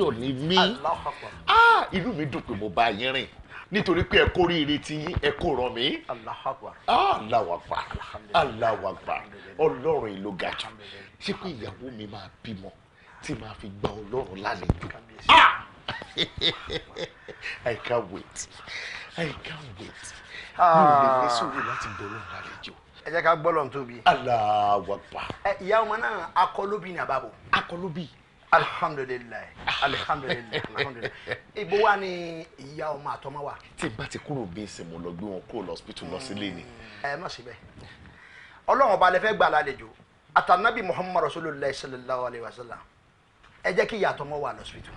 aláyọ̀ ni mí ah, inú mi dùn pé mo bá yín rìn nítorí pé ẹ kó ríire tí yín ẹ kó ràn mí. aláwàgbà ah, aláwàgbà ọlọ́run ìlú gàjà ṣé pé ìyàwó mi máa bímọ tí màá fi gba ọlọ́run lálejò. Ah! [laughs] I can't wait I can't wait mi ò lè ní sùúrù láti gba ọlọ́run lálejò ẹ jẹ́ ká gbọ́ lọ́n tóbi. aláwọ̀ pa. ẹ ìyá ọmọ náà akọlóbì ni àbábò. akọlóbì alihamudulilayi alihamudulilayi alihamudulilayi ibo wa ni ìyá ọmọ àtọmọ wa. tí n bá ti kúrò bí ìsìn mo lọ gbé wọn kúrò lọ́sibítù lọ sílé ni. ẹ má síbẹ̀ ọlọ́run ọba alẹ́ fẹ́ gbà lálejò àtànábì muhammadu rasulillah sallallahu alayhi wa sallam ẹ jẹ́ kí ìyá àtọmọ wà lọ́sibítù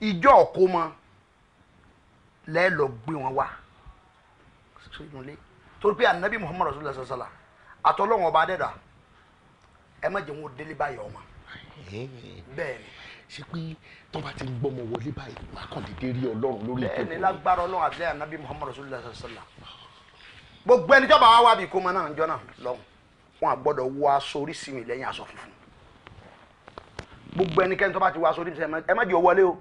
ìjọ ọ̀kọ́ mọ́ lẹ́ẹ̀ lọ gbé wọn wá sínúlé torí pé ànábì muhammadu rasulillah sallallahu alayhi wa sallam àtọ́lọ́run ọba adẹ́dà ẹ má jẹun ó délé báyọ̀ ọmọ bẹ́ẹ̀ ni ṣe pé tó bá ti ń gbọ́mọ wọlé báyìí wà kàn dédé rí ọlọ́run lórí ìtẹ́kùn. bẹ́ẹ̀ni lágbára ọlọ́run àti ànábì muhammad rasulillah sallam gbogbo ẹni jọba wa wá bí ìkómọ náà jọ náà lọ́hùn wọn à gbọ́dọ̀ wọ aṣọ oríṣiríṣi lẹ́yìn aṣọ funfun gbogbo ẹnikẹ́ni tó bá ti wọ aṣọ oríṣiríṣi ẹ má jẹ́ wọlé o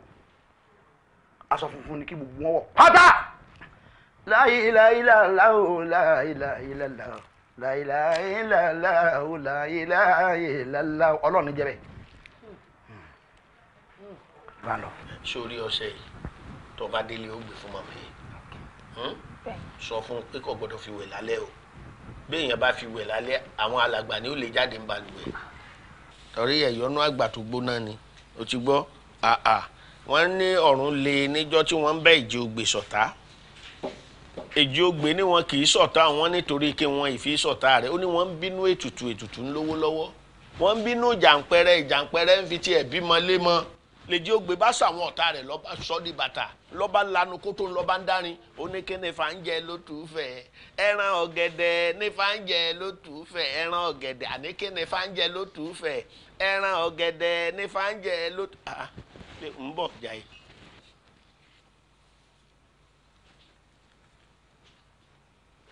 aṣọ funfun ni kí gbogbo wọn wọ. pátá láyìláyìláláwò láyìláyìláláwò láyìláyìláláwò láyìláyìláláwò ọlọ́run ní jẹ́ bẹ́ẹ̀ bá lọ. sórí ọṣẹ yìí tó bá délé ó gbé fún màmá yìí hmm? sọ fún un pé kò gbọdọ̀ fi wẹ̀ lálẹ́ o béèyàn bá fi wẹ̀ lálẹ́ àwọn alàgbà ni ó lè jáde ń balùwẹ̀ torí ẹ̀yọ́nú àgbà tó gbóná ni o ti gbọ́ àà wọ́n ní ọ̀run le níjọ́ tí wọ́n ń bẹ́ ìjì ogbè sọ̀tá èjì ogbè ni wọn kì í sọ̀tá wọn nítorí kí wọn ìfi sọ̀tá rẹ̀ ó ní wọ́n ń bínú ètùtù ètùtù ńlówó lọ́wọ́ wọ́n ń bínú jàǹpẹ́rẹ́ jàǹpẹ́rẹ́ ń fi tiẹ̀ bímọ lémọ́ lè jẹ́ ògbé bá sọ àwọn ọ̀tá rẹ̀ lọ́ba sọ́ọ́dì bàtà lọ́ba lanu kó tó ń lọ́ba ń dárin oníke nífa ń jẹ lótùúfẹ́ ẹran ọ̀gẹ̀dẹ̀ nífa ń jẹ lótùúfẹ́ ẹran ọ̀gẹ̀dẹ̀ àníke nífa ń jẹ lótùúfẹ́ ẹran ọ̀gẹ̀dẹ̀ nífa ń jẹ lótùúfẹ́ ah, ah, ń bọ̀ jáì.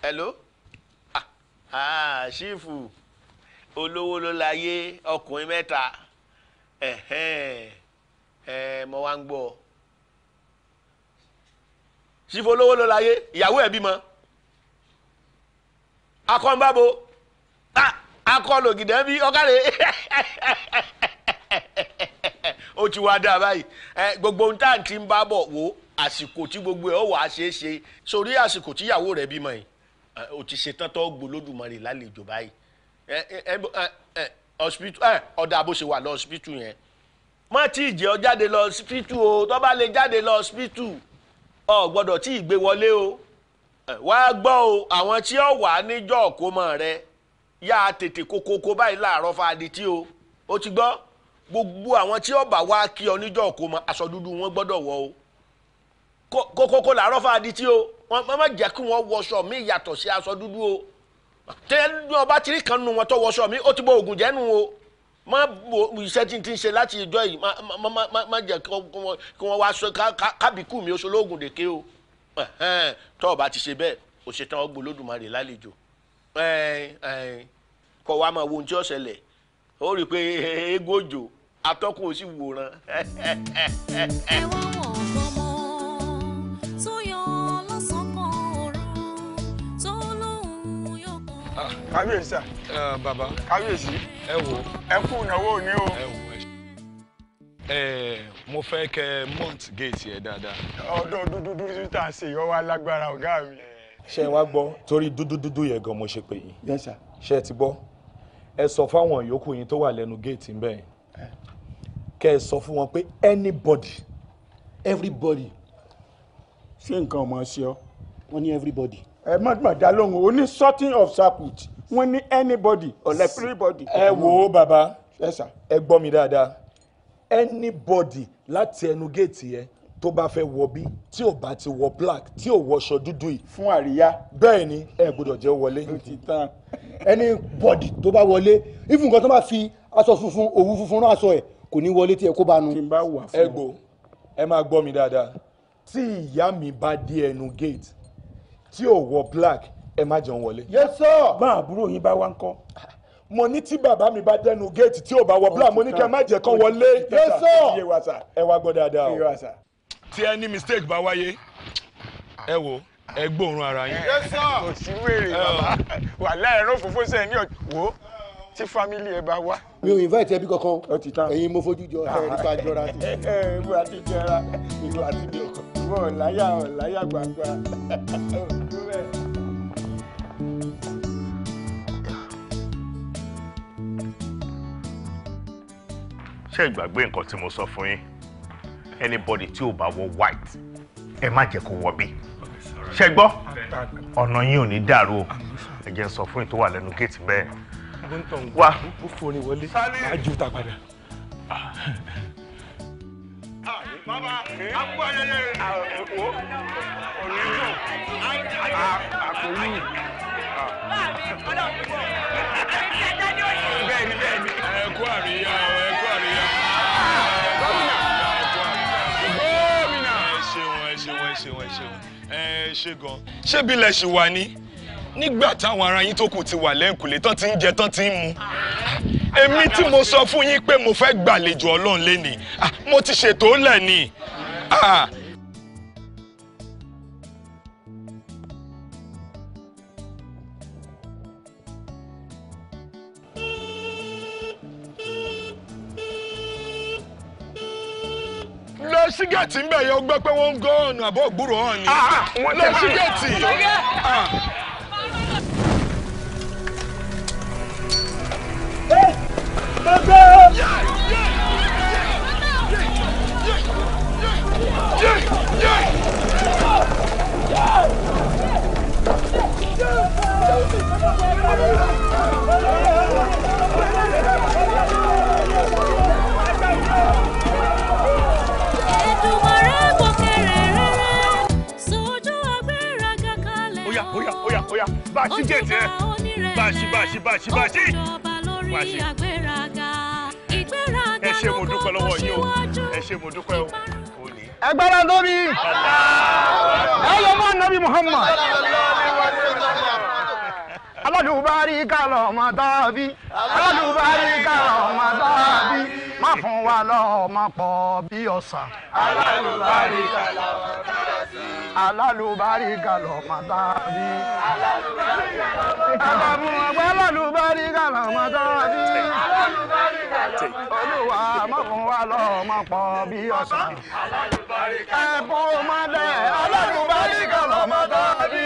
hello ah, ah ṣífù olówó ló láyé ọkùnrin mẹ́ta ẹ̀hẹ́n. Eh, eh ẹ mọ wá ń gbọ́ ọ ṣìfọ olówó ló láyé ìyàwó ẹ̀ bímọ akọ́nbábo akọ́lògìdẹ́ bí ọ̀kàrẹ́ [laughs] ó ti wá dáa báyìí gbogbo ohun tá à ń ti ń bá bọ̀ wò àsìkò tí gbogbo ẹ̀ ọ̀ wá ṣeé ṣe sórí àsìkò tíyàwó rẹ̀ bímọ yìí o ti ṣe tán tó gbólódùmarè lálejò báyìí ọ̀dà bó ṣe wà lọ́ọ́sìpítù yẹn má tí ì jẹ́ ọ jáde lọ ọsibítù o tó bá lè jáde lọ ọsibítù ọ gbọ́dọ̀ tí ì gbé wọlé o wá gbọ́ o àwọn tí ó wà níjọ́ òkómọ rẹ yá tètè kokoko báyìí láàárọ̀ fàdí tí o ó ti gbọ́ gbogbo àwọn tí ó bá wá kí ọ níjọ́ òkómọ aṣọ dúdú wọn gbọ́dọ̀ wọ o kokoko làárọ̀ fàdí tí o wọ́n má jẹ́ kí wọ́n wọṣọ mi yàtọ̀ sí aṣọ dúdú o tẹ́lẹ̀ ọba tìrí kan nu wọn tó wọṣọ mi ó ti bọ ògùn jẹ́nu o má wo iṣẹ́ tí n ti ń ṣe láti ìjọ yìí má jẹ́ kí wọ́n wá sọ kábìkù mi oṣù lóògùn dèké o tọ́ ọ bá ti ṣe bẹ́ẹ̀ o ṣe tán ọgbọ́n olódùmarè lálejò kọ́ wa máa wo ohun tí ó ṣẹlẹ̀ ó rí i pé eégún òjò atọ́kùn ó sì wòran. [laughs] ẹ wá wọ̀. kábíyèsí. ẹ bàbá. kábíyèsí. ẹ wò. ẹ kú ìnáwó ni o. ẹ wò ẹ mo fẹ́ kẹ mount gate yẹn dáadáa. ọdọ dúdú dúdú tá a ṣe yọ wá lágbára ọgá mi. ṣé ẹ wá gbọ́ torí dúdú dúdú yẹn gan mo ṣe pè yín. yes sir. ṣé ẹ ti gbọ́ ẹ sọ fáwọn yòókù yín tó wà lẹ́nu géètì ńbẹ̀ yẹn kẹ ẹ sọ fún wọn pé anybody everybody ṣé nǹkan ọmọ ṣe ọ wọn ní everybody. ẹ má má dá lóhùn o sorting of circuit wọ́n ní anybody ọ̀lẹ́ everybody. ẹ wo mm. baba, ẹ̀sà ẹ gbọ́ mi dáadáa anybody láti ẹnu géètì yẹn tó bá fẹ́ wọ bí tí ò bá ti wọ black tí ò wọṣọ dúdú yìí. fún àríyá. bẹ́ẹ̀ ni ẹ gbọ́dọ̀ jẹ́ wọlé. anybody tó bá wọlé if nǹkan tó bá fi aṣọ funfun òwú funfun rán aṣọ ẹ̀ kò ní wọlé tí ẹ kó bá nu. tí n bá wà fún ọ. ẹ gbọ́ ẹ máa gbọ́ mi dáadáa tí ìyá mi bá dé ẹnu gate tí ò wọ black ẹ má jẹun wọlé. yes sir. àbúrò yín bá wá ń kọ́. mo ní tí bàbá mi bá dẹnu géètì tí ò bá wọ bílà mo ní kí ẹ má jẹ kán wọlé. yes ẹ wá gbọ́ dáadáa o. tí ẹ ní mistake bá wáyé ẹ wò ẹ gbóòórùn ara yín. yes kò sí wèrè bàbá oh. wàhálà ẹ̀rọ òfófó sẹ́yìn ní ọ̀wọ́ tí family ẹ bá wá. mi ò invite ẹbí kankan ẹ̀yin mo fojú jọ ẹ nípa jọra tó. [laughs] ẹ ìwà àti jẹra ìwà àti jẹra ìwọ ọ̀láyà ọ̀láyà gbàgbà. [laughs] ṣe ìgbàgbé nǹkan tí mo sọ fún yín anybody tí ò bá wọ white ẹ má jẹ́ kó wọ bí ṣe gbọ́ ọ̀nà yín ò ní dàrú o ẹ jẹ́ sọ fún yín tó wà lẹ́nu géètì bẹ́ẹ̀ wá. ó forin bẹ́ẹ̀ni bẹ́ẹ̀ni ẹ̀kọ́ àríyá. ẹ ṣe gan ṣé bí lẹ ṣì wà ní nígbà táwọn ará yín tó kù ti wà lẹ́ǹkùlé tán ti ń jẹ tán ti ń mu èmi tí mo sọ fún yín pé mo fẹ́ gbàlejò ọlọ́run lẹ́nìí ah, mo ti ṣètò ó lẹ̀ ni ah, sígẹ̀tì ńbẹ̀ yẹn o gbọ́ pé wọ́n ń gọ́ ọ̀nà àbọ̀ ògbúrò Yeah! bàṣí gèdè bàṣí bàṣí bàṣí bàṣí bàṣí. ẹ ṣé mo dúpẹ́ lọ́wọ́ yín o ẹ ṣé mo dúpẹ́ o. ẹgbẹ́ra lórí ẹ lọ mọ nabi Muhammad [laughs] aládùúbárí kálọ̀ ọmọ tàbí aládùúbárí kálọ̀ ọmọ tàbí má fún wa lọ́ọ́ má pọ̀ bí ọ̀sà. aládùúbárí kálọ̀ ọmọ tàbí alálùbáríkà lọ́mọ tá a bí. àbàbùmọ̀gbẹ́ alálùbáríkà lọ́mọ tá a bí. olúwa mọ̀kún wa lọ́mọ pọ̀ bí ọ̀sán. ẹ̀bùn ọmọdé alálùbáríkà lọ́mọ tá a bí.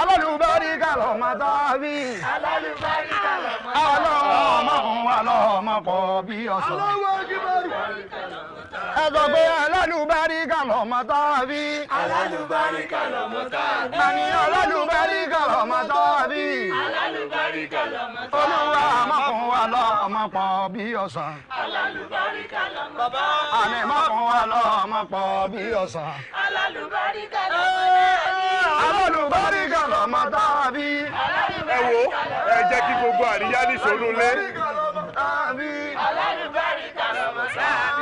alálùbáríkà lọ́mọ tá a bí. alálùbáríkà lọ́mọ pọ̀ bí ọ̀sán ẹ sọ pé alálùbáríkà lọ́mọ tá a bí. alálùbáríkà lọ́mọ tá a bí. àní alálùbáríkà lọ́mọ tá a bí. alálùbáríkà lọ́mọ tá a bí. olúwa mọ̀kùn wa lọ́mọ pọ̀ bí ọ̀sán. alálùbáríkà lọ́mọ tá a bí. àní mọ̀kùn wa lọ́mọ pọ̀ bí ọ̀sán. alálùbáríkà lọ́mọ tá a bí. alálùbáríkà lọ́mọ tá a bí. ẹ wo ẹ jẹ́ kí gbogbo àríyá ní sòrúnlé. alálùbáríkà lọ́mọ tá a bí. alálùbáríkà lọ́mọ tá a bí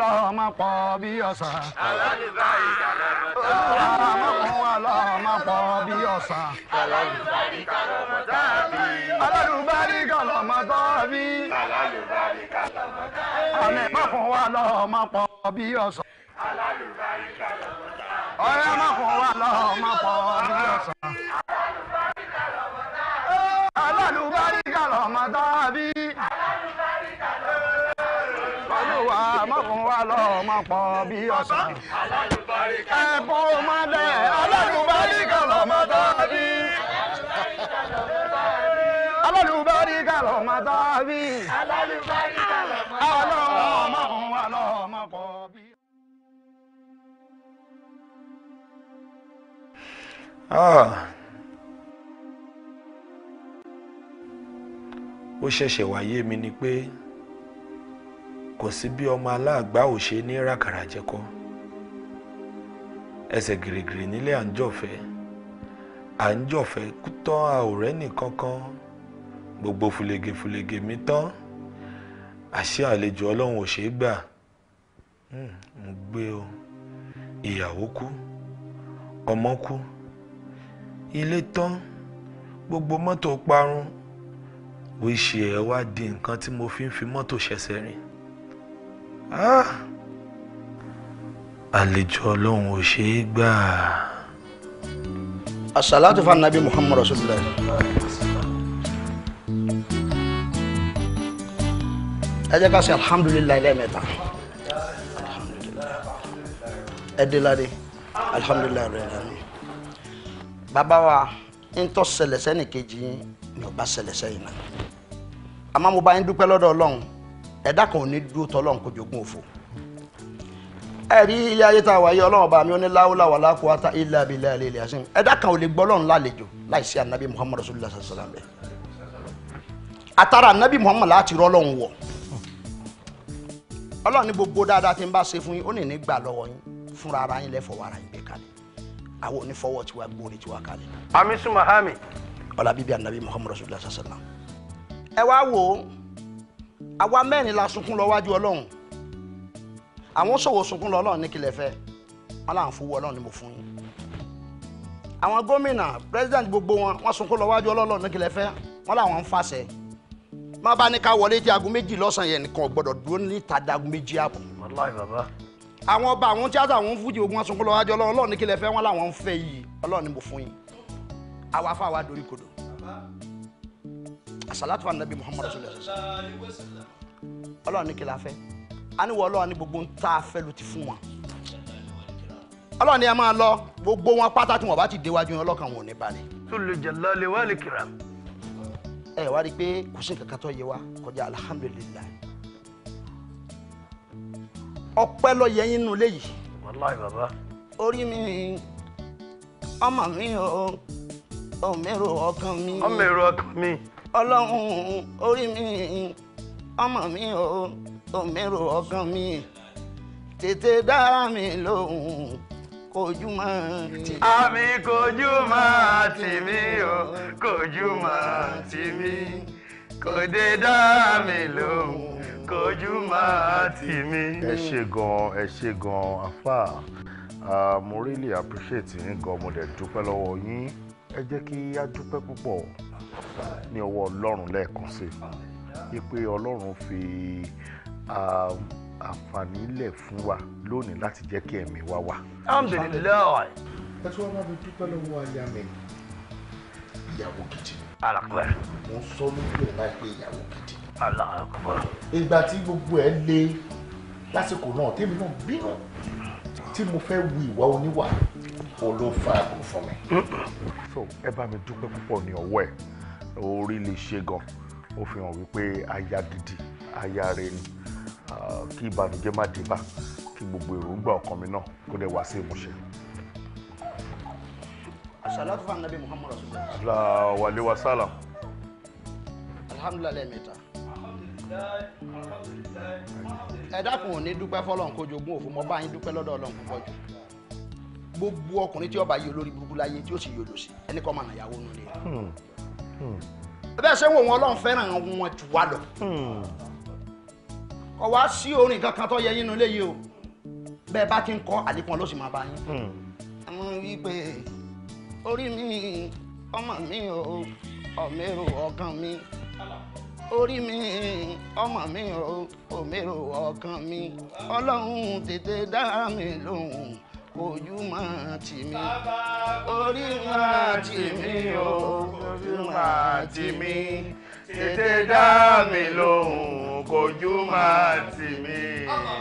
lọ́mọ pọ̀ bí ọ̀sán. alálùbá ìkàlọ́ mọ̀tá. alámọ̀kún wa lọ́mọ pọ̀ bí ọ̀sán. alálùbá ìkàlọ́ mọ̀tá bí. alálùbá ìkàlọ́ mọ̀tá bí. alálùbá ìkàlọ́ mọ̀tá bí. ọ̀nẹ́mọ̀kún wa lọ́mọ pọ̀ bí ọ̀sán. alálùbá ìkàlọ́ mọ̀tá bí. ọ̀nẹ́mọ̀kún wa lọ́mọ pọ̀ bí ọ̀sán. alálùbá ìkàlọ́ mọ̀tá bí. fún wa lọ́mọ pọ̀ bí ọ̀sán. ẹ̀bùn ọmọdé alálùbáríkà lọ́mọ tó bí. alálùbáríkà lọ́mọ tó bí. alálùbáríkà lọ́mọ tó bí. ọlọ́mọ fún wa lọ́mọ pọ̀ bí. Ah. ó ṣẹ̀ṣẹ̀ wáyé mi ni pé. Pe kò sí bí ọmọ aláàgbá ò ṣe ní ràkàrà jẹkọ ẹsẹ̀ gìrìgìrì nílé à ń jọ̀fẹ́ à ń jọ̀fẹ́ tán a ò rẹ́nì kankan gbogbo fùlẹ̀gẹ̀fùlẹ̀gẹ̀ mi tán àṣé àlejò ọlọ́run ò ṣeé gbà ń hmm, gbé o ìyàwó kú ọmọ kú ilé tán gbogbo mọ́tò parun wíṣẹ́ ẹ̀ wá di nǹkan tí mo fi ń fi mọ́tò ṣẹ̀ṣẹ̀ rìn Ah. àlejò ọlọ́run ò ṣe é gbà. asalaatu fa nabi muhammadu rasulillah. ẹ jẹ́ ká ṣe alhamdulilayi lẹ́ẹ̀mẹ́ta ẹ dé ládé bàbá wa ń tọ́ ṣẹlẹ̀ sẹ́nìkejì ní ọba ṣẹlẹ̀ sẹ́yìn náà àmọ́ mo bá yín dúpẹ́ lọ́dọ̀ ọlọ́run ẹ̀dá kan ò ní dúró tọ́ lọ́n kó jogún òfò ẹ̀rí ilé ayé tá a wáyé ọlọ́run ọba mi ó ní láwùláwà lákòó ata ilé abilé alẹ́ ilé asin ẹ̀dá kan ò lè gbọ́ ọlọ́run lálejò láì sí anabi muhammadu rasulillah sallam bẹ́ẹ̀ àtàrà anabi muhammadu láti rọ́ ọlọ́run wọ̀ ọlọ́run ní gbogbo dáadáa tí ń bá ṣe fún yín ó ní ní gbà lọ́wọ́ yín fúnra ara yín lẹ́fọ̀ọ́ ara yín gbé kalẹ̀ àwọn onífọwọ́ tiwa gbóore tiwa kalẹ̀. ami sumahami. ọlá bíbí anabi muhammadu rasulillah sallam ẹ wá wo àwa mẹ́rin la sunkún lọ wájú ọlọ́run àwọn ṣòwò sunkún lọ ọlọ́run ní kílẹ̀ fẹ́ wọn làwọn fowó ọlọ́run ni mo fún yín àwọn gómìnà president gbogbo wọn wọn sunkún lọ wájú ọlọ́run ní kílẹ̀ fẹ́ wọn làwọn ń fàṣẹ má bá ní ká wọlé tí aago méjì lọ́sàn-án yẹn nìkan gbọ́dọ̀ dúró níta dagun méjì ààbọ̀. wàláhì bàbá. àwọn ọba àwọn tíátà àwọn fújì ogun wọn sunkún lọ wájú ọlọ́run ọlọ́run ní kílẹ̀ fẹ́ wọn làwọn ń fẹ́ yìí ọlọ́run ni mo fún yín àwa fáwa dorí kodò àsàlátù ànàbí muhammadu sallallahu alaihi wasallam ọlọ́run ní kí la fẹ́ a ní wọ ọlọ́run ní gbogbo ń tá a fẹ́ ló ti fún wọn ọlọ́run ní ẹ máa lọ gbogbo wọn pátá tí wọn bá ti déwájú yẹn ọlọ́kan wọn ò ní balẹ̀. sọlẹ jẹlá lè wà ẹ wá rí i pé kò sí nǹkan kan tó yẹ wa kọjá alihamudulilayi ọpẹ́ ló yẹ yín nínú ilé baba. wàláì bàbá. orí mi ọmọ mi o ò mẹ́rọ ọkàn mi. ọmọ èrò ọkàn mi ọlọ́run orí mi ọmọ mi o òmìnira ọkàn mi tètè dá mi lóhùn kojú tì àmì kojú máa o kojú máa tì mí dá mi lóhùn kojú máa ẹ ṣe gan ẹ ṣe gan àfáà mo really appreciate yín gan mo dẹ̀ dúpẹ́ lọ́wọ́ yín ẹ jẹ́ kí á dúpẹ́ púpọ̀ ní ọwọ́ ọlọ́run lẹ́ẹ̀kan sí i pé ọlọ́run fi àǹfààní lẹ̀ fún wa lónìí láti jẹ́ kí ẹ̀mí wa wá. alhamdulilayi. ẹ tí wọ́n bá mi dúpẹ́ lọ́wọ́ aya mi ìyàwó gidi. alakubẹ. mo ń sọ lójú ẹ̀ láì ìyàwó gidi. alakubẹ. ìgbà tí gbogbo ẹ lé lásìkò náà tèmi náà bínú tí mo fẹ́ wu ìwà oníwà olófàgùn fún mi. so ẹ bá mi dúpẹ́ púpọ̀ ní ọwọ́ ẹ̀ orí lè ṣe gan ó fi hàn wípé aya gidi aya rẹ ni kí ìbànújẹ́ má dé bá kí gbogbo èròǹgbà ọkàn mi náà kó dẹ̀ wá sí ìmúṣẹ. asalatu fa anabi muhammadu rasulillah. ala wale wa salam. alhamdulilayi mẹ́ta. ẹ dákun ò ní dúpẹ́ fọlọ́n kojú ogún òfin mo bá yín dúpẹ́ lọ́dọ̀ ọlọ́run púpọ̀ jù gbogbo ọkùnrin tí ó bá yí olórí burúkú láyé tí ó sì yọdọ̀ sí ẹnì kan mà nàyàwó nulẹ̀. Hmm. bẹ́ẹ̀ ṣe ń wò wọn ọlọ́run fẹ́ràn wọn jù wá lọ hmm. kò wá sí orin kankan tó yẹ yín nulẹ̀ yìí o bẹ́ẹ̀ bá ti ń kọ́ àlékún ló sì máa bá yín hmm. àwọn wípé orí mi ọmọ mi o ọ̀mẹ́rò ọkàn mi orí mi ọmọ mi o ọ̀mẹ́rò ọkàn mi ọlọ́run tètè dá mi lóhùn ojú máa tì mí orí máa tì o ojú máa tì mí tètè dá mi lóhùn kojú máa